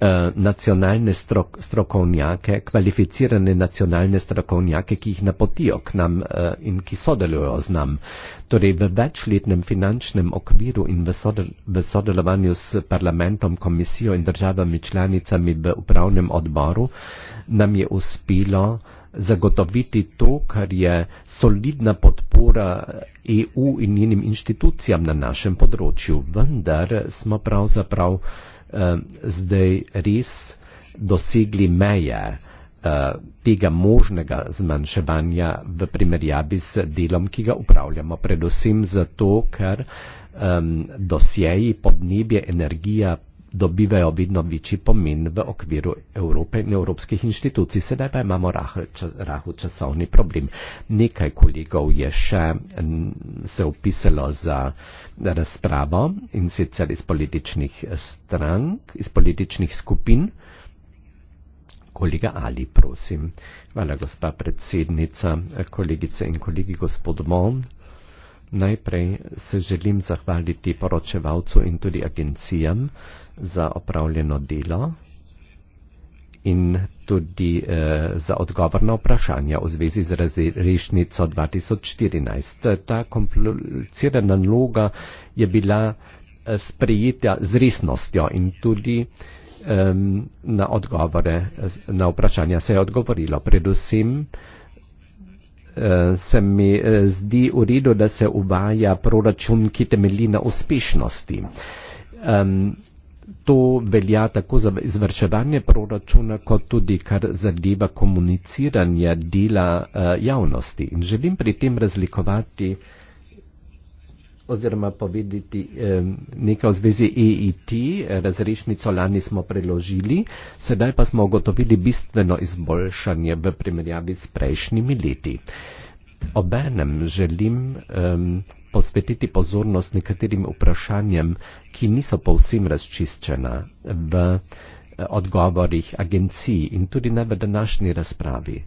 Eh, nacionalne strok, strokovnjake, kvalificirane nacionalne strokovnjake, ki jih napotijo k nam uh, in ki sodelujo z nam. Torej v večletnem finančnem okviru in v, sodel, v sodelovanju s parlamentom, komisijo in državami članicami v upravnem odboru nam je uspelo zagotoviti to, kar je solidna podpora EU eh, e in njenim inštitucijam na našem področju. Vendar smo pravzaprav prav zdaj res dosegli meje eh, tega možnega zmanjševanja v primerjavi s delom, ki ga upravljamo. Predvsem zato, ker um, dosjeji podnebje, energija, dobivajo vedno večji pomen v okviru Evrope in evropskih inštitucij. Sedaj pa imamo rahu časovni problem. Nekaj kolegov je še se upisalo za razpravo in sicer iz političnih strank, iz političnih skupin. Kolega Ali, prosim. Hvala, gospa predsednica, kolegice in kolegi, gospod Mon. Najprej se želim zahvaliti poročevalcu in tudi agencijam za opravljeno delo in tudi eh, za odgovor na vprašanja v zvezi z razrešnico 2014. Ta komplicirana naloga je bila eh, sprejeta z resnostjo in tudi eh, na, odgovore, na vprašanja se je odgovorilo. Predvsem eh, se mi eh, zdi v redu, da se uvaja proračun, ki temelji na uspešnosti. Um, to velja tako za izvrševanje proračuna, kot tudi kar zadeva komuniciranje dela uh, javnosti. In želim pri tem razlikovati uh, oziroma povedati nekaj v zvezi EIT, e razrešnico lani smo preložili, sedaj pa smo ugotovili bistveno izboljšanje v primerjavi s prejšnjimi leti. Obenem želim um, posvetiti pozornost nekaterim vprašanjem, ki niso povsem razčiščena v eh, odgovorih agencij in tudi ne v današnji razpravi.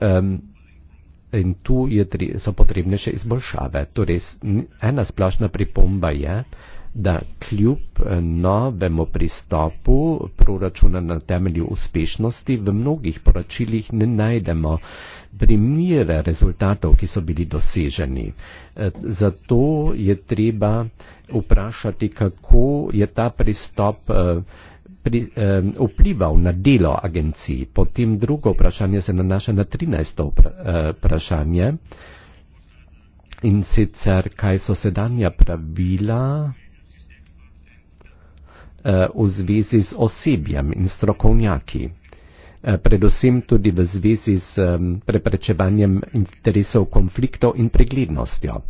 Um, in tu tri, so potrebne še izboljšave. Torej, ena splošna pripomba je, da kljub eh, novemu pristopu proračuna na temelju uspešnosti v mnogih poročilih ne najdemo primere rezultatov, ki so bili doseženi. Eh, zato je treba vprašati, kako je ta pristop eh, pri, um, vplival na delo agencij. Potem drugo vprašanje se nanaša na 13. E, vprašanje in sicer kaj so sedanja pravila e, v zvezi z osebjem in strokovnjaki, e, predvsem tudi v zvezi z preprečevanjem interesov konfliktov in preglednostjo.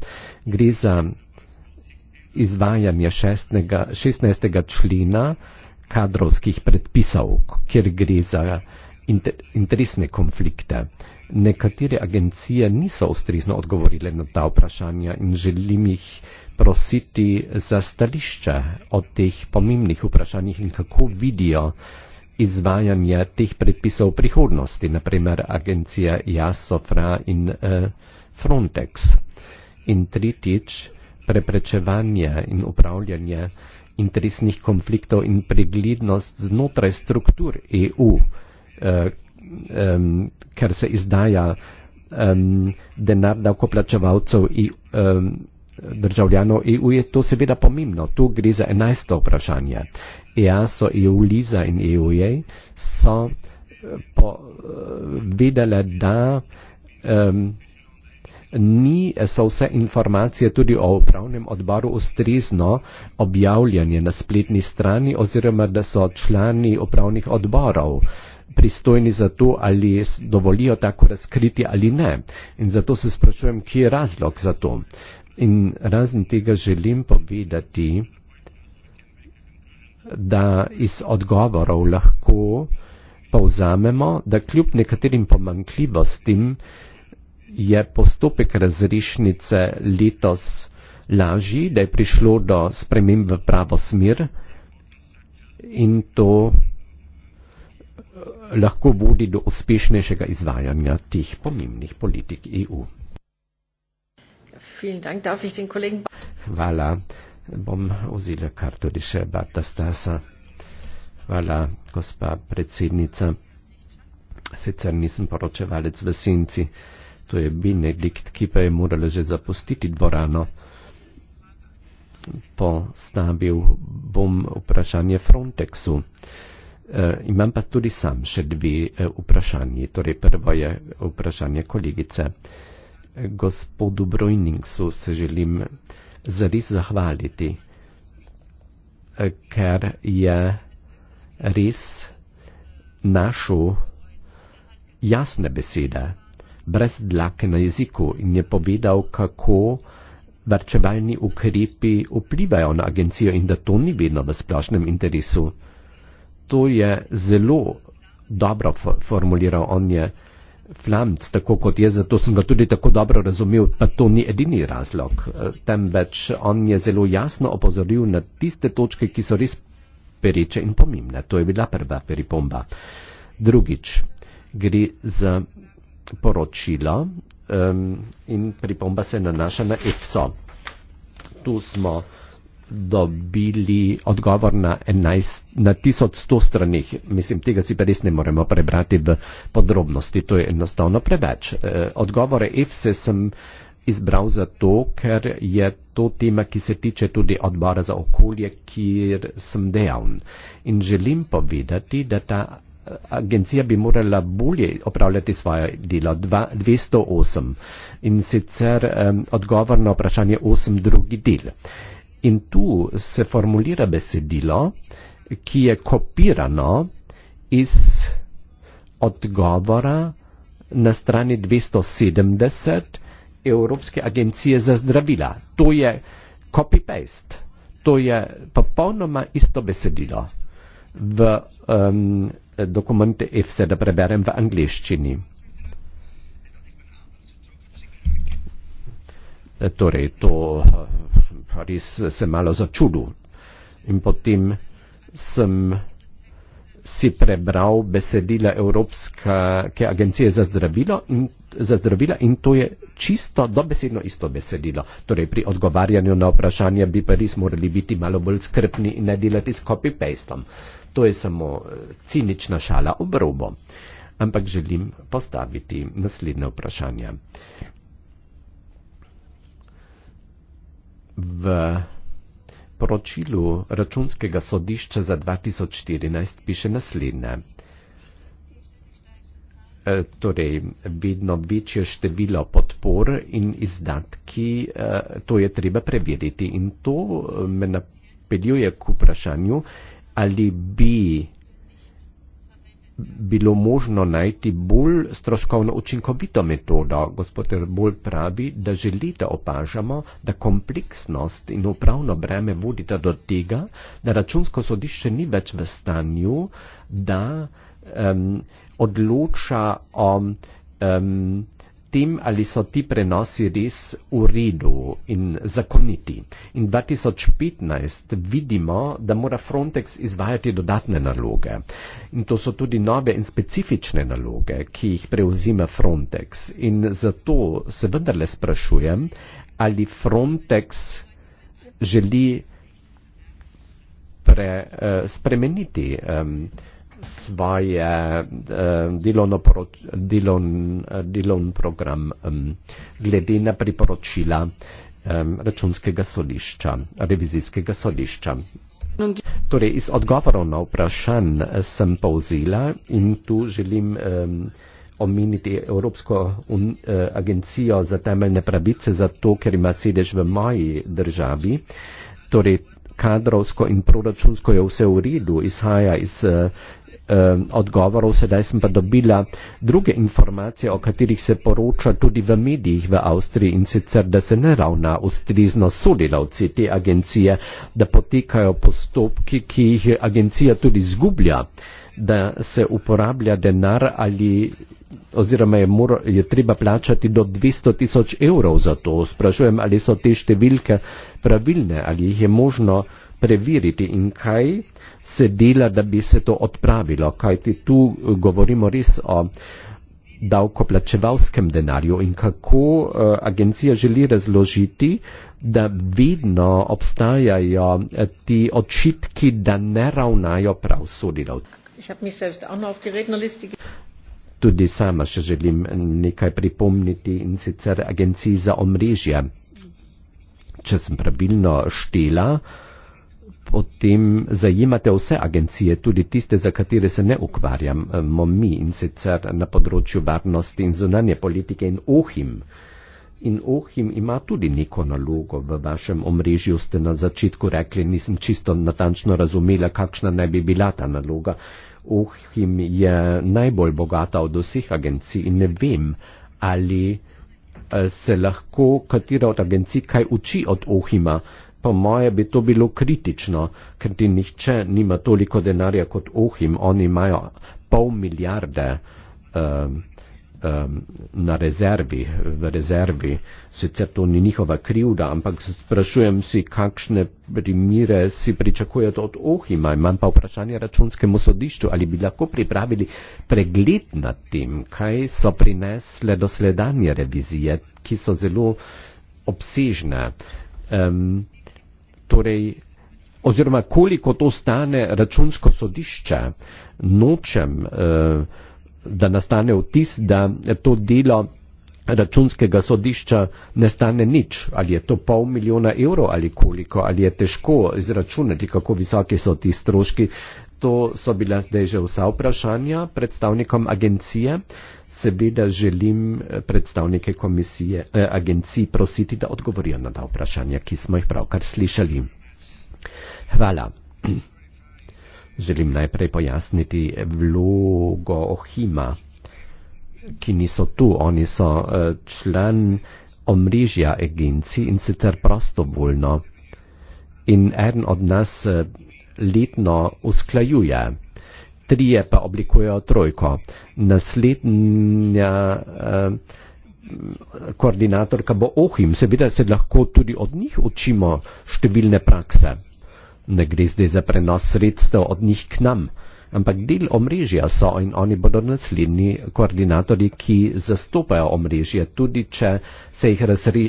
Gre za izvajanje 16. člena kadrovskih predpisov, kjer gre za inter, interesne konflikte. Nekatere agencije niso ustrezno odgovorile na ta vprašanja in želim jih prositi za stališče o teh pomembnih vprašanjih in kako vidijo izvajanje teh predpisov v prihodnosti, naprimer agencija Jasofra in eh, Frontex. In tretjič, preprečevanje in upravljanje eh, interesnih konfliktov in preglednost znotraj struktur EU, eh, ker se izdaja denar davkoplačevalcev in e državljanov EU, je to seveda pomembno. Tu gre za enajsto vprašanje. EASO, EU Liza in EUJ so eh, eh, vedele, da ni, eh, so vse informacije tudi o upravnem odboru ustrezno objavljanje na spletni strani oziroma da so člani upravnih odborov pristojni za to, ali dovolijo tako razkriti ali ne. In zato se sprašujem, ki je razlog za to. In razen tega želim povedati, da iz odgovorov lahko povzamemo, da kljub nekaterim pomankljivostim, je postopek razrešnice letos lažji, da je prišlo do sprememb v pravo smer in to eh, lahko vodi do uspešnejšega izvajanja teh pomembnih politik EU. Hvala. Bom vzela kar tudi še Bata Stasa. Hvala, gospa predsednica. Sicer nisem poročevalec v senci. To je Benedikt, ki pa je moral že zapustiti dvorano. Postavil bom vprašanje Frontexu. E, imam pa tudi sam še dve e, vprašanje. Torej prvo je vprašanje kolegice. Gospodu Brojningsu se želim zares zahvaliti, e, ker je res našo jasne besede brez dlake na jeziku in je povedal, kako varčevalni ukrepi vplivajo na agencijo in da to ni vedno v splošnem interesu. To je zelo dobro formuliral on je flamc, tako kot jaz, zato sem ga tudi tako dobro razumel, pa to ni edini razlog, eh, temveč on je zelo jasno opozoril na tiste točke, ki so res pereče in pomembne. To je bila prva peripomba. Drugič, gre za poročilo um, in pripomba se nanaša na EFSO. Tu smo dobili odgovor na, 11, na 1100 stranih. Mislim, tega si pa res ne moremo prebrati v podrobnosti, to je enostavno preveč. E, odgovore EFSE sem izbral zato, ker je to tema, ki se tiče tudi odbora za okolje, kjer sem dejavn. In želim povedati, da ta agencija bi morala bolje opravljati svoje delo. Dva, 208. In sicer um, odgovor na vprašanje 8 drugi del. In tu se formulira besedilo, ki je kopirano iz odgovora na strani 270 Evropske agencije za zdravila. To je copy-paste, to je popolnoma isto besedilo. V, um, dokument i vse da preberem v angliščini. Torej, to eh, res se malo začudil. In potem sem si prebral besedila Evropske agencije za zdravilo in za zdravila in to je čisto dobesedno isto besedilo. Torej, pri odgovarjanju na vprašanje bi pa res morali biti malo bolj skrpni in ne delati s copy-pastom. To je samo eh, cinična šala ob robo. Ampak želim postaviti naslednje vprašanje. V poročilu računskega sodišča za 2014 piše naslednje. Eh, torej vedno večje število podpor in izdatki, eh, to je treba preveriti. In to eh, me napeljuje k vprašanju, ali bi bilo možno najti bolj stroškovno učinkovito metodo. Gospod Bolj pravi, da želite opažamo, da kompleksnost in upravno breme vodita do tega, da računsko sodišče ni več v stanju, da um, odloča o um, tem, ali so ti prenosi res v redu in zakoniti. In 2015 vidimo, da mora Frontex izvajati dodatne naloge. In to so tudi nove in specifične naloge, ki jih prevzima Frontex. In zato se vendarle sprašujem, ali Frontex želi pre, uh, spremeniti um, svoje eh, delovno, delovn, eh, delovn program glede na priporočila računskega sodišča, revizijskega sodišča. Torej, iz odgovorov na vprašanj eh, sem povzela in tu želim um, omeniti Evropsko un, uh, agencijo za temeljne pravice, zato ker ima sedež v moji državi. Torej, kadrovsko in proračunsko je vse v redu, izhaja iz uh, Eh, odgovorov, sedaj sem pa dobila druge informacije, o katerih se poroča tudi v medijih v Avstriji in sicer, da se ne ravna ustrezno sodelavci te agencije, da potekajo postopki, ki jih agencija tudi zgublja, da se uporablja denar ali oziroma je, mora, je treba plačati do 200 tisoč evrov za to. Sprašujem, ali so te številke pravilne, ali jih je možno preveriti in kaj sedila, da bi se to odpravilo, kajti tu eh, govorimo res o davkoplačevalskem denarju in kako eh, agencija želi razložiti, da vedno obstajajo eh, ti očitki, da ne ravnajo prav sodilov. Tudi sama še želim nekaj pripomniti in sicer agenciji za omrežje. Če sem pravilno štela, uh, potem zajemate vse agencije, tudi tiste, za katere se ne ukvarjamo eh, mi in sicer na področju varnosti in zunanje politike in ohim. In ohim ima tudi neko nalogo v vašem omrežju, ste na začetku rekli, nisem čisto natančno razumela, kakšna naj bi bila ta naloga. Ohim je najbolj bogata od vseh agencij in ne vem, ali eh, se lahko katera od agencij kaj uči od ohima po moje bi to bilo kritično, ker ti nihče nima toliko denarja kot Ohim, oni imajo pol milijarde um, um, na rezervi, v rezervi, sicer to ni njihova krivda, ampak sprašujem si, kakšne primire si pričakujete od Ohima, imam pa vprašanje računskemu sodišču, ali bi lahko pripravili pregled nad tem, kaj so prinesle dosledanje revizije, ki so zelo obsežne. Um, torej, oziroma koliko to stane računsko sodišče, nočem, eh, da nastane vtis, da to delo računskega sodišča ne stane nič. Ali je to pol milijona evrov ali koliko, ali je težko izračunati, kako visoki so ti stroški. To so bila zdaj že vsa vprašanja predstavnikom agencije seveda želim eh, predstavnike komisije, eh, agencij prositi, da odgovorijo na ta vprašanja, ki smo jih pravkar slišali. Hvala. Želim najprej pojasniti vlogo Ohima, ki niso tu. Oni so eh, član omrežja agencij in sicer prostovoljno. In eden od nas eh, letno usklajuje trije pa oblikujejo trojko. Naslednja eh, koordinatorka bo ohim, seveda se lahko tudi od njih učimo številne prakse. Ne gre zdaj za prenos sredstev od njih k nam, ampak del omrežja so in oni bodo naslednji koordinatorji, ki zastopajo omrežje, tudi če se jih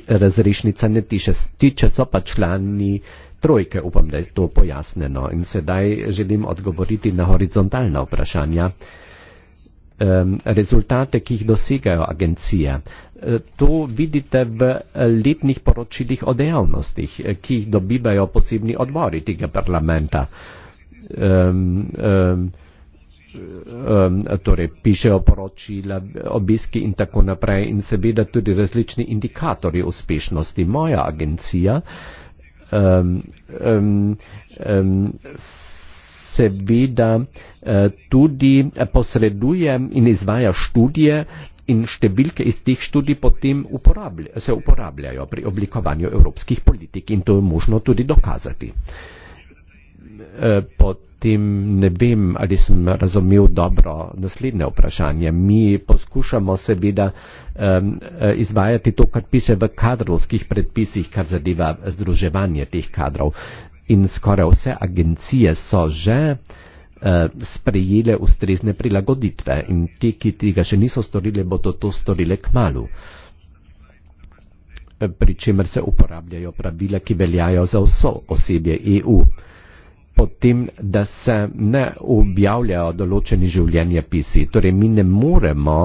razrešnica ne tiče, tiče so pa člani trojke, upam, da je to pojasneno. In sedaj želim odgovoriti na horizontalna vprašanja. Rezultate, ki jih dosegajo agencije, e, to vidite v letnih poročilih o dejavnostih, ki jih dobivajo posebni odbori tega parlamenta. Um, um, um, torej pišejo poročila, obiski in tako naprej in seveda tudi različni indikatorji uspešnosti. Moja agencija uh, um, um, um, seveda uh, e, tudi posreduje in izvaja študije in številke iz teh študij potem uporablja, se uporabljajo pri oblikovanju evropskih politik in to je možno tudi dokazati. Uh, potem ne vem, ali sem razumel dobro naslednje vprašanje. Mi poskušamo seveda um, izvajati to, kar piše v kadrovskih predpisih, kar zadeva združevanje teh kadrov. In skoraj vse agencije so že eh, sprejele ustrezne prilagoditve in te, ki tega še niso storile, bodo to storile k malu, pri čemer se uporabljajo pravila, ki veljajo za vso osebje EU potem, da se ne objavljajo določeni življenje pisi. Torej, mi ne moremo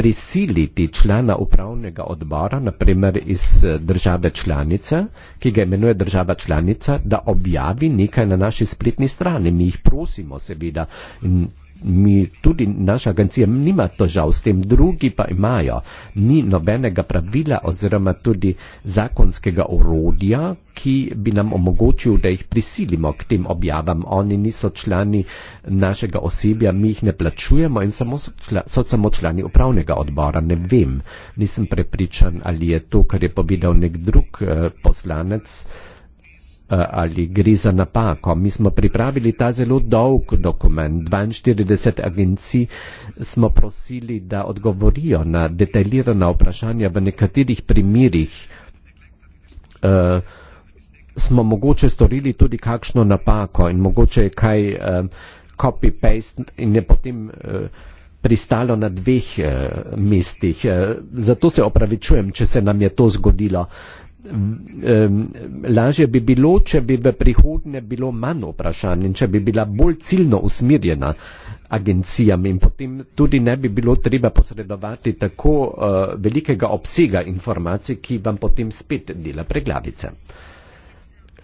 prisiliti člana upravnega odbora, naprimer iz eh, države članice, ki ga imenuje država članica, da objavi nekaj na naši spletni strani. Mi jih prosimo, seveda, in mi tudi naša agencija nima težav s tem, drugi pa imajo. Ni nobenega pravila oziroma tudi zakonskega orodja, ki bi nam omogočil, da jih prisilimo k tem objavam. Oni niso člani našega osebja, mi jih ne plačujemo in samo so, čla, so samo člani upravnega odbora. Ne vem, nisem prepričan, ali je to, kar je povedal nek drug eh, poslanec. Eh, Eh, ali gre za napako. Mi smo pripravili ta zelo dolg dokument, 42 agencij smo prosili, da odgovorijo na detaljirana vprašanja. V nekaterih primerjih uh, eh, smo mogoče storili tudi kakšno napako in mogoče je kaj uh, copy-paste in je potem uh, pristalo na dveh uh, mestih. Uh, zato se opravičujem, če se nam je to zgodilo lažje bi bilo, če bi v prihodnje bilo manj vprašanj in če bi bila bolj ciljno usmirjena agencijam in potem tudi ne bi bilo treba posredovati tako uh, velikega obsega informacij, ki vam potem spet dela preglavice.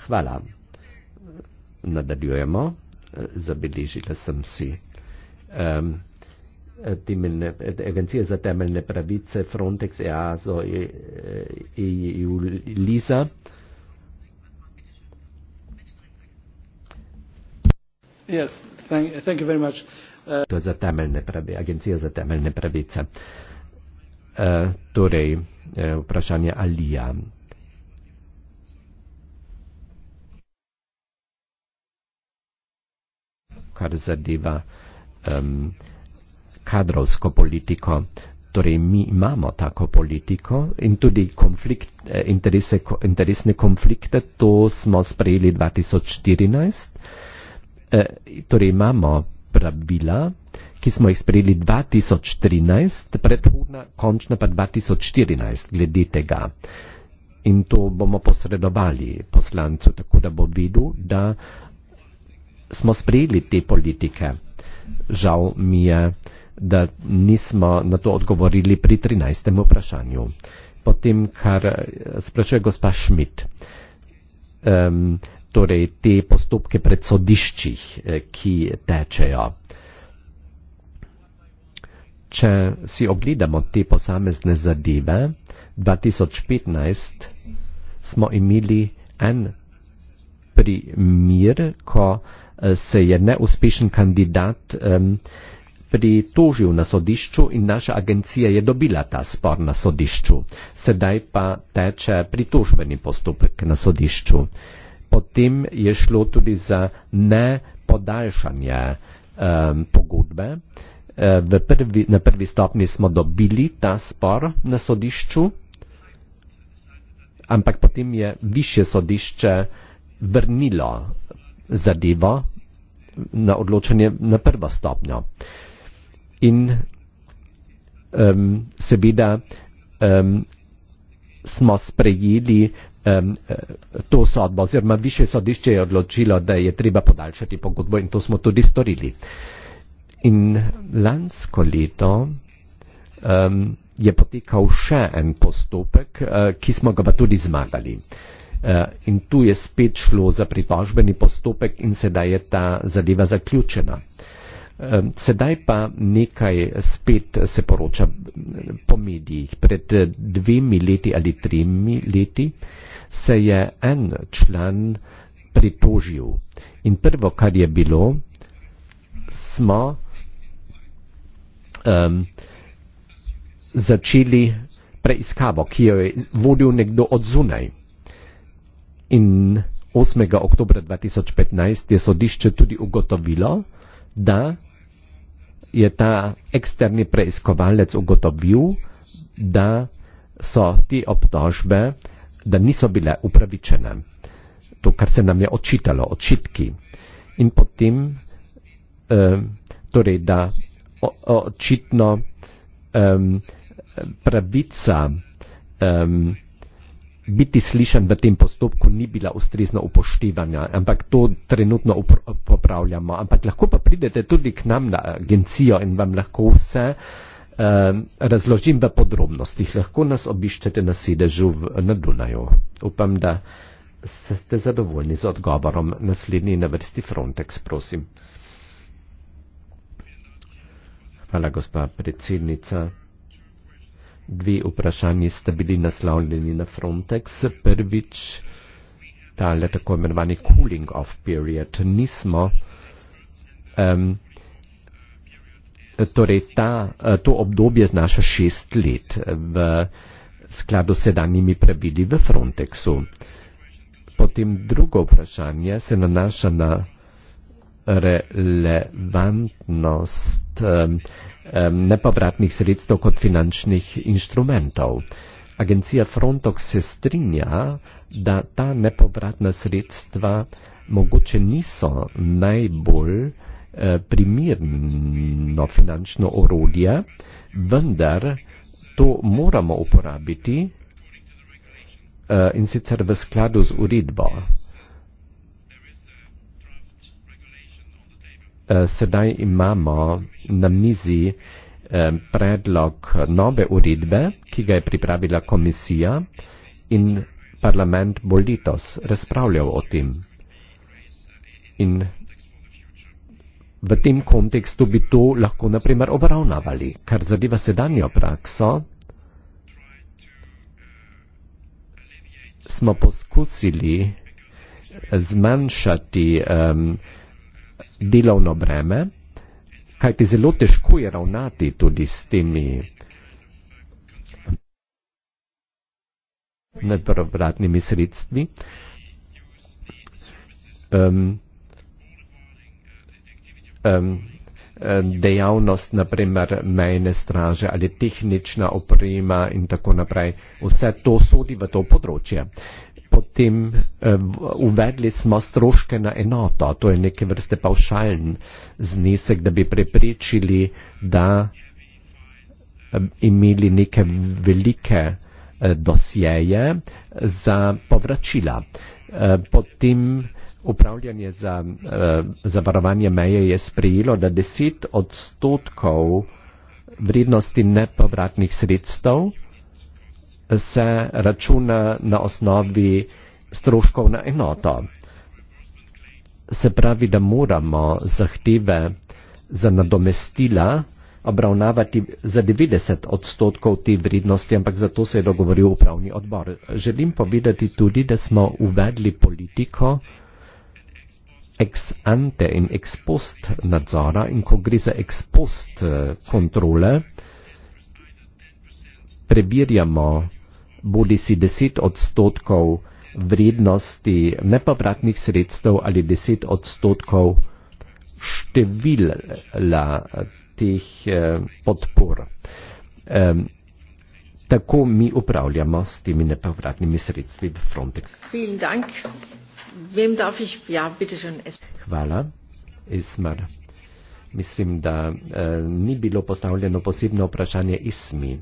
Hvala. Nadaljujemo. Zabeležila sem si. Um, temeljne, agencije za temeljne pravice Frontex, EASO e in ULISA. Yes, thank, thank you very much. To je za temeljne pravice, agencija za temeljne pravice. Uh, torej, uh, vprašanje Alija. Kar zadeva um, kadrovsko politiko. Torej, mi imamo tako politiko in tudi konflikt, eh, interese, interesne konflikte, to smo sprejeli 2014. Eh, torej, imamo pravila, ki smo jih sprejeli 2013, predhodna, končna pa 2014, glede tega. In to bomo posredovali poslancu, tako da bo videl, da smo sprejeli te politike. Žal mi je da nismo na to odgovorili pri 13. vprašanju. Potem, kar eh, sprašuje gospa Schmidt, um, torej te postopke pred sodiščih, eh, ki tečejo. Če si ogledamo te posamezne zadeve, 2015 smo imeli en primer, ko eh, se je neuspešen kandidat um, pritožil na sodišču in naša agencija je dobila ta spor na sodišču. Sedaj pa teče pritožbeni postopek na sodišču. Potem je šlo tudi za ne podaljšanje um, ehm, pogodbe. Ehm, prvi, na prvi stopni smo dobili ta spor na sodišču, ampak potem je više sodišče vrnilo zadevo na odločanje na prvo stopnjo. Uh, in um, seveda um, smo sprejeli um, to sodbo oziroma više sodišče je odločilo, da je treba podaljšati pogodbo in to smo tudi storili. In lansko leto um, je potekal še en postopek, uh, ki smo ga pa tudi zmagali. Eh, in tu je spet šlo za pritožbeni postopek in sedaj je ta zadeva zaključena. Sedaj pa nekaj spet se poroča po medijih. Pred eh, dvemi leti ali tremi leti se je en član pritožil. In prvo, kar je bilo, smo um, začeli preiskavo, ki jo je vodil nekdo od zunaj. In 8. oktober 2015 je sodišče tudi ugotovilo, da je ta eksterni preiskovalec ugotovil, da so ti obtožbe, da niso bile upravičene. To, kar se nam je očitalo, očitki. In potem, eh, torej, da očitno eh, pravica eh, biti slišan v tem postopku ni bila ustrezna upoštevanja, ampak to trenutno popravljamo. Ampak lahko pa pridete tudi k nam na agencijo in vam lahko vse eh, razložim v podrobnostih. Lahko nas obiščete na sedežu v, na Dunaju. Upam, da ste zadovoljni z odgovorom. Naslednji na vrsti Frontex, prosim. Hvala, gospa predsednica dve vprašanji sta bili naslovljeni na Frontex. Prvič, tale tako imenovani cooling off period. Nismo, um, torej ta, eh, to obdobje znaša šest let v skladu s sedanjimi pravili v Frontexu. Potem drugo vprašanje se nanaša na relevantnost um, nepovratnih sredstev kot finančnih inštrumentov. Agencija Frontox se strinja, da ta nepovratna sredstva mogoče niso najbolj eh, primirno finančno orodje, vendar to moramo uporabiti eh, in sicer v skladu z uredbo. Eh, sedaj imamo na mizi eh, predlog nove uredbe, ki ga je pripravila komisija in parlament bo letos razpravljal o tem. In v tem kontekstu bi to lahko naprimer obravnavali, kar zadeva sedanjo prakso. Smo poskusili zmanjšati um, delovno breme, kajti zelo težko je ravnati tudi s temi nepravratnimi sredstvi. Um, um, dejavnost, naprimer mejne straže ali tehnična oprema in tako naprej. Vse to sodi v to področje. Uh, potem uh, uvedli smo stroške na enoto, to je neke vrste paušalen znesek, da bi preprečili, da eh, imeli neke velike uh, dosjeje za povračila. Uh, potem upravljanje za uh, zavarovanje meje je sprejelo, da deset odstotkov vrednosti nepovratnih sredstev se računa na osnovi stroškov na enoto. Se pravi, da moramo zahteve za nadomestila obravnavati za 90 odstotkov te vrednosti, ampak zato se je dogovoril upravni odbor. Želim povedati tudi, da smo uvedli politiko ex ante in ex post nadzora in ko gre za ex post eh, kontrole, preverjamo bodi si 10 odstotkov vrednosti nepovratnih sredstev ali 10 odstotkov števila teh eh, podpor. Tako mi upravljamo s temi nepovratnimi sredstvi v Frontex. Ja, Hvala. Ismar. Mislim, da eh, ni bilo postavljeno posebno vprašanje ISMI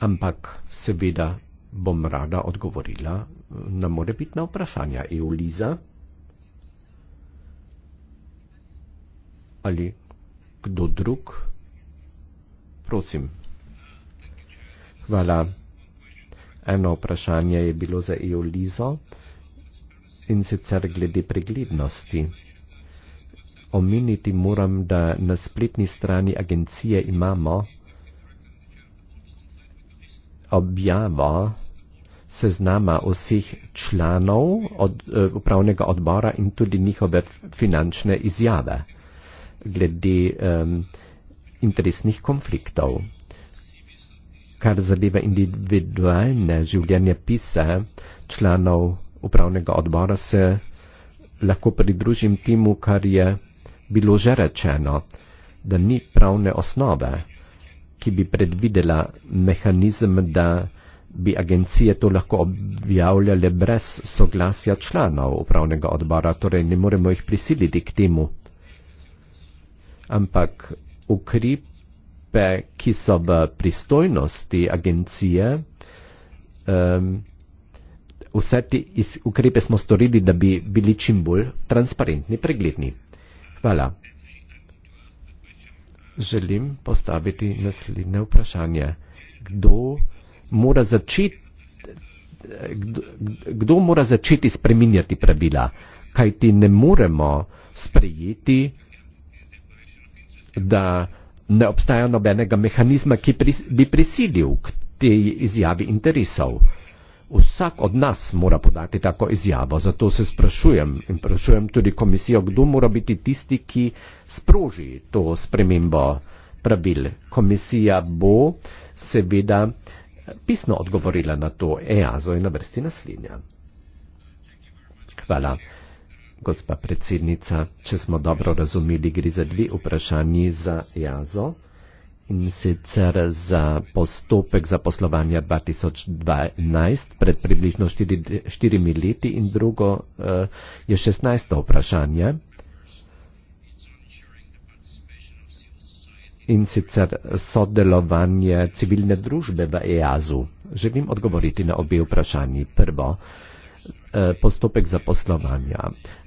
ampak seveda bom rada odgovorila eh, na morebitna vprašanja. Euliza? Ali kdo drug? Prosim. Hvala. Eno vprašanje je bilo za Eolizo in sicer glede preglednosti. Omeniti moram, da na spletni strani agencije imamo objava seznama vseh članov od, uh, upravnega odbora in tudi njihove finančne izjave glede um, interesnih konfliktov. Kar zadeva individualne življenje pise članov upravnega odbora, se lahko pridružim temu, kar je bilo že rečeno, da ni pravne osnove ki bi predvidela mehanizem, da bi agencije to lahko objavljale brez soglasja članov upravnega odbora, torej ne moremo jih prisiliti k temu. Ampak ukripe, ki so v pristojnosti agencije, um, vse te ukrepe smo storili, da bi bili čim bolj transparentni, pregledni. Hvala želim postaviti naslednje vprašanje. Kdo mora začeti? Kdo, kdo mora začeti spreminjati pravila, kaj ti ne moremo sprejeti, da ne obstaja nobenega mehanizma, ki pri, bi prisilil k tej izjavi interesov. Uh, Vsak od nas mora podati tako izjavo, zato se sprašujem in sprašujem tudi komisijo, kdo mora biti tisti, ki sproži to spremembo pravil. Komisija bo seveda pisno odgovorila na to EASO in na vrsti naslednja. Hvala, gospa predsednica. Če smo dobro razumeli, gre za dve vprašanji za EASO in sicer za postopek zaposlovanja 2012 pred približno štirimi leti in drugo eh, je 16. vprašanje. in sicer sodelovanje civilne družbe v EAZ-u. Želim odgovoriti na obe vprašanji. Prvo, eh, postopek zaposlovanja.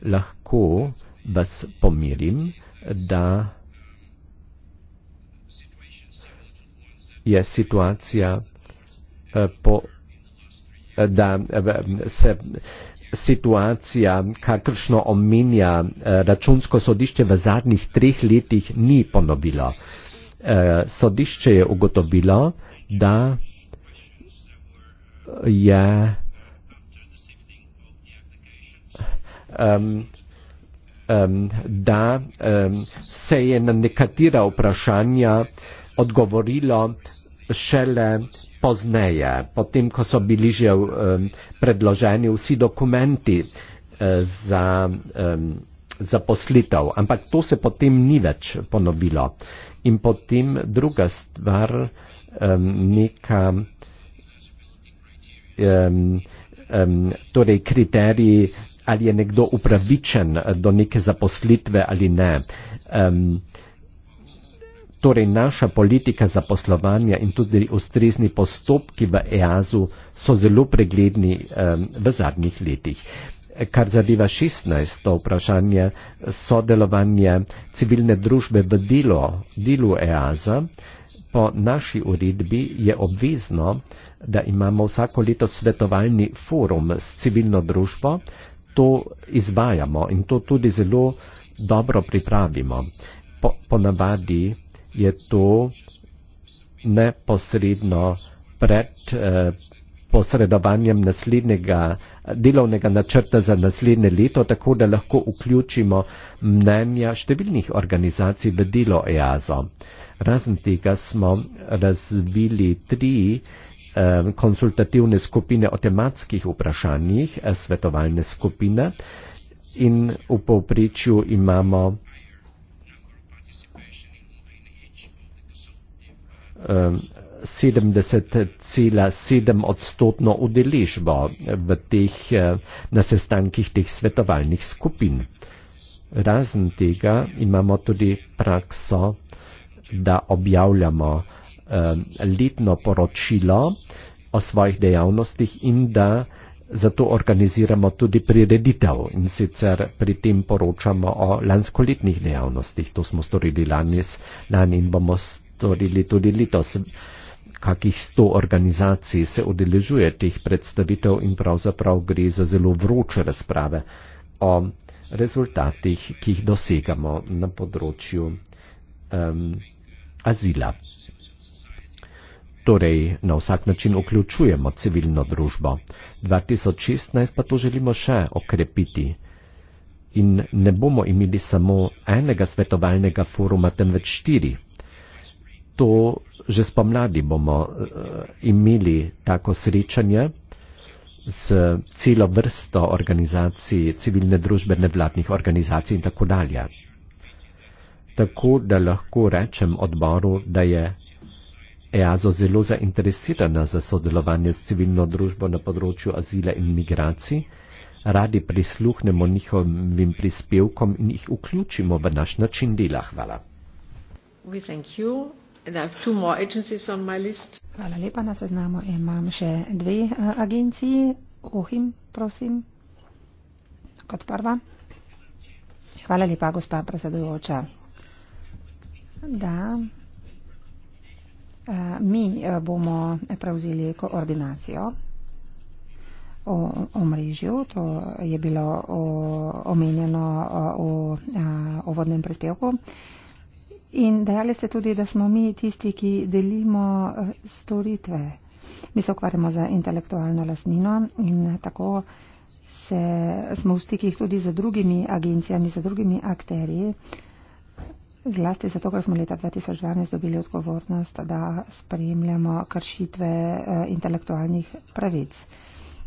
Lahko vas pomirim, da je situacija eh, po, eh, da eh, se situacija, kakršno omenja računsko sodišče v zadnjih treh letih, ni ponovilo. Sodišče je ugotovilo, da je um, um, da um, se je na nekatera vprašanja uh, odgovorilo šele pozneje, potem ko so bili že um, predloženi vsi dokumenti uh, za um, zaposlitev. Ampak to se potem ni več ponovilo. In potem druga stvar, um, neka, um, um, torej kriteriji, ali je nekdo upravičen do neke zaposlitve ali ne. Um, Torej naša politika zaposlovanja in tudi ustrezni postopki v EAZ-u so zelo pregledni um, v zadnjih letih. Kar zadeva 16. vprašanje sodelovanja civilne družbe v delo, delu EAZ-a, po naši uredbi je obvezno, da imamo vsako leto svetovalni forum s civilno družbo, to izvajamo in to tudi zelo dobro pripravimo. Po, po navadi je to neposredno pred eh, posredovanjem naslednjega delovnega načrta za naslednje leto, tako da lahko vključimo mnenja številnih organizacij v delo EASO. Razen tega smo razvili tri eh, konsultativne skupine o tematskih vprašanjih, eh, svetovalne skupine in v povprečju imamo 70,7 ehm, odstotno udeležbo v teh, eh, na sestankih teh svetovalnih skupin. Razen tega imamo tudi prakso, da objavljamo ehm, letno poročilo o svojih dejavnostih in da zato organiziramo tudi prireditev in sicer pri tem poročamo o lanskoletnih dejavnostih. To smo storili lani, lani in bomo storili tudi letos. Kakih sto organizacij se odeležuje teh predstavitev in pravzaprav gre za zelo vroče razprave o rezultatih, ki jih dosegamo na področju um, azila. Torej, na vsak način vključujemo civilno družbo. 2016 pa to želimo še okrepiti. In ne bomo imeli samo enega svetovalnega foruma, temveč štiri to že spomladi bomo eh, imeli tako srečanje z celo vrsto organizacij, civilne družbe, nevladnih organizacij in tako dalje. Tako da lahko rečem odboru, da je EASO zelo zainteresirana za sodelovanje s civilno družbo na področju azila in migracij, radi prisluhnemo njihovim prispevkom in jih vključimo v naš način dela. Hvala. We thank you. Hvala lepa, na seznamu imam še dve eh, agenciji. Ohim, prosim, kot prva. Hvala lepa, gospa predsedujoča. Da, eh, mi eh, bomo prevzeli koordinacijo o, o mrežju. To je bilo o, omenjeno v uvodnem prispevku. In dejali ste tudi, da smo mi tisti, ki delimo eh, storitve. Mi se ukvarjamo za intelektualno lasnino in tako se, smo v stikih tudi z drugimi agencijami, z drugimi akterji. Zlasti zato, ker smo leta 2012 dobili odgovornost, da spremljamo kršitve eh, intelektualnih pravic,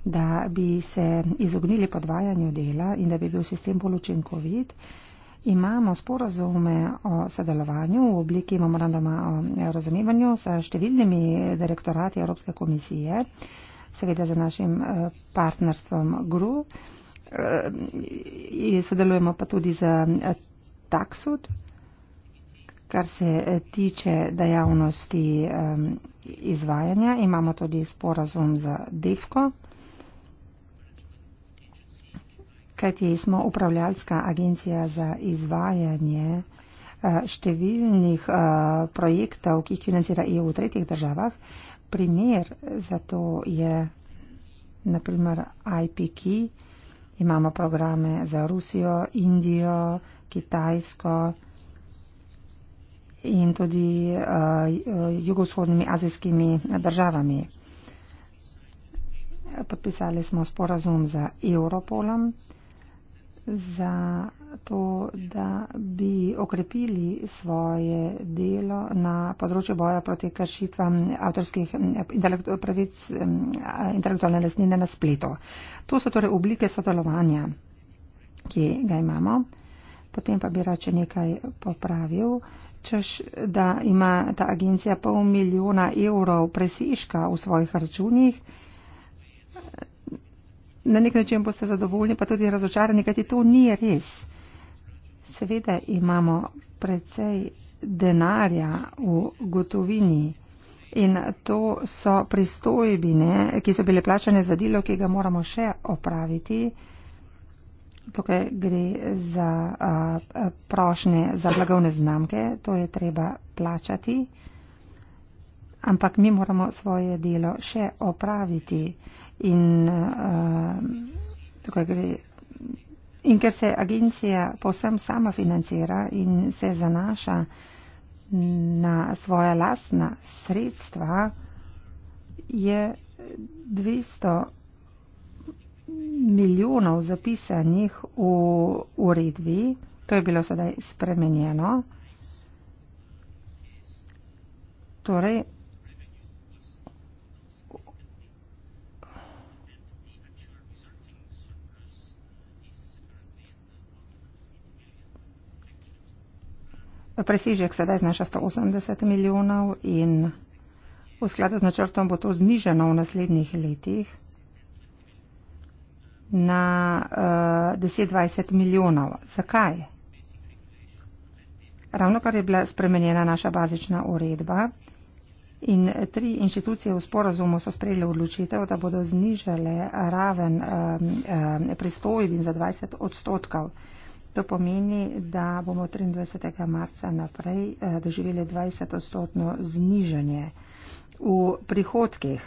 da bi se izognili podvajanju dela in da bi bil sistem bolj učinkovit imamo sporazume o sodelovanju v obliki memoranduma o razumevanju s številnimi direktorati Evropske komisije, seveda za našim eh, partnerstvom GRU. Eh, sodelujemo pa tudi z eh, TAXUD, kar se tiče dejavnosti izvajanja. Imamo tudi sporazum z DEFCO. kajti smo upravljalska agencija za izvajanje eh, številnih eh, projektov, ki jih financira EU v tretjih državah. Primer za to je naprimer IPK. Imamo programe za Rusijo, Indijo, Kitajsko in tudi uh, jugovzhodnimi azijskimi državami. Podpisali smo sporazum za Europolom za to, da bi okrepili svoje delo na področju boja proti kršitvam avtorskih pravic intelektualne lastnine na spletu. To so torej oblike sodelovanja, ki ga imamo. Potem pa bi rad še nekaj popravil. Češ, da ima ta agencija pol milijona evrov presežka v svojih računih, na nek način boste zadovoljni, pa tudi razočarani, kajti to ni res. Seveda imamo precej denarja v gotovini in to so pristojbine, ki so bile plačane za delo, ki ga moramo še opraviti. Tukaj gre za a, a, prošnje za blagovne znamke, to je treba plačati ampak mi moramo svoje delo še opraviti. In, uh, in ker se agencija posem sama financira in se zanaša na svoja lastna sredstva, je 200 milijonov zapisanih v uredbi, to je bilo sedaj spremenjeno. Torej, Presežek sedaj znaša 180 milijonov in v skladu z načrtom bo to zniženo v naslednjih letih na uh, eh, 10-20 milijonov. Zakaj? Ravno kar je bila spremenjena naša bazična uredba in tri inštitucije v sporazumu so sprejeli odločitev, da bodo znižale raven um, um, pristojbin za 20 odstotkov. Uh, To pomeni, da bomo 23. marca naprej eh, doživeli 20-odstotno znižanje v prihodkih.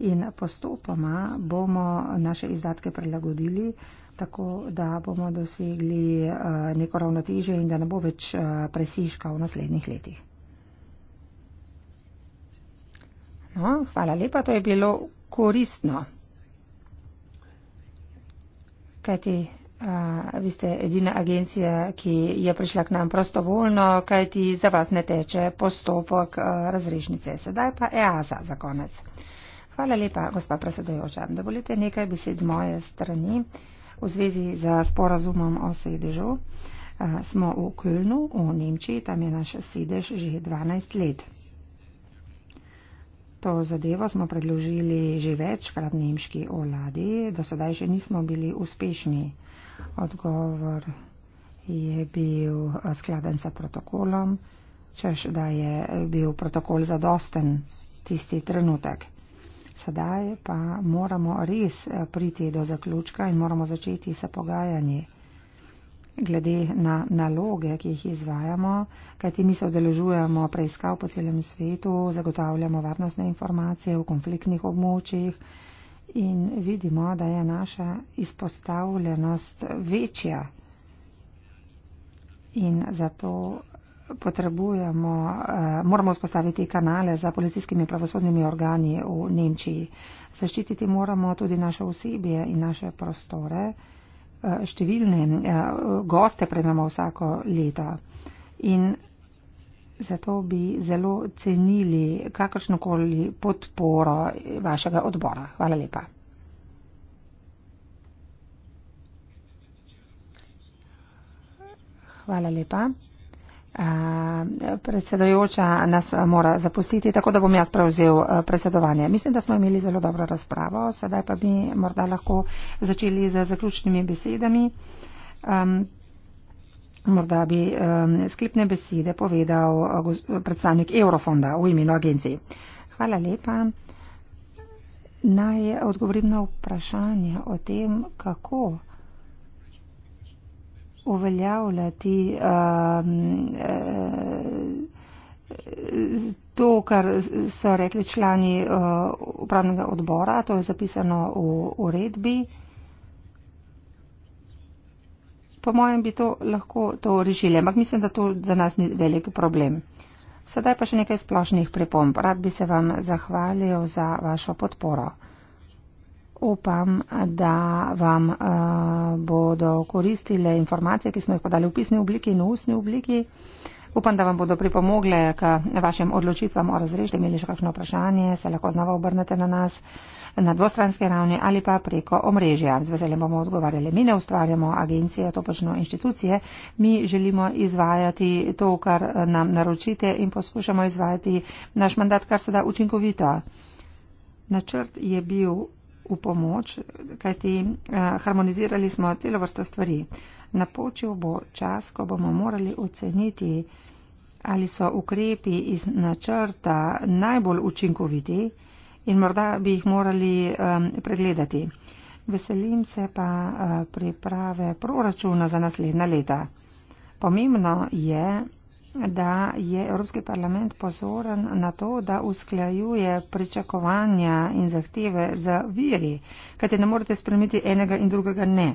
In postopoma bomo naše izdatke prilagodili, tako da bomo dosegli eh, neko ravnotežje in da ne bo več eh, presiška v naslednjih letih. No, hvala lepa, to je bilo koristno. Kajti Uh, vi ste edina agencija, ki je prišla k nam prostovoljno, kajti za vas ne teče postopek uh, razrešnice. Sedaj pa EASA za konec. Hvala lepa, gospa predsedojoča. Da bolite nekaj besed moje strani v zvezi z sporazumom o sedežu. Uh, smo v Kölnu, v Nemčiji, tam je naš sedež že 12 let. To zadevo smo predložili že večkrat nemški vladi, do sedaj še nismo bili uspešni. Odgovor je bil eh, skladen sa protokolom, češ da je eh, bil protokol zadosten tisti trenutek. Sedaj pa moramo res eh, priti do zaključka in moramo začeti sa pogajanji glede na naloge, ki jih izvajamo, kajti mi se odeležujemo preiskav po celem svetu, zagotavljamo varnostne informacije v konfliktnih območjih in vidimo, da je naša izpostavljenost večja. In zato potrebujemo, eh, moramo vzpostaviti kanale za policijskimi pravosodnimi organi v Nemčiji. Zaščititi moramo tudi naše osebje in naše prostore. Eh, številne eh, goste prejmemo vsako leto. In Zato bi zelo cenili kakršnokoli podporo vašega odbora. Hvala lepa. Hvala lepa. Uh, predsedojoča nas mora zapustiti, tako da bom jaz prevzel predsedovanje. Mislim, da smo imeli zelo dobro razpravo, sedaj pa bi morda lahko začeli z zaključnimi besedami. Um, Morda bi um, sklepne besede povedal eh, predstavnik Eurofonda v imenu agencije. Hvala lepa. Naj odgovorim na vprašanje o tem, kako uveljavljati um, to, kar so rekli člani uh, upravnega odbora, to je zapisano v uredbi po mojem bi to lahko to rešili, ampak mislim, da to za nas ni velik problem. Sedaj pa še nekaj splošnih pripomb. Rad bi se vam zahvalil za vašo podporo. Upam, da vam uh, bodo koristile informacije, ki smo jih podali v pisni obliki in v ustni obliki. Upam, da vam bodo pripomogle k vašim odločitvam o razrešitvi. Imeli še kakšno vprašanje, se lahko znova obrnete na nas na dvostranske ravni ali pa preko omrežja. Z veseljem bomo odgovarjali. Mi ne ustvarjamo agencije, to počno inštitucije. Mi želimo izvajati to, kar nam naročite in poskušamo izvajati naš mandat, kar se da učinkovito. Načrt je bil v pomoč, kajti eh, harmonizirali smo celo vrsto stvari. Napočil bo čas, ko bomo morali oceniti, ali so ukrepi iz načrta najbolj učinkoviti in morda bi jih morali um, pregledati. Veselim se pa uh, priprave proračuna za naslednja leta. Pomembno je, da je Evropski parlament pozoren na to, da usklajuje pričakovanja in zahteve za viri, kajte ne morete spremeniti enega in drugega ne.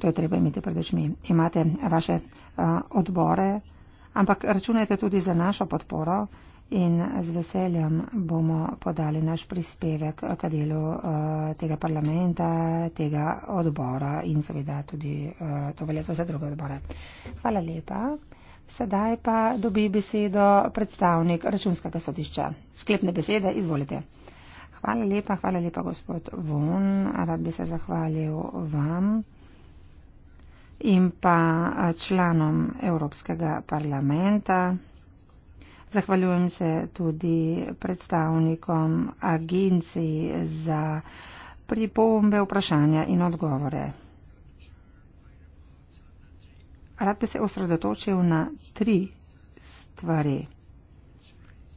To je treba imeti pred očmi. Imate vaše uh, odbore, ampak računajte tudi za našo podporo in z veseljem bomo podali naš prispevek k delu eh, tega parlamenta, tega odbora in seveda tudi eh, to velja za vse druge odbore. Hvala lepa. Sedaj pa dobi besedo predstavnik računskega sodišča. Sklepne besede, izvolite. Hvala lepa, hvala lepa, gospod Von. Rad bi se zahvalil vam in pa eh, članom Evropskega parlamenta. Zahvaljujem se tudi predstavnikom agencij za pripombe, vprašanja in odgovore. Rad bi se osredotočil na tri stvari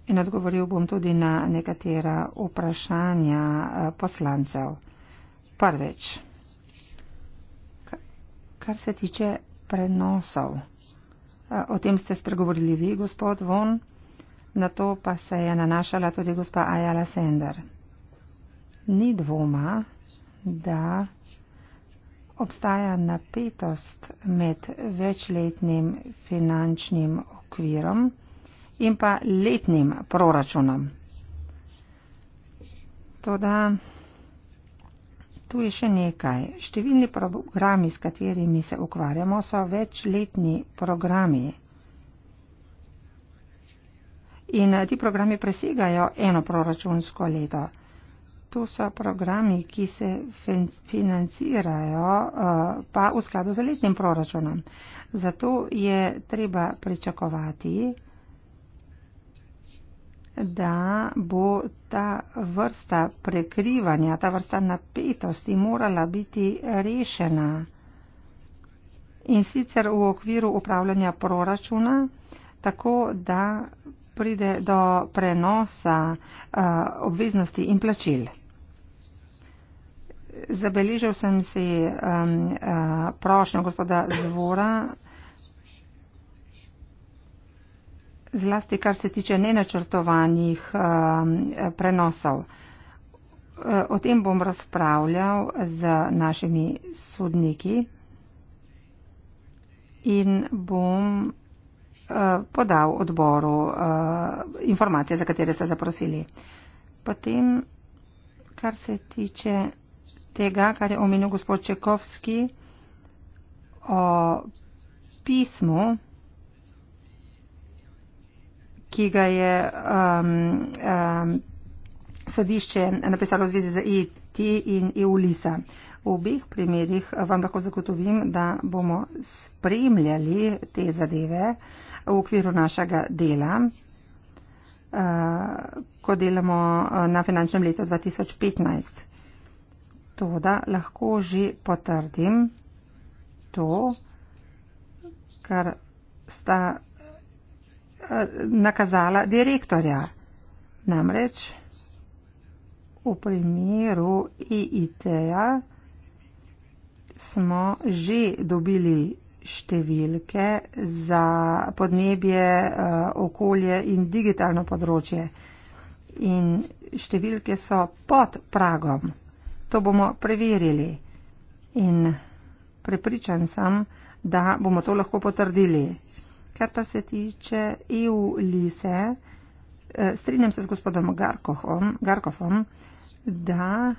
in odgovoril bom tudi na nekatera vprašanja eh, poslancev. Prvič, kar se tiče prenosov. Eh, o tem ste spregovorili vi, gospod Von. Na to pa se je nanašala tudi gospa Ajala Sender. Ni dvoma, da obstaja napetost med večletnim finančnim okvirom in pa letnim proračunom. Toda tu je še nekaj. Številni programi, s katerimi se ukvarjamo, so večletni programi. In eh, ti programi presegajo eno proračunsko leto. To so programi, ki se financirajo eh, pa v skladu z letnim proračunom. Zato je treba pričakovati, da bo ta vrsta prekrivanja, ta vrsta napetosti morala biti rešena. In sicer v okviru upravljanja proračuna tako da pride do prenosa uh, obveznosti in plačil. Zabeležil sem si um, uh, prošnjo gospoda Zvora, zlasti kar se tiče nenačrtovanih uh, prenosov. Uh, o tem bom razpravljal z našimi sodniki in bom Eh, podal odboru eh, informacije, za katere ste zaprosili. Potem, kar se tiče tega, kar je omenil gospod Čekovski o pismu, ki ga je um, um, sodišče napisalo v zvezi z IT e in EU-LISA. V obeh primerjih vam lahko zagotovim, da bomo spremljali te zadeve v okviru našega dela. Eh, ko delamo eh, na finančnem letu 2015. To, da lahko že potrdim to, kar sta eh, nakazala direktorja. Namreč v primeru EIT-ja smo že dobili številke za podnebje, eh, okolje in digitalno področje. In številke so pod pragom. To bomo preverili. In prepričan sem, da bomo to lahko potrdili. Kar pa se tiče EU lise, eh, strinjam se z gospodom Garkofom, Garkofom da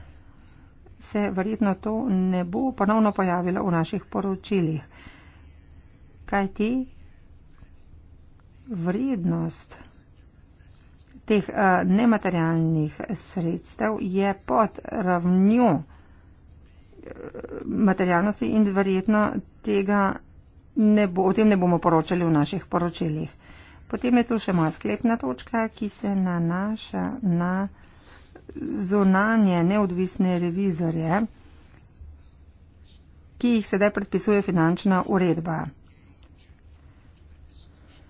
se verjetno to ne bo ponovno pojavilo v naših poročilih. Kaj ti vrednost teh eh, nematerialnih sredstev je pod ravnjo eh, materialnosti in verjetno tega ne bo, o tem ne bomo poročali v naših poročilih. Potem je tu še moja sklepna točka, ki se nanaša na zonanje neodvisne revizorje, ki jih sedaj predpisuje finančna uredba.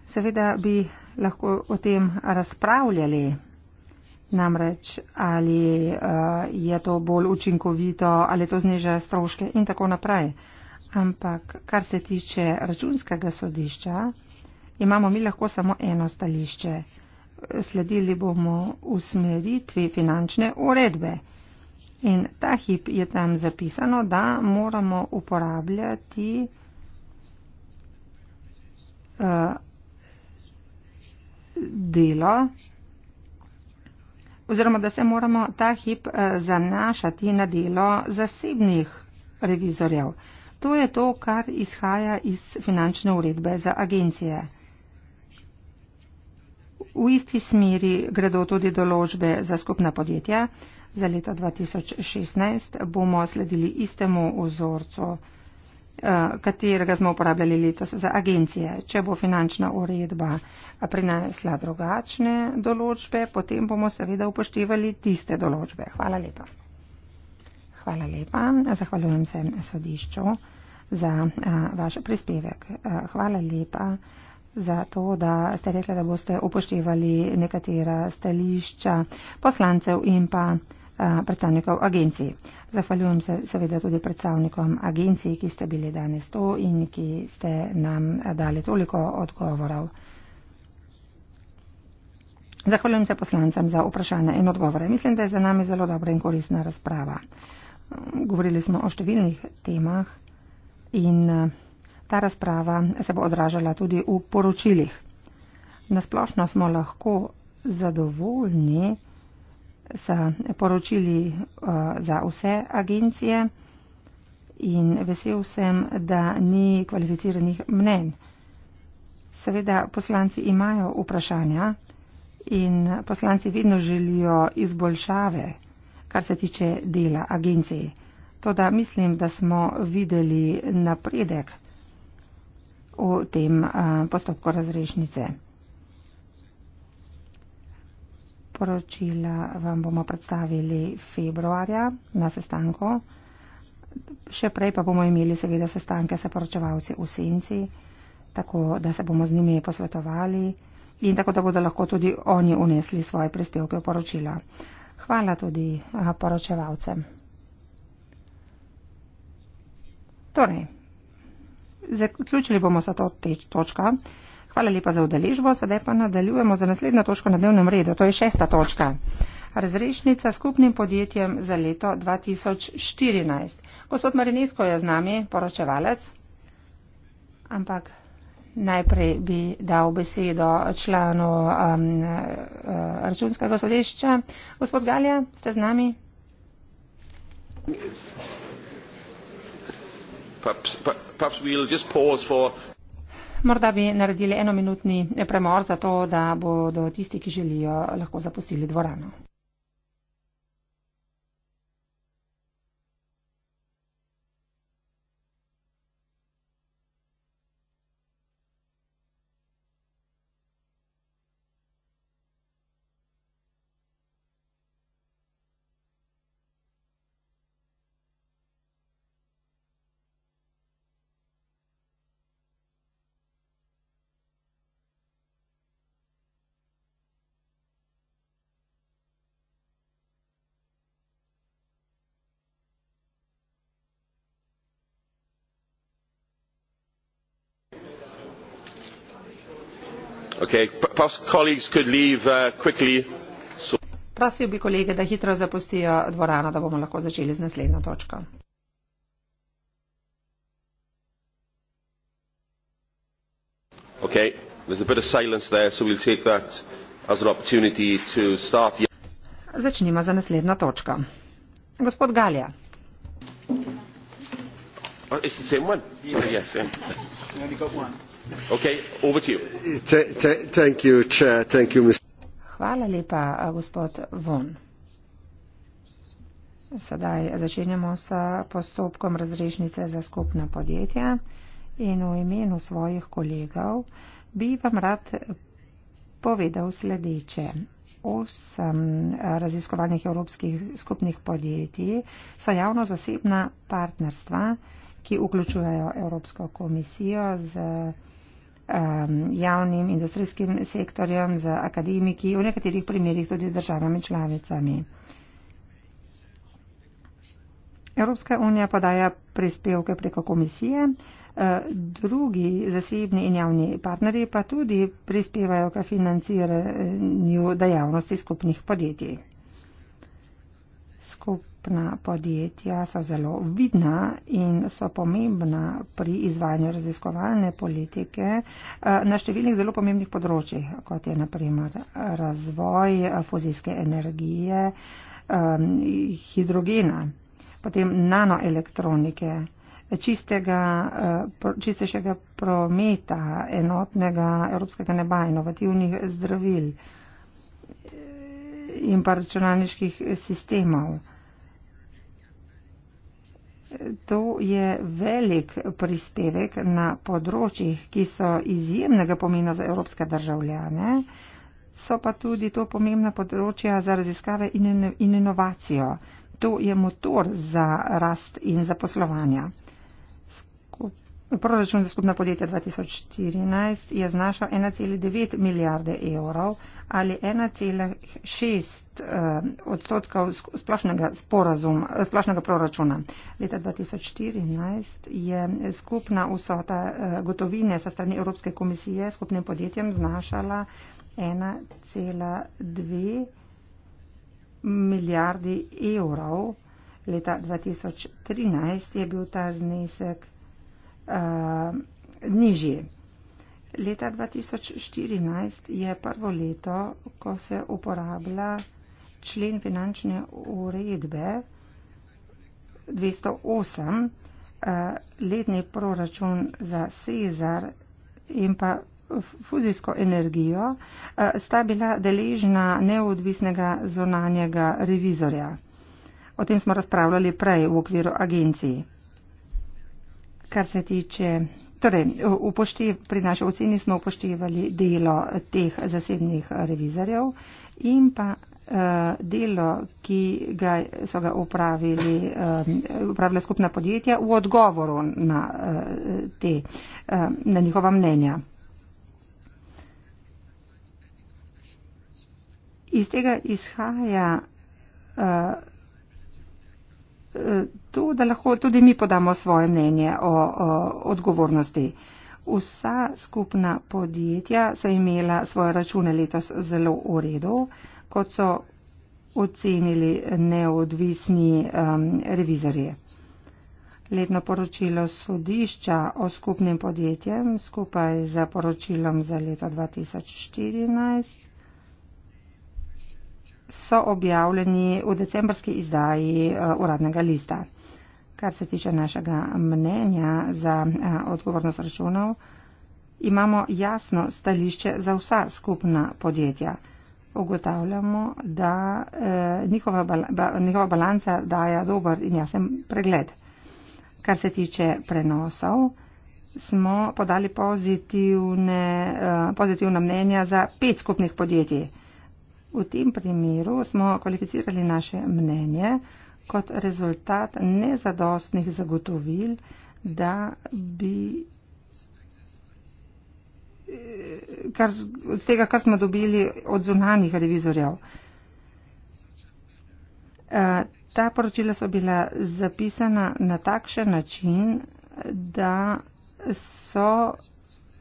Seveda bi lahko o tem razpravljali, namreč ali uh, je to bolj učinkovito, ali to zniža stroške in tako naprej. Ampak kar se tiče računskega sodišča, imamo mi lahko samo eno stališče sledili bomo usmeritvi finančne uredbe. In ta hip je tam zapisano, da moramo uporabljati uh, delo oziroma da se moramo ta hip uh, zanašati na delo zasebnih revizorjev. To je to, kar izhaja iz finančne uredbe za agencije. V isti smeri gredo tudi določbe za skupna podjetja. Za leto 2016 bomo sledili istemu vzorcu, eh, katerega smo uporabljali letos za agencije. Če bo finančna uredba prinesla drugačne določbe, potem bomo seveda upoštevali tiste določbe. Hvala lepa. Hvala lepa. Zahvaljujem se sodišču za eh, vaš prispevek. Eh, hvala lepa za to, da ste rekli, da boste upoštevali nekatera stališča poslancev in pa predstavnikov agencij. Zahvaljujem se seveda tudi predstavnikom agencij, ki ste bili danes tu in ki ste nam dali toliko odgovorov. Zahvaljujem se poslancem za vprašanje in odgovore. Mislim, da je za nami zelo dobra in koristna razprava. Govorili smo o številnih temah in Ta razprava se bo odražala tudi v poročilih. Nasplošno smo lahko zadovoljni s poročili eh, za vse agencije in vesel sem, da ni kvalificiranih mnen. Seveda poslanci imajo vprašanja in poslanci vedno želijo izboljšave, kar se tiče dela agencij. Toda mislim, da smo videli napredek v tem eh, postopku razrešnice. Poročila vam bomo predstavili februarja na sestanku. Še prej pa bomo imeli seveda sestanke s poročevalci v senci, tako da se bomo z njimi posvetovali in tako da bodo lahko tudi oni unesli svoje prispevke v poročila. Hvala tudi eh, poročevalcem. Torej zaključili bomo sa to točko. Hvala lepa za udeležbo, sedaj pa nadaljujemo za naslednjo točko na dnevnem redu, to je šesta točka. Razrešnica skupnim podjetjem za leto 2014. Gospod Marinesko je z nami poročevalec, ampak najprej bi dal besedo članu um, eh, računskega sodišča. Gospod Galja, ste z nami? Morda bi naredili enominutni premor za to, da bodo tisti, ki želijo, lahko zapustili dvorano. perhaps colleagues could leave uh, quickly. prosil bi kolege da hitro zapustijo dvorano da bomo lahko začeli z naslednjo točko. Okay, there's a bit of silence there, so we'll take that as an opportunity to start. Začnimo za naslednjo točko. Gospod Galija. Oh, it's the same one? Yes, oh, yes same. Okay, over to you. Thank you, Chair. Thank you, Mr. Hvala lepa, gospod Von. Sedaj začenjamo s postopkom razrešnice za skupna podjetja in v imenu svojih kolegov bi vam rad povedal sledeče. Osem raziskovalnih evropskih skupnih podjetij so javno-zasebna partnerstva, ki vključujejo Evropsko komisijo z um, javnim industrijskim sektorjem, z akademiki, v nekaterih primerjih tudi državami članicami. Evropska unija podaja prispevke preko komisije, uh, drugi zasebni in javni partnerji pa tudi prispevajo k financiranju dejavnosti skupnih podjetij skupna podjetja so zelo vidna in so pomembna pri izvajanju raziskovalne politike eh, na številnih zelo pomembnih področjih, kot je naprimer razvoj eh, fuzijske energije, eh, hidrogena, potem nanoelektronike, čistega, čistejšega prometa, enotnega evropskega neba, inovativnih zdravil in pa računalniških sistemov. To je velik prispevek na področjih, ki so izjemnega pomena za evropske državljane, so pa tudi to pomembna področja za raziskave in inovacijo. To je motor za rast in za poslovanja. Proračun za skupna podjetja 2014 je znašal 1,9 milijarde evrov ali 1,6 eh, odstotkov splošnega, sporazum, splošnega proračuna. Leta 2014 je skupna vsota eh, gotovine sa strani Evropske komisije skupnim podjetjem znašala 1,2 milijardi evrov. Leta 2013 je bil ta znesek 1,3 milijarde evrov uh, nižji. Leta 2014 je prvo leto, ko se uporablja člen finančne uredbe 208, uh, eh, letni proračun za Cezar in pa fuzijsko energijo, uh, sta bila deležna neodvisnega zonanjega revizorja. O tem smo razpravljali prej v okviru agenciji kar se tiče. Torej, upoštev, pri naši oceni smo upoštevali delo teh zasebnih revizorjev in pa uh, delo, ki ga so ga upravili, uh, eh, upravila skupna podjetja v odgovoru na, uh, te, uh, na njihova mnenja. Iz tega izhaja. Uh, to, da lahko tudi mi podamo svoje mnenje o, o odgovornosti. Vsa skupna podjetja so imela svoje račune letos zelo v redu, kot so ocenili neodvisni um, revizorje. Letno poročilo sodišča o skupnim podjetjem skupaj z poročilom za leto 2014 so objavljeni v decembrski izdaji eh, uradnega lista. Kar se tiče našega mnenja za eh, odgovornost računov, imamo jasno stališče za vsa skupna podjetja. Ugotavljamo, da eh, njihova, bala, njihova balanca daje dober in jasen pregled. Kar se tiče prenosov, smo podali pozitivne, pozitivna mnenja za pet skupnih podjetij. V tem primeru smo kvalificirali naše mnenje kot rezultat nezadostnih zagotovil, da bi eh, kar, tega, kar smo dobili od zunanjih revizorjev. Eh, ta poročila so bila zapisana na takšen način, da so,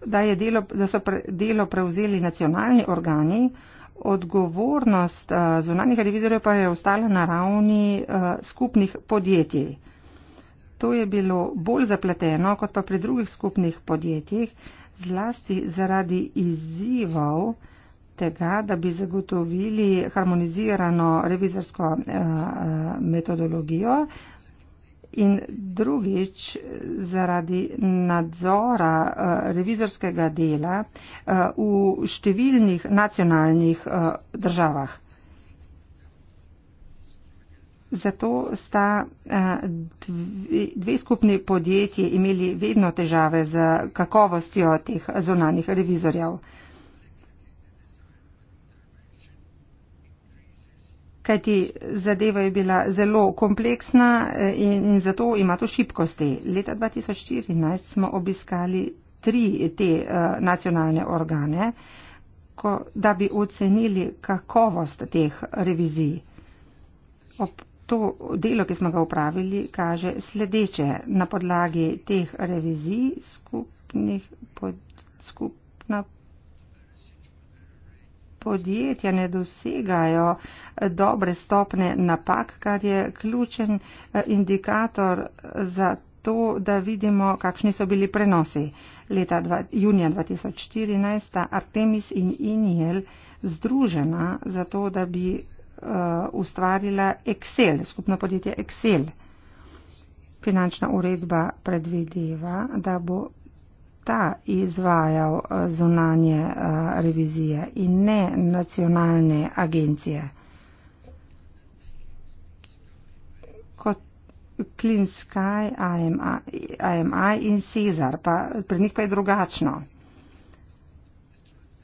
da delo, da so pre, delo prevzeli nacionalni organi, odgovornost uh, eh, zunanih revizorjev pa je ostala na ravni uh, skupnih podjetij. To je bilo bolj zapleteno kot pa pri drugih skupnih podjetjih, zlasti zaradi izzivov tega, da bi zagotovili harmonizirano revizorsko uh, metodologijo, in drugič zaradi nadzora eh, revizorskega dela eh, v številnih nacionalnih eh, državah. Zato sta dve skupni podjetji imeli vedno težave z kakovostjo teh zonalnih revizorjev. kajti zadeva je bila zelo kompleksna eh, in, in zato ima to šibkosti. Leta 2014 smo obiskali tri te uh, nacionalne organe, ko, da bi ocenili kakovost teh revizij. Ob to delo, ki smo ga upravili, kaže sledeče na podlagi teh revizij skupnih podjetij. Skupna podjetja ne dosegajo dobre stopne napak, kar je ključen eh, indikator za to, da vidimo, kakšni so bili prenosi. Leta dva, junija 2014 sta Artemis in Iniel združena za to, da bi uh, ustvarila Excel, skupno podjetje Excel. Finančna uredba predvideva, da bo ta izvajal eh, zunanje eh, revizije in ne nacionalne agencije. Kot Clean Sky, IMI, IMI in Cezar, pa pri njih pa je drugačno.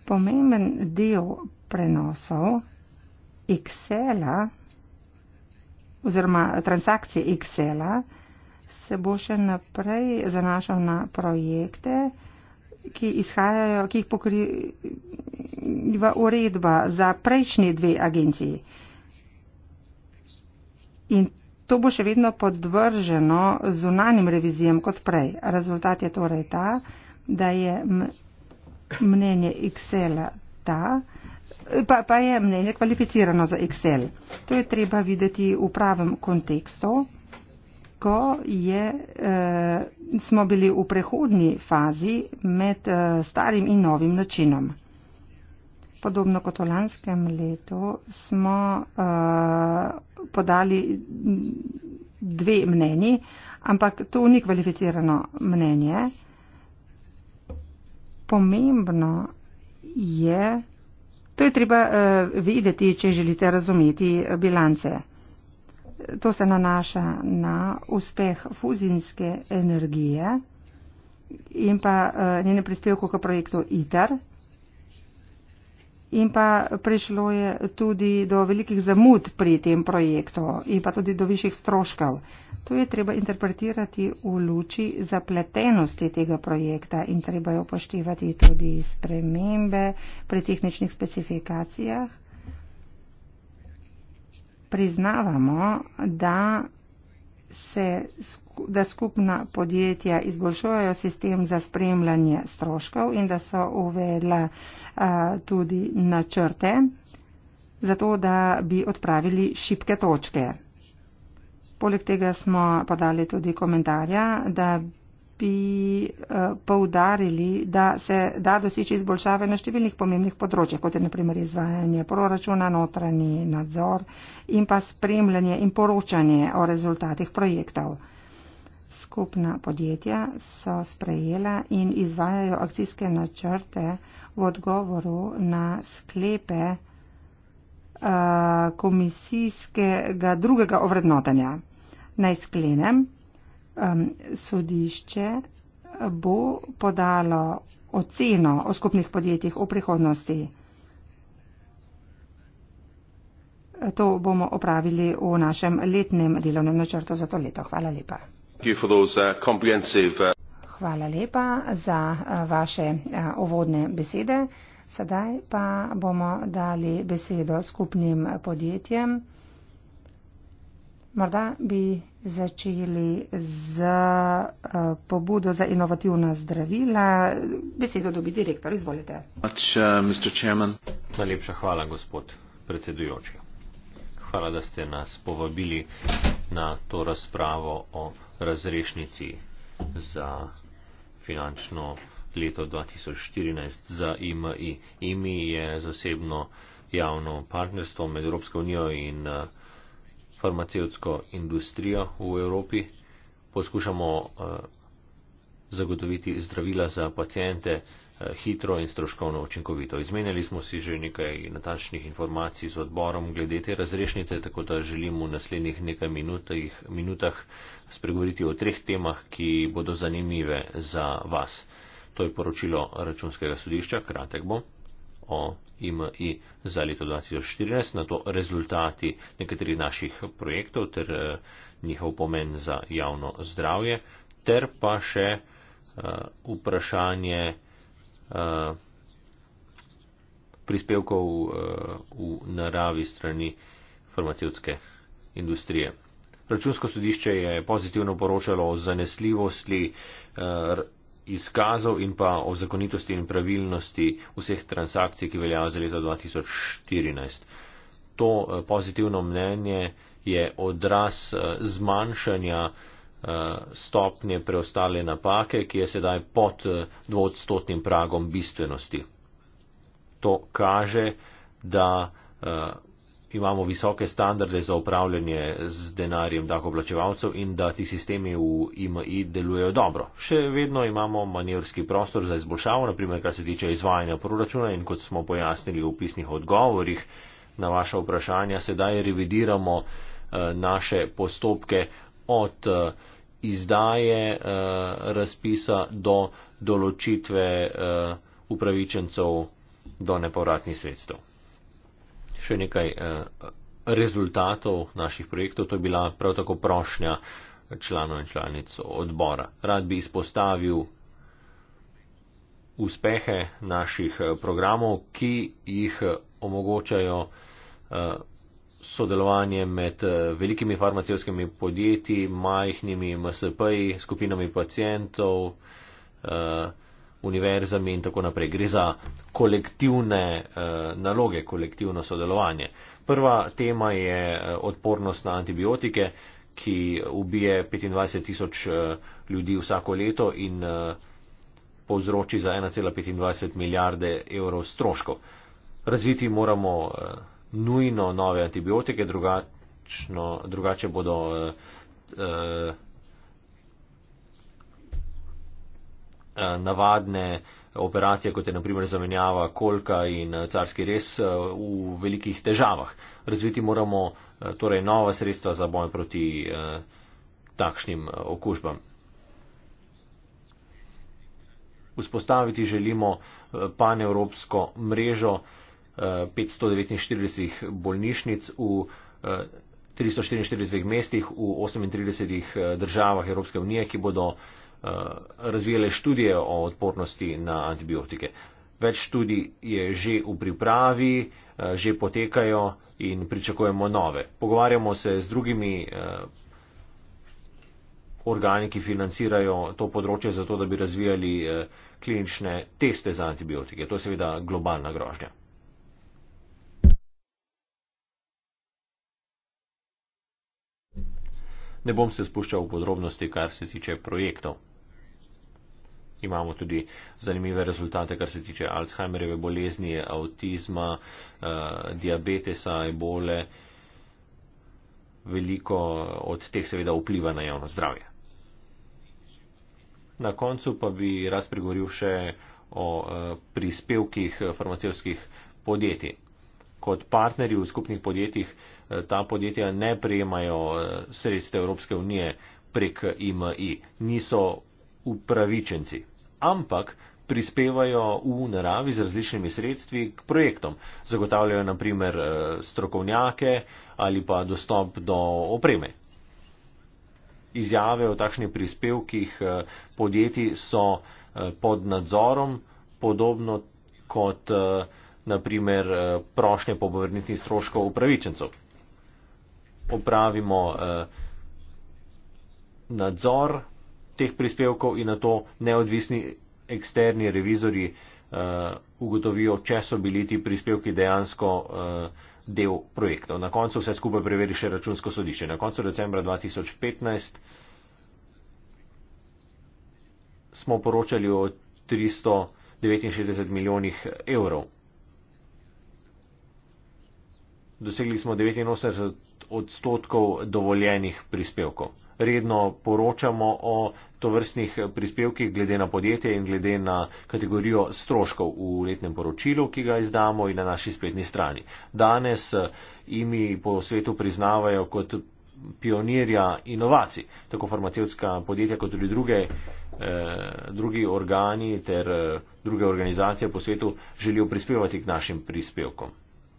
Pomemben del prenosov Excela oziroma transakcije Excela se bo še naprej zanašal na projekte, ki, izhajajo, ki jih pokriva uredba za prejšnji dve agenciji. In to bo še vedno podvrženo zunanim revizijem kot prej. Rezultat je torej ta, da je mnenje Excela ta, pa, pa je mnenje kvalificirano za Excel. To je treba videti v pravem kontekstu ko je, eh, smo bili v prehodni fazi med eh, starim in novim načinom. Podobno kot v lanskem letu smo eh, podali dve mnenji, ampak to ni kvalificirano mnenje. Pomembno je, to je treba eh, videti, če želite razumeti bilance to se nanaša na uspeh fuzijske energije in pa uh, njene prispevko k projektu ITER. In pa prišlo je tudi do velikih zamud pri tem projektu in pa tudi do višjih stroškov. To je treba interpretirati v luči zapletenosti tega projekta in treba je upoštevati tudi spremembe pri tehničnih specifikacijah priznavamo, da se da skupna podjetja izboljšujejo sistem za spremljanje stroškov in da so uvedla a, tudi načrte, zato da bi odpravili šipke točke. Poleg tega smo podali tudi komentarja, da bi uh, poudarili, da se da doseči izboljšave na številnih pomembnih področjih, kot je naprimer izvajanje proračuna, notranji nadzor in pa spremljanje in poročanje o rezultatih projektov. Skupna podjetja so sprejela in izvajajo akcijske načrte v odgovoru na sklepe uh, komisijskega drugega ovrednotanja. Naj sklenem um, sodišče bo podalo oceno o skupnih podjetjih v prihodnosti. To bomo opravili v našem letnem delovnem načrtu za to leto. Hvala lepa. Uh, uh, Hvala lepa za uh, vaše uvodne besede. Sedaj pa bomo dali besedo skupnim podjetjem. Morda bi začeli z uh, pobudo za inovativna zdravila. Besedo dobi direktor, izvolite. Much, uh, Najlepša hvala, gospod predsedujoči. Hvala, da ste nas povabili na to razpravo o razrešnici za finančno leto 2014 za IMI. IMI je zasebno javno partnerstvo med Evropsko unijo in. Uh, farmacevtsko industrijo v Evropi, poskušamo uh, zagotoviti zdravila za pacijente uh, eh, hitro in stroškovno učinkovito. Izmenjali smo si že nekaj natančnih informacij z odborom glede te razrešnice, tako da želim v naslednjih nekaj minutah, minutah spregovoriti o treh temah, ki bodo zanimive za vas. To je poročilo računskega sodišča, kratek bo, o IMI za leto 2014, na to rezultati nekaterih naših projektov ter eh, njihov pomen za javno zdravje, ter pa še eh, vprašanje eh, prispevkov v naravi strani farmacevtske industrije. Računsko sodišče je pozitivno poročalo o zanesljivosti izkazov in pa o zakonitosti in pravilnosti vseh transakcij, ki veljajo za leto 2014. To eh, pozitivno mnenje je odraz eh, zmanjšanja eh, stopnje preostale napake, ki je sedaj pod dvodstotnim pragom bistvenosti. To kaže, da imamo visoke standarde za upravljanje z denarjem dakoplačevalcev in da ti sistemi v IMI delujejo dobro. Še vedno imamo manevrski prostor za izboljšavo, naprimer, kar se tiče izvajanja proračuna in kot smo pojasnili v pisnih odgovorih na vaše vprašanja, sedaj revidiramo eh, naše postopke od eh, izdaje eh, razpisa do določitve upravičencev do nepovratnih sredstev še nekaj eh, rezultatov naših projektov, to je bila prav tako prošnja članov in članico odbora. Rad bi izpostavil uspehe naših eh, programov, ki jih eh, omogočajo sodelovanje med velikimi farmacijskimi podjetji, majhnimi MSP-ji, skupinami pacijentov, univerzami in tako naprej. Gre za kolektivne eh, naloge, kolektivno sodelovanje. Prva tema je eh, odpornost na antibiotike, ki ubije 25 tisoč eh, ljudi vsako leto in povzroči za 1,25 milijarde evrov stroškov. Razviti moramo nujno nove antibiotike, drugačno, drugače bodo Eh, navadne operacije, kot je naprimer zamenjava kolka in eh, carski res eh, v velikih težavah. Razviti moramo torej nova sredstva za boj proti takšnim okužbam. Vzpostaviti želimo panevropsko mrežo 549 bolnišnic v 344 mestih v 38 državah Evropske unije, ki bodo Eh, razvijale študije o odpornosti na antibiotike. Več študij je že v pripravi, eh, že potekajo in pričakujemo nove. Pogovarjamo se z drugimi eh, organi, ki financirajo to področje za to, da bi razvijali klinične teste za antibiotike. To je seveda globalna grožnja. Ne bom se spuščal v podrobnosti, kar se tiče projektov imamo tudi zanimive rezultate, kar se tiče Alzheimerjeve bolezni, avtizma, eh, diabetesa, ebole. Veliko od teh seveda vpliva na javno zdravje. Na koncu pa bi raz pregovoril še o eh, prispevkih eh, farmacevskih podjetij. Kot partnerji v skupnih podjetjih eh, ta podjetja ne prejemajo eh, sredstev Evropske unije prek IMI, niso upravičenci ampak prispevajo v naravi z različnimi sredstvi k projektom. Zagotavljajo naprimer eh, strokovnjake ali pa dostop do opreme. Izjave o takšnih prispevkih eh, podjetij so eh, pod nadzorom, podobno kot naprimer prošnje po povrnitvi stroškov upravičencov. Opravimo nadzor, teh prispevkov in na to neodvisni eksterni revizori uh, eh, ugotovijo, če so bili ti prispevki dejansko uh, del projektov. Na koncu vse skupaj preveri še računsko sodišče. Na koncu decembra 2015 smo poročali o 369 milijonih evrov dosegli smo 89 odstotkov dovoljenih prispevkov. Redno poročamo o tovrstnih prispevkih glede na podjetje in glede na kategorijo stroškov v letnem poročilu, ki ga izdamo in na naši spletni strani. Danes eh, imi po svetu priznavajo kot pionirja inovacij, tako farmacevska podjetja kot tudi druge. Eh, drugi organi ter eh, druge organizacije po svetu želijo prispevati k našim prispevkom.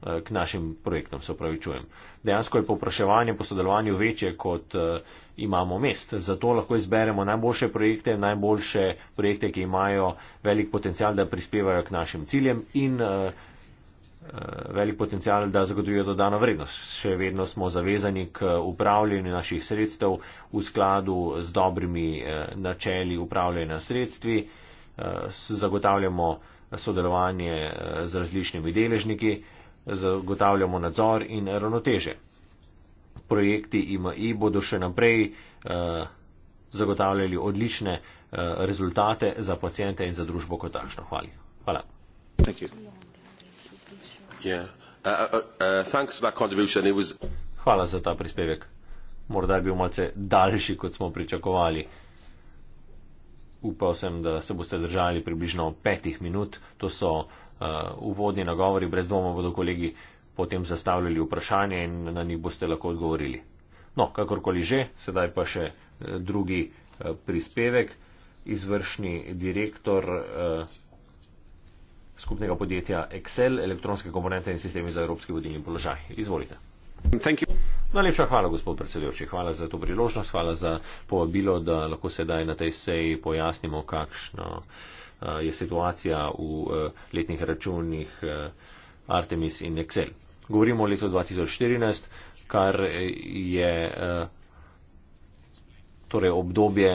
Eh, k našim projektom, se upravičujem. Dejansko je popraševanje po sodelovanju večje, kot eh, imamo mest. Zato lahko izberemo najboljše projekte, najboljše projekte, ki imajo velik potencial, da prispevajo k našim ciljem in eh, velik potencial, da zagotovijo dodano vrednost. Še vedno smo zavezani k upravljanju naših sredstev v skladu z dobrimi načeli upravljanja sredstvi. Zagotavljamo sodelovanje z različnimi deležniki zagotavljamo nadzor in ravnoteže. Projekti IMI bodo še naprej eh, zagotavljali odlične eh, rezultate za pacijente in za družbo kot takšno. Hvala. Hvala. Uh, uh, uh, Hvala za ta prispevek. Morda je bil malce daljši, kot smo pričakovali. Upal sem, da se boste držali približno petih minut. To so uh, Uh, uvodni nagovori, brez dvoma bodo kolegi potem zastavljali vprašanje in na njih boste lahko odgovorili. No, kakorkoli že, sedaj pa še eh, drugi eh, prispevek. Izvršni direktor eh, skupnega podjetja Excel, elektronske komponente in sistemi za evropski vodilni položaj. Izvolite. Najlepša hvala, gospod predsedujoči. Hvala za to priložnost, hvala za povabilo, da lahko sedaj na tej seji pojasnimo, kakšno. Uh, Eh, je situacija v eh, letnih računih eh, Artemis in Excel. Govorimo o letu 2014, kar je torej obdobje,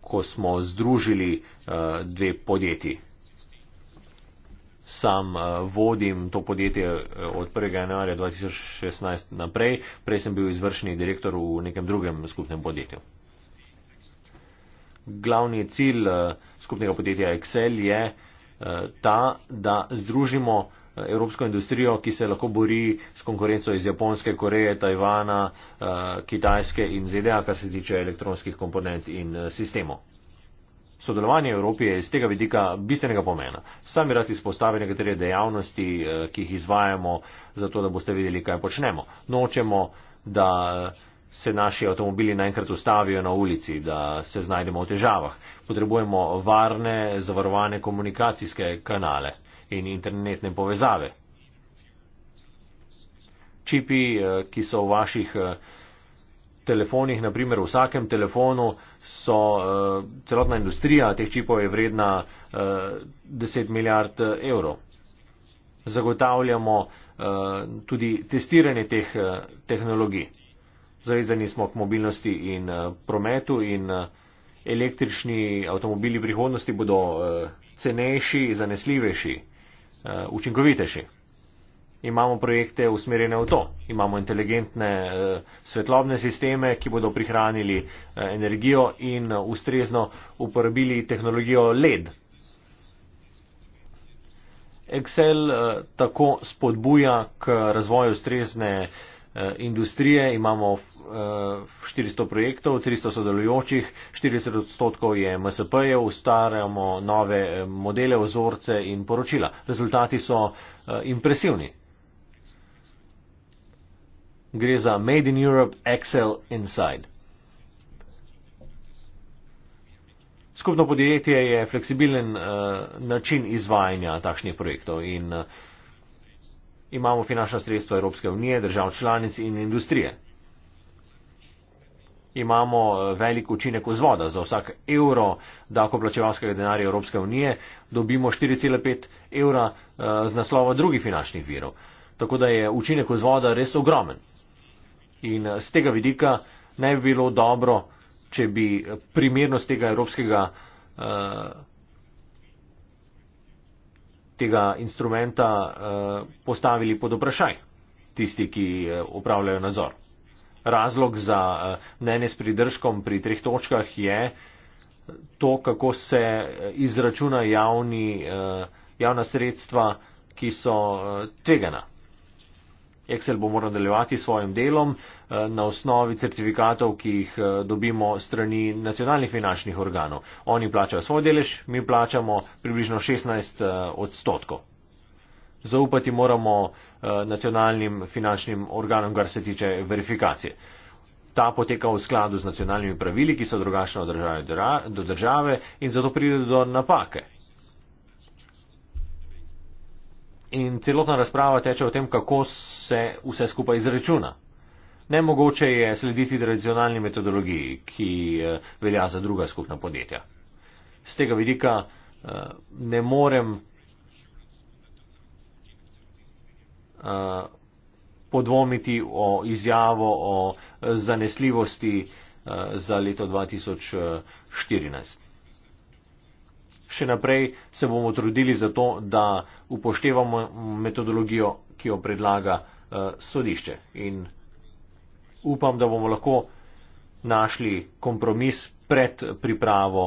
ko smo združili dve podjetji. Sam vodim to podjetje od 1. januarja 2016 naprej, prej sem bil izvršni direktor v nekem drugem skupnem podjetju glavni cilj eh, skupnega podjetja Excel je eh, ta, da združimo eh, evropsko industrijo, ki se lahko bori s konkurenco iz Japonske, Koreje, Tajvana, Kitajske in ZDA, kar se tiče elektronskih komponent in sistemov. Sodelovanje Evropi je iz tega vidika bistvenega pomena. Sam bi rad izpostavil nekatere dejavnosti, ki jih izvajamo, zato da boste videli, kaj počnemo. Nočemo, da se naši avtomobili naenkrat ustavijo na ulici, da se znajdemo v težavah. Potrebujemo varne, zavarovane komunikacijske kanale in internetne povezave. Čipi, eh, ki so v vaših eh, telefonih, naprimer v vsakem telefonu, so eh, celotna industrija teh čipov je vredna 10 milijard evrov. Zagotavljamo tudi testiranje teh tehnologij zavezani smo k mobilnosti in eh, prometu in eh, električni avtomobili prihodnosti bodo eh, cenejši, zanesljivejši, učinkovitejši. Imamo projekte usmerjene v to. Imamo inteligentne svetlobne sisteme, ki bodo prihranili energijo in ustrezno uporabili tehnologijo LED. Excel tako spodbuja k razvoju ustrezne industrije. Imamo 400 eh, projektov, 300 sodelujočih, 40 odstotkov je MSP-jev, ustvarjamo nove eh, modele, ozorce in poročila. Rezultati so eh, impresivni. Gre za Made in Europe Excel Inside. Skupno podjetje je fleksibilen uh, način izvajanja takšnih projektov in uh, imamo finančna sredstva Evropske unije, držav članic in industrije imamo eh, velik učinek vzvoda. Za vsak evro davkoplačevalskega denarja Evropske unije dobimo 4,5 evra eh, z naslova drugih finančnih virov. Tako da je učinek vzvoda res ogromen. In z eh, tega vidika ne bi bilo dobro, če bi primernost tega evropskega tega instrumenta postavili pod vprašaj tisti, ki upravljajo nadzor razlog za eh, mnenje s pridržkom pri treh točkah je to, kako se eh, izračuna javni, eh, javna sredstva, ki so tvegana. Excel bo moral nadaljevati s svojim delom na osnovi certifikatov, ki jih dobimo strani nacionalnih finančnih organov. Oni plačajo svoj delež, mi plačamo približno 16 odstotkov zaupati moramo eh, nacionalnim finančnim organom, kar se tiče verifikacije. Ta poteka v skladu z nacionalnimi pravili, ki so drugačne od države do države in zato pride do napake. In celotna razprava teče o tem, kako se vse skupaj izračuna. Nemogoče je slediti tradicionalni metodologiji, ki eh, velja za druga skupna podjetja. Z tega vidika eh, ne morem Eh, podvomiti o izjavo o eh, zanesljivosti eh, za leto 2014. Še naprej se bomo trudili za to, da upoštevamo metodologijo, ki jo predlaga sodišče. In upam, da bomo lahko našli kompromis pred pripravo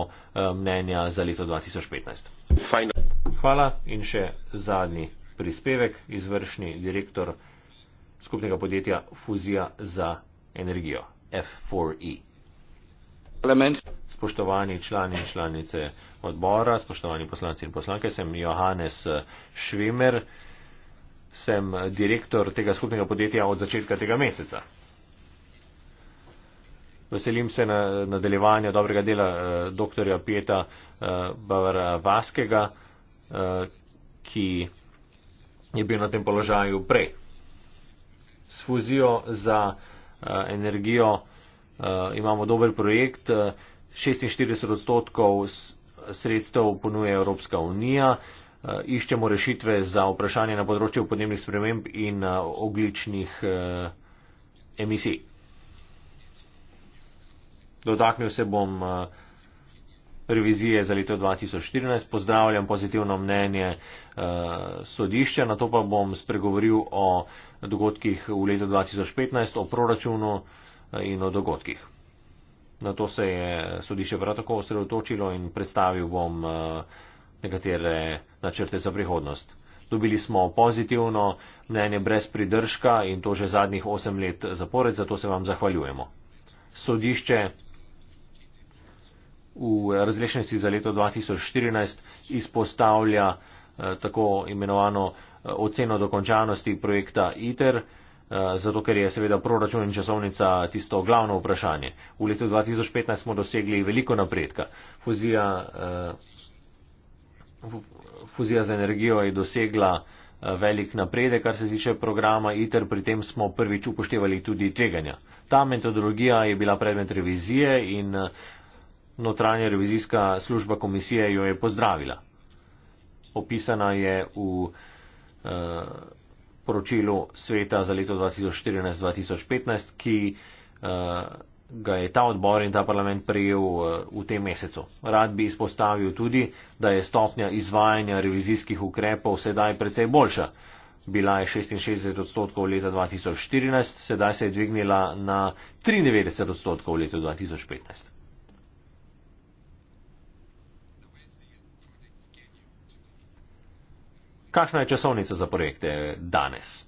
mnenja za leto 2015. Hvala in še zadnji prispevek izvršni direktor skupnega podjetja Fuzija za energijo F4E. Element. Spoštovani člani in članice odbora, spoštovani poslanci in poslanke, sem Johannes Švemer, sem direktor tega skupnega podjetja od začetka tega meseca. Veselim se na nadaljevanja dobrega dela eh, dr. Pieta eh, Bavara Vaskega, eh, ki je bil na tem položaju prej. S fuzijo za uh, energijo uh, imamo dober projekt, uh, eh, 46 odstotkov sredstev ponuje Evropska unija, uh, iščemo rešitve za vprašanje na področju podnebnih sprememb in uh, ogličnih uh, emisij. Dotaknil se bom uh, revizije za leto 2014. Pozdravljam pozitivno mnenje uh, sodišča, na to pa bom spregovoril o dogodkih v letu 2015, o proračunu eh, in o dogodkih. Na to se je sodišče prav tako osredotočilo in predstavil bom uh, nekatere načrte za prihodnost. Dobili smo pozitivno mnenje brez pridržka in to že zadnjih osem let zapored, zato se vam zahvaljujemo. Sodišče v razrešenosti za leto 2014 izpostavlja eh, tako imenovano eh, oceno dokončanosti projekta ITER, eh, zato ker je seveda proračun in časovnica tisto glavno vprašanje. V letu 2015 smo dosegli veliko napredka. Fuzija, fuzija za energijo je dosegla velik napredek, kar se tiče programa ITER, pri tem smo prvič upoštevali tudi tveganja. Ta metodologija je bila predmet revizije in uh, notranja revizijska služba komisije jo je pozdravila. Opisana je v eh, poročilu sveta za leto 2014-2015, ki eh, ga je ta odbor in ta parlament prejel eh, v tem mesecu. Rad bi izpostavil tudi, da je stopnja izvajanja revizijskih ukrepov sedaj precej boljša. Bila je 66 odstotkov leta 2014, sedaj se je dvignila na 93 odstotkov leta 2015. Kakšna je časovnica za projekte danes?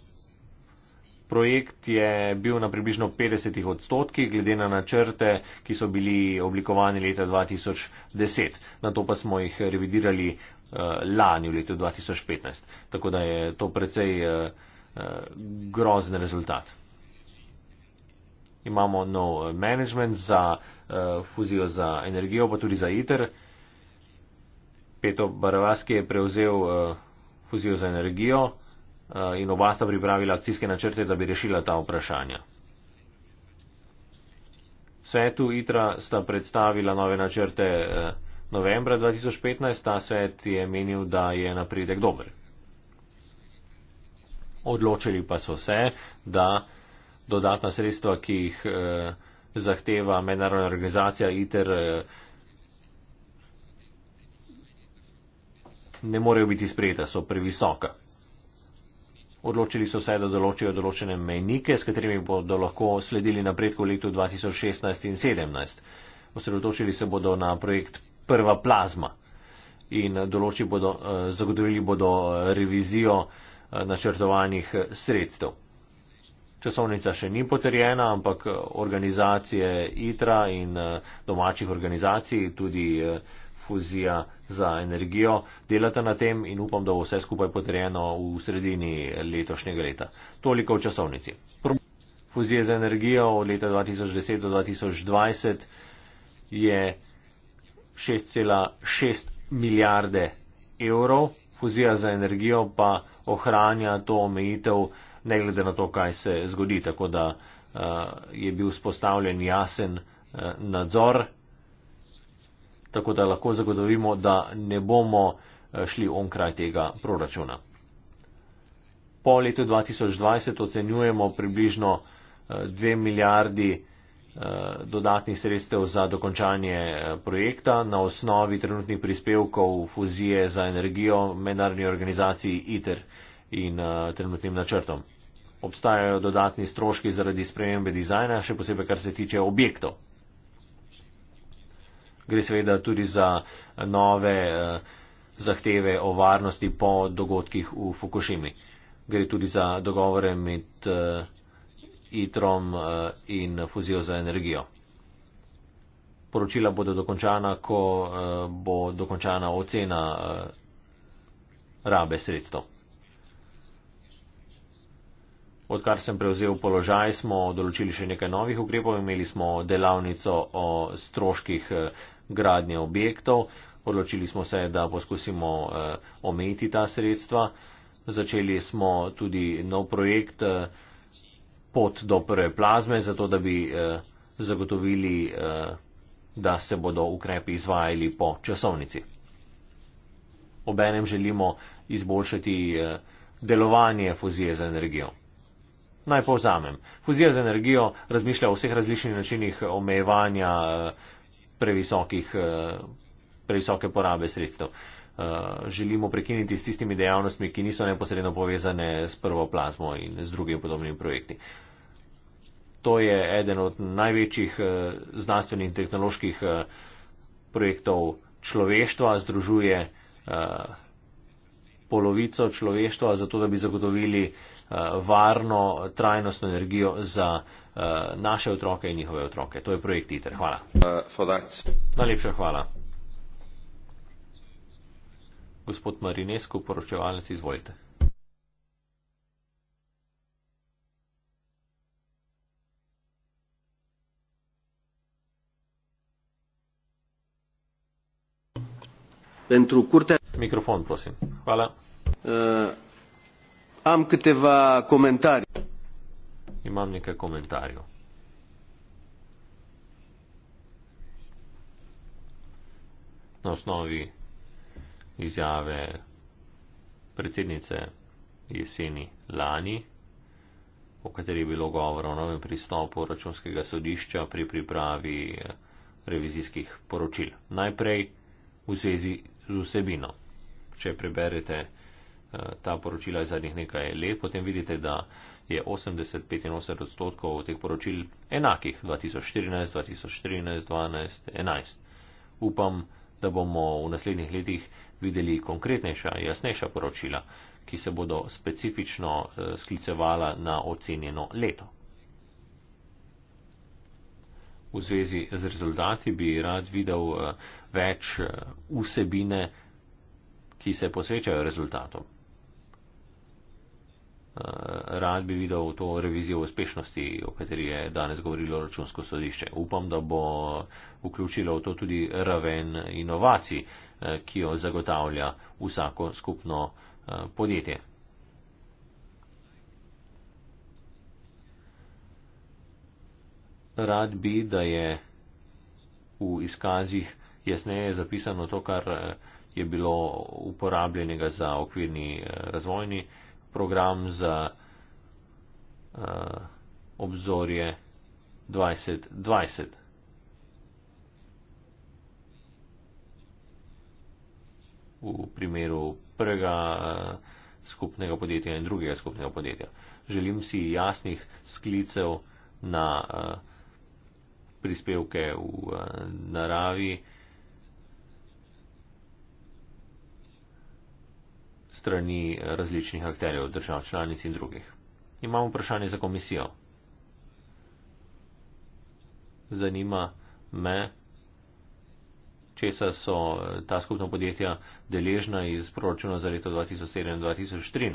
Projekt je bil na približno 50 odstotkih, glede na načrte, ki so bili oblikovani leta 2010. Na to pa smo jih revidirali uh, lani v letu 2015. Tako da je to precej uh, uh, grozen rezultat. Imamo nov management za uh, fuzijo za energijo, pa tudi za ITER. Peto Baravaski je prevzel. Uh, fuzijo za energijo eh, in oba sta pripravila akcijske načrte, da bi rešila ta vprašanja. Svetu ITRA sta predstavila nove načrte eh, novembra 2015, ta svet je menil, da je napredek dober. Odločili pa so se, da dodatna sredstva, ki jih eh, zahteva mednarodna organizacija ITER, eh, ne morejo biti sprejeta, so previsoka. Odločili so se, da določijo določene mejnike, s katerimi bodo lahko sledili napredku v letu 2016 in 2017. Osredotočili se bodo na projekt Prva plazma in bodo, eh, zagotovili bodo eh, revizijo eh, načrtovanih sredstev. Časovnica še ni potrjena, ampak organizacije ITRA in domačih organizacij, tudi fuzija za energijo, delata na tem in upam, da bo vse skupaj potrjeno v sredini letošnjega leta. Toliko v časovnici. Fuzija za energijo od leta 2010 do 2020 je 6,6 milijarde evrov, fuzija za energijo pa ohranja to omejitev, ne glede na to, kaj se zgodi, tako da uh, je bil spostavljen jasen uh, nadzor tako da lahko zagotovimo, da ne bomo eh, šli onkraj tega proračuna. Po letu 2020 ocenjujemo približno 2 eh, milijardi eh, dodatnih sredstev za dokončanje projekta na osnovi trenutnih prispevkov fuzije za energijo mednarodni organizaciji ITER in trenutnim načrtom. Obstajajo dodatni stroški zaradi spremembe dizajna, še posebej kar se tiče objektov gre seveda tudi za nove eh, zahteve o varnosti po dogodkih v Fukushimi. Gre tudi za dogovore med eh, ITROM eh, in fuzijo za energijo. Poročila bodo dokončana, ko bo dokončana ocena rabe sredstev. Odkar sem prevzel položaj, smo določili še nekaj novih ukrepov. Imeli smo delavnico o stroških gradnje objektov. Odločili smo se, da poskusimo eh, omejiti ta sredstva. Začeli smo tudi nov projekt eh, pot do prve plazme, zato da bi eh, zagotovili, eh, da se bodo ukrepi izvajali po časovnici. Obenem želimo izboljšati eh, delovanje fuzije za energijo. Naj povzamem. Fuzija za energijo razmišlja o vseh različnih načinih omejevanja. Eh, previsokih, eh, previsoke porabe sredstev. Eh, želimo prekiniti s tistimi dejavnostmi, ki niso neposredno povezane s prvo plazmo in z drugimi podobnimi projekti. To je eden od največjih eh, znanstvenih in tehnoloških projektov človeštva, združuje polovico človeštva, zato da bi zagotovili Eh, varno, trajnostno energijo za eh, naše otroke in njihove otroke. To je projekt ITER. Hvala. Eh, Najlepša hvala. Gospod Marinesko, poročevalec, izvolite. Pentru curte. Microfon, prosim. Hvala. Uh... Am câteva comentarii. Imam nekaj komentarjev. Na osnovi izjave predsednice jeseni lani, o kateri je bilo govora o novem pristopu računskega sodišča pri pripravi eh, revizijskih poročil. Najprej v zvezi z vsebino. Če preberete ta poročila iz zadnjih nekaj let, potem vidite, da je 80-85 odstotkov teh poročil enakih 2014, 2014, 2012, 2011. Upam, da bomo v naslednjih letih videli konkretnejša, jasnejša poročila, ki se bodo specifično eh, sklicevala na ocenjeno leto. V zvezi z rezultati bi rad videl eh, več eh, vsebine, ki se posvečajo rezultatom rad bi videl to revizijo uspešnosti, o kateri je danes govorilo računsko sodišče. Upam, da bo vključilo v to tudi raven inovacij, eh, ki jo zagotavlja vsako skupno eh, podjetje. Rad bi, da je v izkazih jasneje zapisano to, kar eh, je bilo uporabljenega za okvirni razvojni program za uh, obzorje 2020. V primeru prvega uh, skupnega podjetja in drugega skupnega podjetja. Želim si jasnih sklicev na uh, prispevke v uh, naravi. strani različnih akterjev, držav članic in drugih. Imamo vprašanje za komisijo. Zanima me, če so ta skupna podjetja deležna iz proračuna za leto 2007-2013.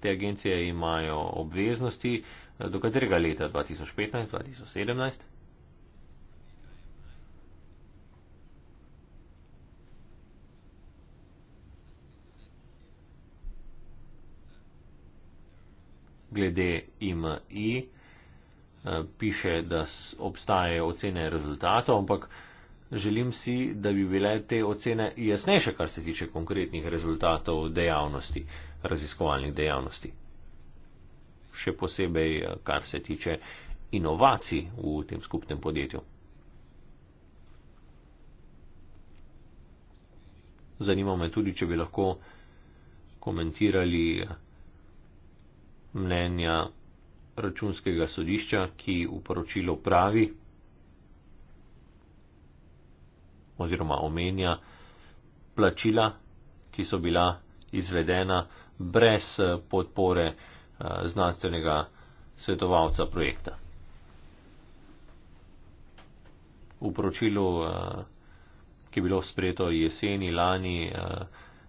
Te agencije imajo obveznosti do katerega leta 2015-2017. glede IMI, eh, piše, da obstajajo ocene rezultatov, ampak želim si, da bi bile te ocene jasnejše, kar se tiče konkretnih rezultatov dejavnosti, raziskovalnih dejavnosti. Še posebej, eh, kar se tiče inovacij v tem skupnem podjetju. Zanima me tudi, če bi lahko komentirali eh, mnenja računskega sodišča, ki v poročilu pravi oziroma omenja plačila, ki so bila izvedena brez eh, podpore eh, znanstvenega svetovalca projekta. V poročilu, eh, ki je bilo sprejeto jeseni lani,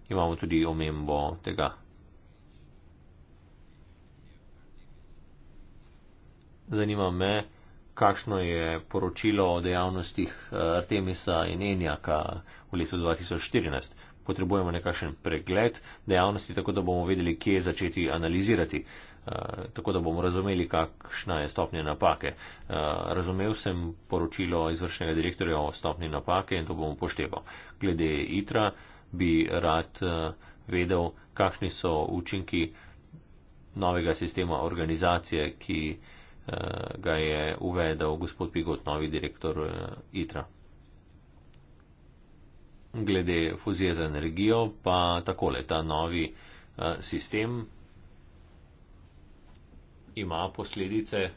imamo tudi omembo tega zanima me, kakšno je poročilo o dejavnostih eh, Artemisa in Enjaka v letu 2014. Potrebujemo nekakšen pregled dejavnosti, tako da bomo vedeli, kje začeti analizirati, eh, tako da bomo razumeli, kakšna je stopnja napake. Eh, Razumev sem poročilo izvršnega direktorja o stopni napake in to bomo poštevali. Glede ITRA bi rad vedel, kakšni so učinki novega sistema organizacije, ki uh, Eh, ga je uvedel gospod Pigot, novi direktor eh, ITRA. Glede fuzije za energijo pa takole, ta novi eh, sistem ima posledice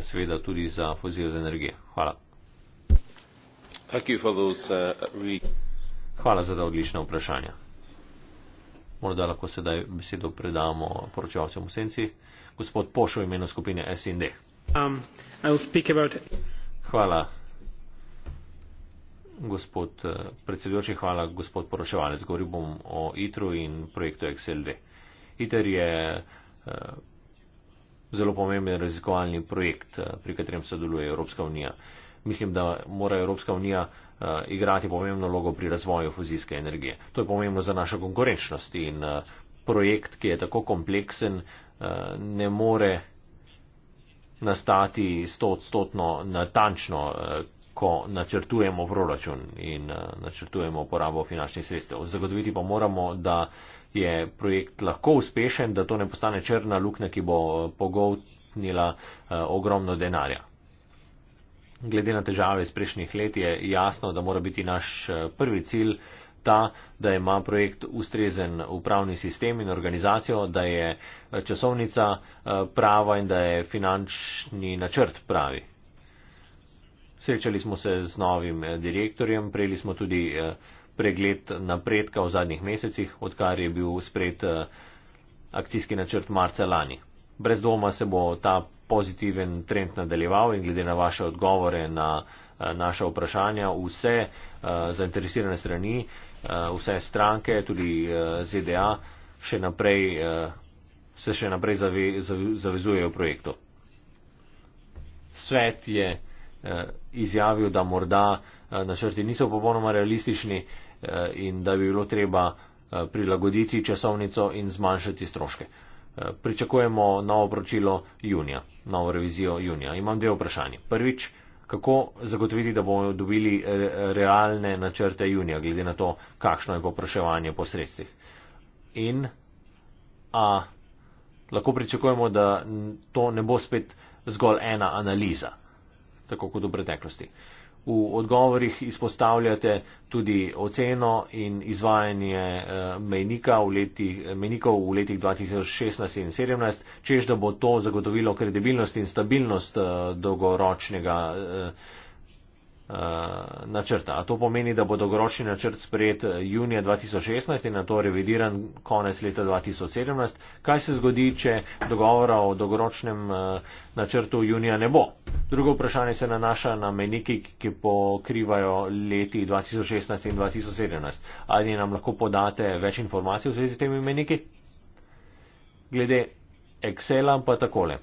seveda tudi za fuzijo za energijo. Hvala. Uh, Hvala za ta odlična vprašanja. Morda lahko sedaj besedo predamo poročevalcem v senci gospod Pošo imenu skupine SND. Um, hvala. Gospod eh, predsedujoči, hvala gospod poročevalec. Govoril bom o ITRU in projektu XLD. ITER je eh, zelo pomemben raziskovalni projekt, eh, pri katerem sodeluje Evropska unija. Mislim, da mora Evropska unija igrati pomembno logo pri razvoju fuzijske energije. To je pomembno za našo konkurenčnost in projekt, ki je tako kompleksen, Eh, ne more nastati stotstotno natančno, eh, ko načrtujemo proračun in eh, načrtujemo uporabo finančnih sredstev. Zagotoviti pa moramo, da je projekt lahko uspešen, da to ne postane črna luknja, ki bo pogovnila ogromno denarja. Glede na težave iz prejšnjih let je jasno, da mora biti naš prvi cilj ta, da ima projekt ustrezen upravni sistem in organizacijo, da je eh, časovnica eh, prava in da je finančni načrt pravi. Srečali smo se z novim eh, direktorjem, prejeli smo tudi pregled napredka v zadnjih mesecih, odkar je bil spred akcijski načrt marca lani. Brez dvoma se bo ta pozitiven trend nadaljeval in glede na vaše odgovore na naša vprašanja vse zainteresirane strani Eh, vse stranke, tudi eh, ZDA, še naprej, eh, se še naprej zavezujejo projektu. Svet je izjavil, da morda načrti niso popolnoma realistični in da bi bilo treba prilagoditi časovnico in zmanjšati stroške. Pričakujemo novo poročilo junija, novo revizijo junija. Imam dve vprašanje. Prvič, kako zagotoviti, da bomo dobili realne načrte junija, glede na to, kakšno je popraševanje po sredstvih. In a lahko pričakujemo, da to ne bo spet zgolj ena analiza, tako kot v preteklosti. Uh, v odgovorih izpostavljate tudi oceno in izvajanje eh, mejnika v letih, mejnikov v letih 2016 in 2017, čež da bo to zagotovilo kredibilnost in stabilnost eh, dolgoročnega. Eh, Eh, načrta. A to pomeni, da bo dolgoročni načrt sprejet eh, junija 2016 in na to revidiran konec leta 2017. Kaj se zgodi, če dogovora o dolgoročnem eh, načrtu junija ne bo? Drugo vprašanje se nanaša na meniki, ki pokrivajo leti 2016 in 2017. Ali nam lahko podate več informacij v zvezi s temi meniki? Glede Excela pa takole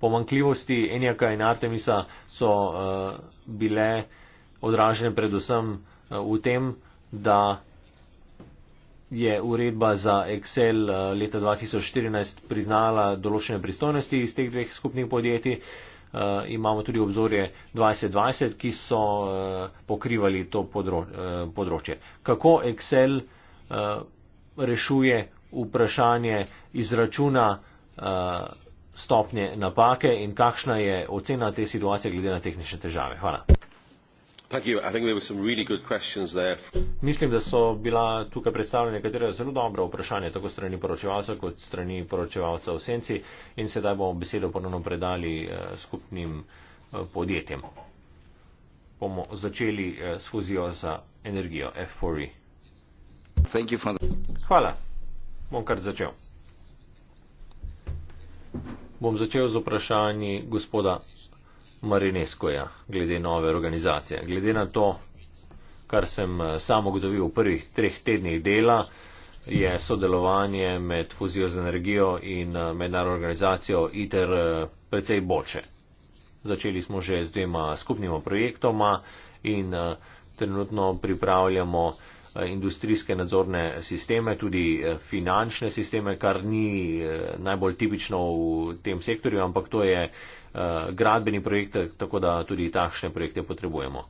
pomankljivosti Enjaka in Artemisa so uh, bile odražene predvsem uh, v tem, da je uredba za Excel uh, leta 2014 priznala določene pristojnosti iz teh dveh skupnih podjetij. Uh, imamo tudi obzorje 2020, ki so uh, pokrivali to podro, uh, področje. Kako Excel uh, rešuje vprašanje izračuna uh, stopnje napake in kakšna je ocena te situacije glede na tehnične težave. Hvala. Really Mislim, da so bila tukaj predstavljena nekatera zelo dobra vprašanja, tako strani poročevalca kot strani poročevalca v senci in sedaj bomo besedo ponovno predali eh, skupnim eh, podjetjem. Bomo začeli eh, s fuzijo za energijo F4E. Hvala. Bom kar začel bom začel z vprašanji gospoda Marineskoja glede nove organizacije. Glede na to, kar sem eh, samo gotovil v prvih treh tednih dela, je sodelovanje med fuzijo z energijo in eh, mednarodno organizacijo ITER eh, precej boče. Začeli smo že z dvema skupnima projektoma in trenutno pripravljamo uh, Eh, industrijske nadzorne sisteme, tudi eh, finančne sisteme, kar ni eh, najbolj tipično v tem sektorju, ampak to je gradbeni projekt, tako da tudi takšne projekte potrebujemo.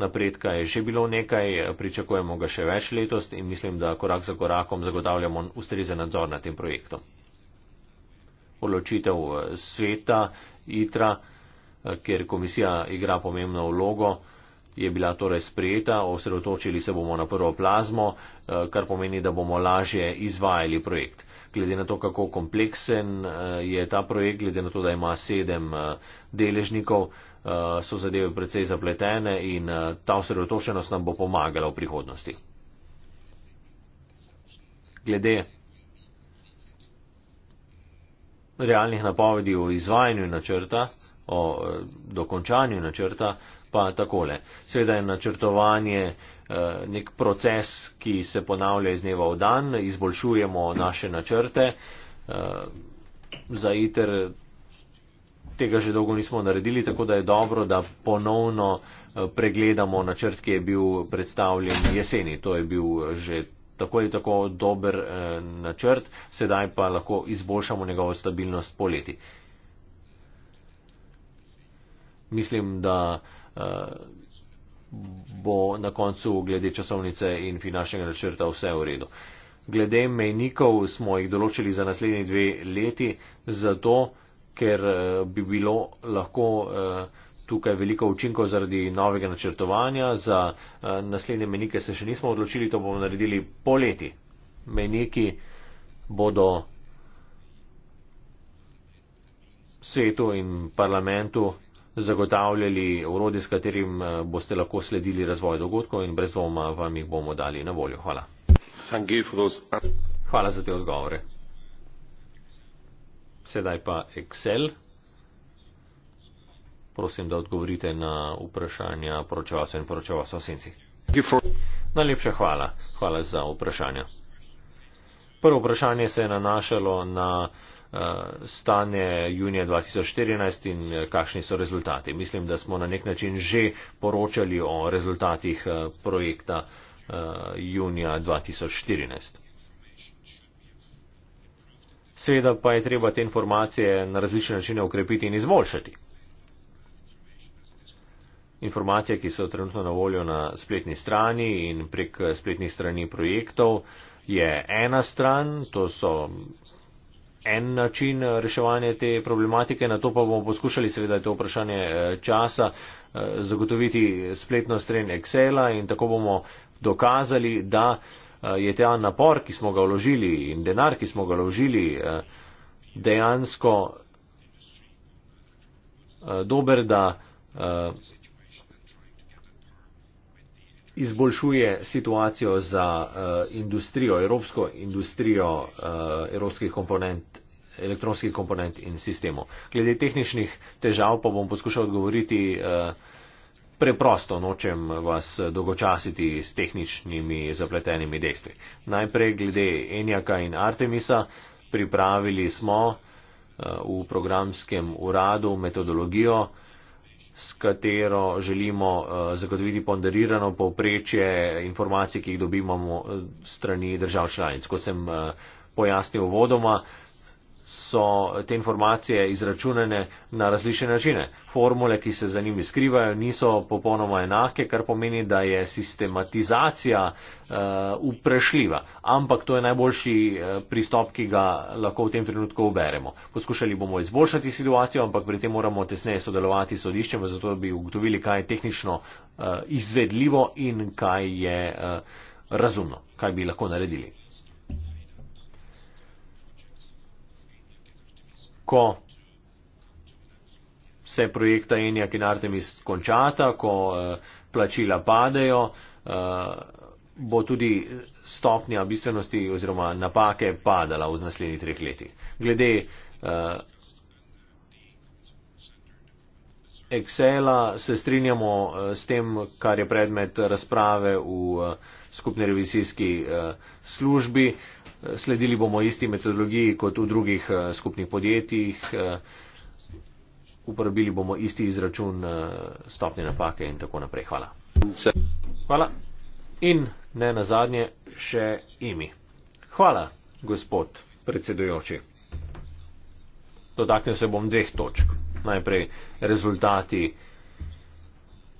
Napredka je že bilo nekaj, pričakujemo ga še več letos in mislim, da korak za korakom zagotavljamo ustrezen nadzor nad tem projektom. Odločitev sveta ITRA, kjer komisija igra pomembno vlogo, je bila torej sprejeta, osredotočili se bomo na prvo plazmo, eh, kar pomeni, da bomo lažje izvajali projekt. Glede na to, kako kompleksen eh, je ta projekt, glede na to, da ima sedem eh, deležnikov, so zadeve precej zapletene in ta osredotočenost nam bo pomagala v prihodnosti. Glede realnih napovedi o izvajanju načrta, o dokončanju načrta, pa takole. Sveda je načrtovanje eh, nek proces, ki se ponavlja iz dneva v dan, izboljšujemo naše načrte. Eh, za ITER tega že dolgo nismo naredili, tako da je dobro, da ponovno eh, pregledamo načrt, ki je bil predstavljen jeseni. To je bil že tako ali tako dober načrt, sedaj pa lahko izboljšamo njegovo stabilnost poleti. Mislim, da uh, bo na koncu glede časovnice in finančnega načrta vse v redu. Glede mejnikov smo jih določili za naslednji dve leti, zato ker eh, bi bilo lahko eh, tukaj veliko učinkov zaradi novega načrtovanja. Za eh, naslednje mejnike se še nismo odločili, to bomo naredili po leti. Mejniki bodo svetu in parlamentu zagotavljali urodje, s katerim eh, boste lahko sledili razvoj dogodkov in brez dvoma vam jih bomo dali na voljo. Hvala. Hvala za te odgovore. Sedaj pa Excel. Prosim, da odgovorite na vprašanja poročevalcev in poročevalcev Senci. Najlepša hvala. Hvala za vprašanja. Prvo vprašanje se je nanašalo na Eh, stanje junija 2014 in eh, kakšni so rezultati. Mislim, da smo na nek način že poročali o rezultatih eh, projekta junija 2014. Seveda pa je treba te informacije na različne načine ukrepiti in izboljšati. Informacije, ki so trenutno na voljo na spletni strani in prek spletnih strani projektov, je ena stran, to so en način reševanja te problematike, na to pa bomo poskušali, seveda je to vprašanje eh, časa, eh, zagotoviti spletno stran Excela in tako bomo dokazali, da eh, je ta napor, ki smo ga vložili in denar, ki smo ga vložili, dejansko dober, da izboljšuje situacijo za uh, industrijo, evropsko industrijo uh, evropskih komponent, elektronskih komponent in sistemov. Glede tehničnih težav pa bom poskušal odgovoriti uh, preprosto, nočem vas dolgočasiti s tehničnimi zapletenimi dejstvi. Najprej glede Enjaka in Artemisa pripravili smo uh, v programskem uradu metodologijo, uh, s katero želimo eh, zagotoviti ponderirano povprečje informacij, ki jih dobivamo eh, strani držav članic. Ko sem eh, pojasnil vodoma, so te informacije izračunane na različne načine. Formule, ki se za njimi skrivajo, niso popolnoma enake, kar pomeni, da je sistematizacija uh, eh, uprešljiva. Ampak to je najboljši uh, pristop, ki ga lahko v tem trenutku uberemo. Poskušali bomo izboljšati situacijo, ampak pri tem moramo tesneje sodelovati s sodiščem, zato bi ugotovili, kaj je tehnično uh, izvedljivo in kaj je uh, razumno, kaj bi lahko naredili. ko se projekta Enjak in Artemis končata, ko eh, plačila padejo, eh, bo tudi stopnja bistvenosti oziroma napake padala v naslednjih treh letih. Glede eh, Excela se strinjamo s tem, kar je predmet razprave v skupni revizijski službi sledili bomo isti metodologiji kot v drugih eh, skupnih podjetjih, eh, uporabili bomo isti izračun eh, stopnje napake in tako naprej. Hvala. Hvala. In ne na zadnje še imi. Hvala, gospod predsedujoči. Dotaknil se bom dveh točk. Najprej rezultati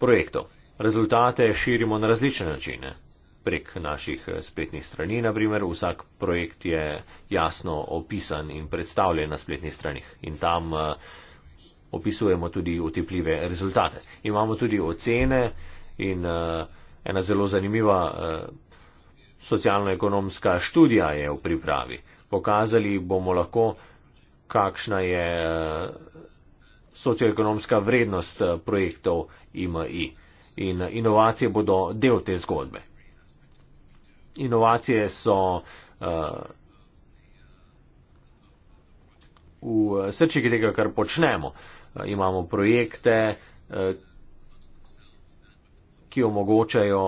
projektov. Rezultate širimo na različne načine prek naših eh, spletnih strani. Naprimer, vsak projekt je jasno opisan in predstavljen na spletnih stranih in tam eh, opisujemo tudi utepljive rezultate. Imamo tudi ocene in eh, ena zelo zanimiva socialno-ekonomska študija je v pripravi. Pokazali bomo lahko, kakšna je socioekonomska vrednost projektov IMI. In inovacije bodo del te zgodbe inovacije so eh, v srčiki tega, kar počnemo. Eh, imamo projekte, eh, ki omogočajo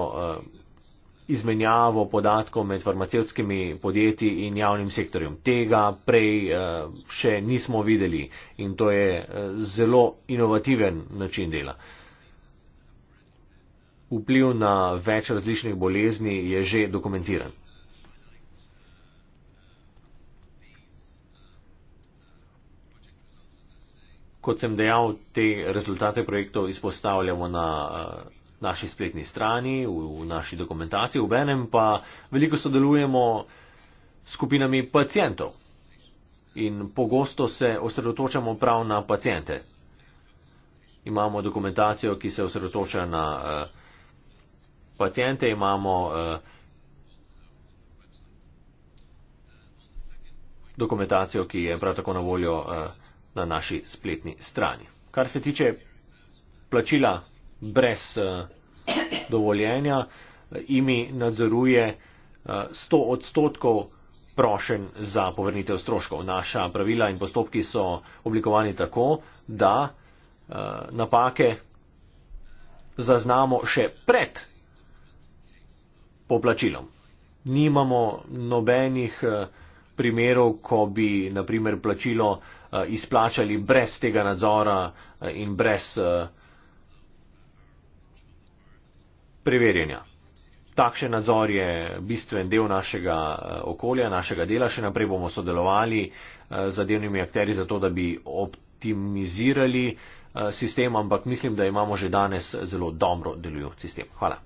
izmenjavo podatkov med farmacevskimi podjetji in javnim sektorjem. Tega prej še nismo videli in to je zelo inovativen način dela vpliv na več različnih bolezni je že dokumentiran. Kot sem dejal, te rezultate projektov izpostavljamo na eh, naši spletni strani, v naši dokumentaciji, v enem pa veliko sodelujemo s skupinami pacijentov in pogosto se osredotočamo prav na pacijente. Imamo dokumentacijo, ki se osredotoča na uh, pacijente imamo eh, dokumentacijo, ki je prav tako na voljo eh, na naši spletni strani. Kar se tiče plačila brez eh, dovoljenja, imi nadzoruje eh, 100 odstotkov prošen za povrnitev stroškov. Naša pravila in postopki so oblikovani tako, da eh, napake zaznamo še pred poplačilom. Nimamo nobenih eh, primerov, ko bi, naprimer, plačilo eh, izplačali brez tega nadzora eh, in brez preverjanja. Takšen nadzor je bistven del našega okolja, našega dela. Še naprej bomo sodelovali z zadevnimi akteri za to, da bi optimizirali sistem, ampak mislim, da imamo že danes zelo dobro delujoč sistem. Hvala.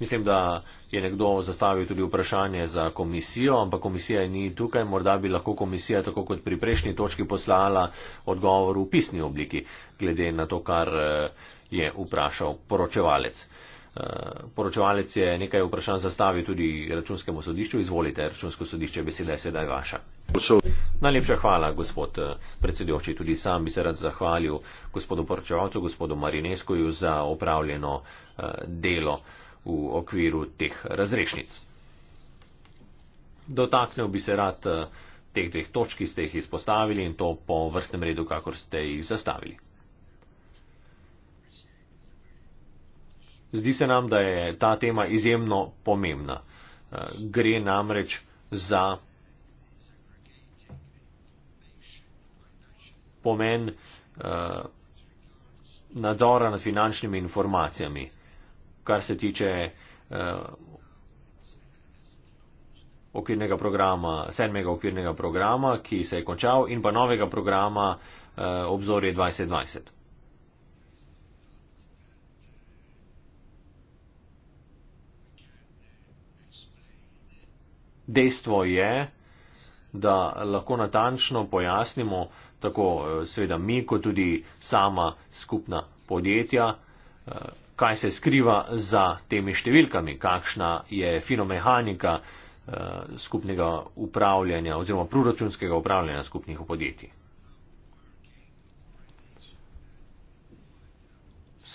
Mislim, da je nekdo zastavil tudi vprašanje za komisijo, ampak komisija ni tukaj. Morda bi lahko komisija, tako kot pri prejšnji točki, poslala odgovor v pisni obliki, glede na to, kar eh, je vprašal poročevalec. Poročevalec je nekaj vprašanj zastavil tudi računskemu sodišču. Izvolite, računsko sodišče, beseda je sedaj vaša. Najlepša hvala, gospod predsedujoči. Tudi sam bi se rad zahvalil gospodu poročevalcu, gospodu Marineskoju, za opravljeno delo v okviru teh razrešnic. Dotaknil bi se rad teh dveh točk, ki ste jih izpostavili in to po vrstnem redu, kakor ste jih zastavili. Zdi se nam, da je ta tema izjemno pomembna. Eh, gre namreč za pomen eh, nadzora nad finančnimi informacijami, kar se tiče eh, okvirnega programa, sedmega okvirnega programa, ki se je končal, in pa novega programa obzorje 2020. Dejstvo je, da lahko natančno pojasnimo, tako eh, seveda mi, kot tudi sama skupna podjetja, eh, kaj se skriva za temi številkami, kakšna je finomehanika eh, skupnega upravljanja oziroma proračunskega upravljanja skupnih podjetij.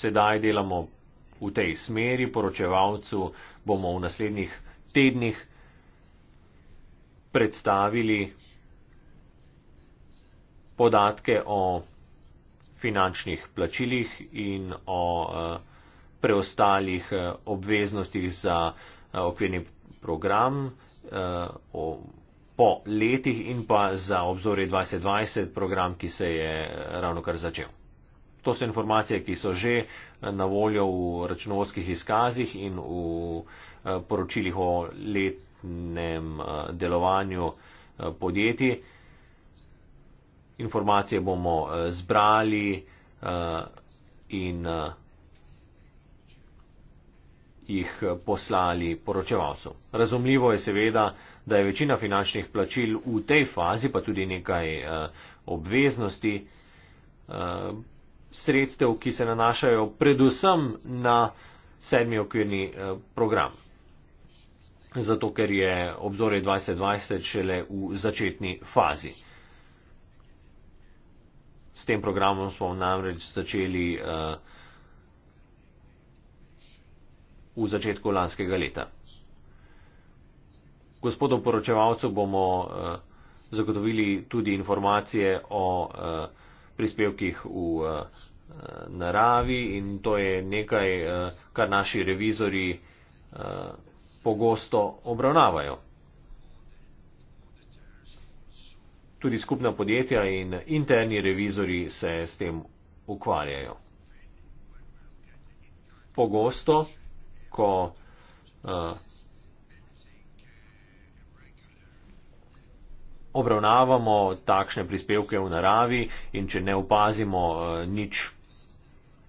Sedaj delamo v tej smeri, poročevalcu bomo v naslednjih tednih predstavili podatke o finančnih plačilih in o eh, preostalih eh, obveznostih za eh, okvirni program po letih in pa za obzorje 2020 program, ki se je ravno kar začel. To so informacije, ki so že na voljo v računovodskih izkazih in v poročilih o letu celotnem eh, delovanju eh, podjetij. Informacije bomo eh, zbrali in jih poslali poročevalcu. Razumljivo je seveda, da je večina finančnih plačil v tej fazi, pa tudi nekaj obveznosti, sredstev, ki se nanašajo predvsem na sedmi okvirni program zato ker je obzorje 2020 šele v začetni fazi. S tem programom smo namreč začeli uh, v začetku lanskega leta. Gospodom poročevalcu bomo uh, zagotovili tudi informacije o uh, prispevkih v uh, naravi in to je nekaj, uh, kar naši revizori uh, pogosto obravnavajo. Tudi skupna podjetja in interni revizori se s tem ukvarjajo. Pogosto, ko uh, obravnavamo takšne prispevke v naravi in če ne opazimo uh, nič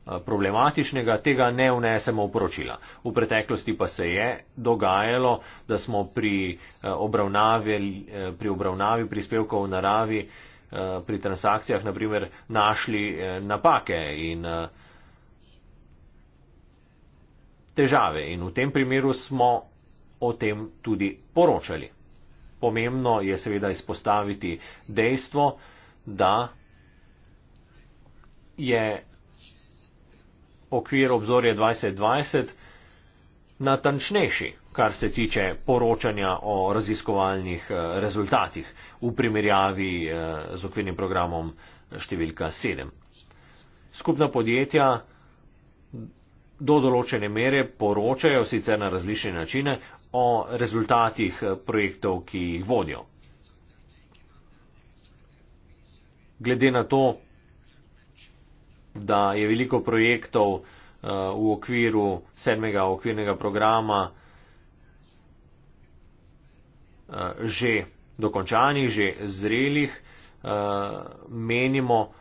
Eh, problematičnega, tega ne vnesemo v poročila. V preteklosti pa se je dogajalo, da smo pri eh, obravnavi, eh, pri obravnavi prispevkov v naravi, pri transakcijah, naprimer, našli napake in težave. In v tem primeru smo o tem tudi poročali. Pomembno je seveda izpostaviti dejstvo, da je okvir obzorje 2020 natančnejši, kar se tiče poročanja o raziskovalnih eh, rezultatih v primerjavi eh, z okvirnim programom številka 7. Skupna podjetja do določene mere poročajo sicer na različne načine o rezultatih eh, projektov, ki jih vodijo. Glede na to, da je veliko projektov uh, v okviru sedmega okvirnega programa uh, že dokončanih, že zrelih. Uh, menimo,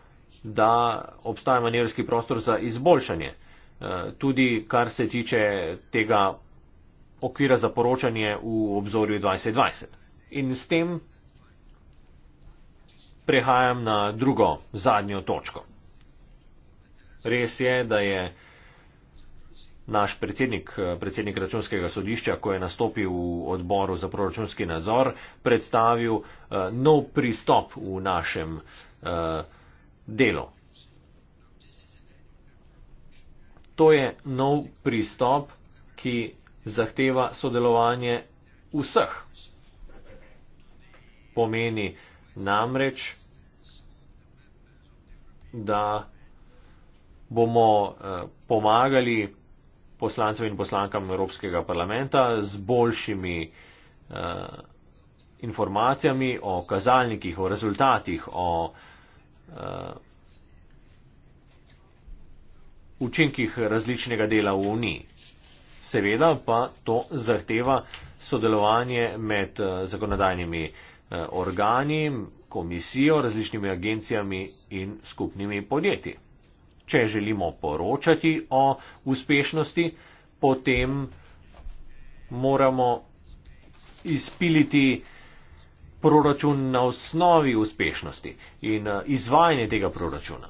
da obstaja manjerski prostor za izboljšanje. Tudi kar se tiče tega okvira za poročanje v obzorju 2020. In s tem prehajam na drugo, zadnjo točko. Res je, da je naš predsednik, eh, predsednik računskega sodišča, ko je nastopil v odboru za proračunski nadzor, predstavil uh, nov pristop v našem uh, delu. To je nov pristop, ki zahteva sodelovanje vseh. Pomeni namreč, da bomo eh, pomagali poslancem in poslankam Evropskega parlamenta z boljšimi eh, informacijami o kazalnikih, o rezultatih, o eh, učinkih različnega dela v Uniji. Seveda pa to zahteva sodelovanje med zakonodajnimi organi, komisijo, različnimi agencijami in skupnimi podjetji če želimo poročati o uspešnosti, potem moramo izpiliti proračun na osnovi uspešnosti in eh, izvajanje tega proračuna.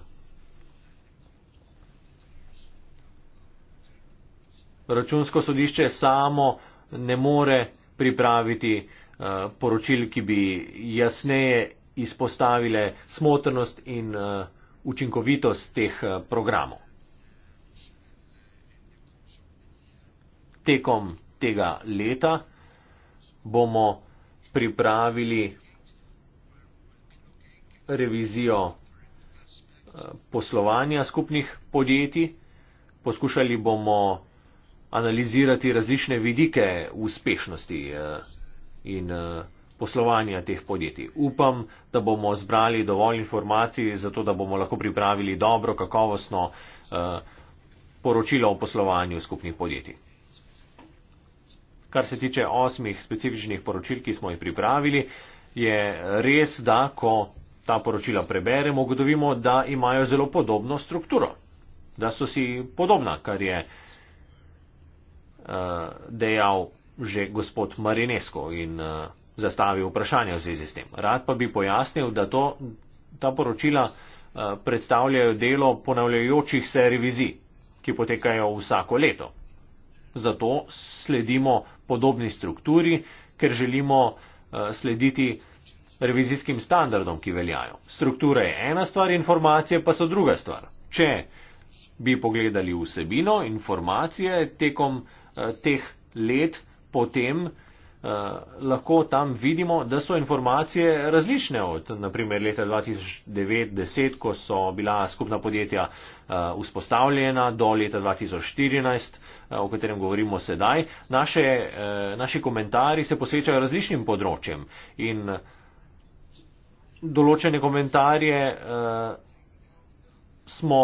Računsko sodišče samo ne more pripraviti eh, poročil, ki bi jasneje izpostavile smotrnost in uh, učinkovitost teh eh, programov. Tekom tega leta bomo pripravili revizijo eh, poslovanja skupnih podjetij. Poskušali bomo analizirati različne vidike uspešnosti eh, in uspešnosti poslovanja teh podjetij. Upam, da bomo zbrali dovolj informacij, zato da bomo lahko pripravili dobro, kakovostno eh, poročilo o poslovanju skupnih podjetij. Kar se tiče osmih specifičnih poročil, ki smo jih pripravili, je res, da ko ta poročila preberemo, ugotovimo, da imajo zelo podobno strukturo, da so si podobna, kar je uh, dejal že gospod Marinesko in uh, zastavil vprašanje v zvezi s tem. Rad pa bi pojasnil, da to, ta poročila eh, predstavljajo delo ponavljajočih se revizij, ki potekajo vsako leto. Zato sledimo podobni strukturi, ker želimo eh, slediti revizijskim standardom, ki veljajo. Struktura je ena stvar, informacije pa so druga stvar. Če bi pogledali vsebino, informacije tekom eh, teh let potem, Eh, lahko tam vidimo, da so informacije različne od naprimer leta 2009-2010, ko so bila skupna podjetja uh, vzpostavljena, do leta 2014, uh, eh, o katerem govorimo sedaj. Naše, uh, naši komentarji se posvečajo različnim področjem in določene komentarje uh, smo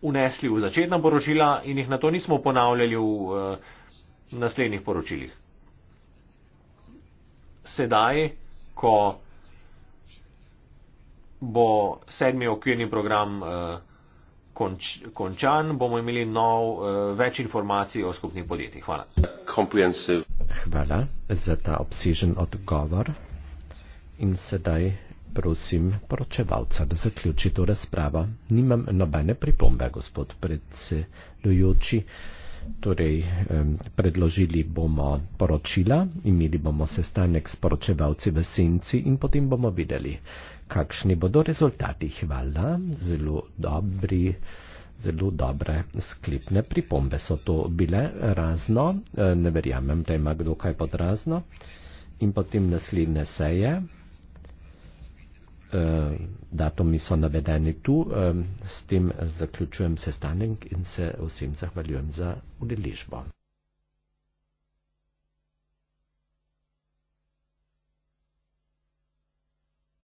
unesli v začetna poročila in jih na to nismo ponavljali v uh, naslednjih poročilih sedaj, ko bo sedmi okvirni program uh, konč, končan, bomo imeli nov, uh, več informacij o skupnih podjetjih. Hvala. Hvala za ta obsežen odgovor. In sedaj prosim poročevalca, da zaključi to razpravo. Nimam nobene pripombe, gospod predsedujoči. Torej, predložili bomo poročila, imeli bomo sestanek s poročevalci v senci in potem bomo videli, kakšni bodo rezultati. Hvala, zelo dobri. Zelo dobre sklepne pripombe so to bile, razno, e, ne verjamem, da ima kdo kaj podrazno. In potem naslednje seje. Eh, datumi so navedeni tu. Eh, s tem zaključujem sestanek in se vsem zahvaljujem za udeležbo.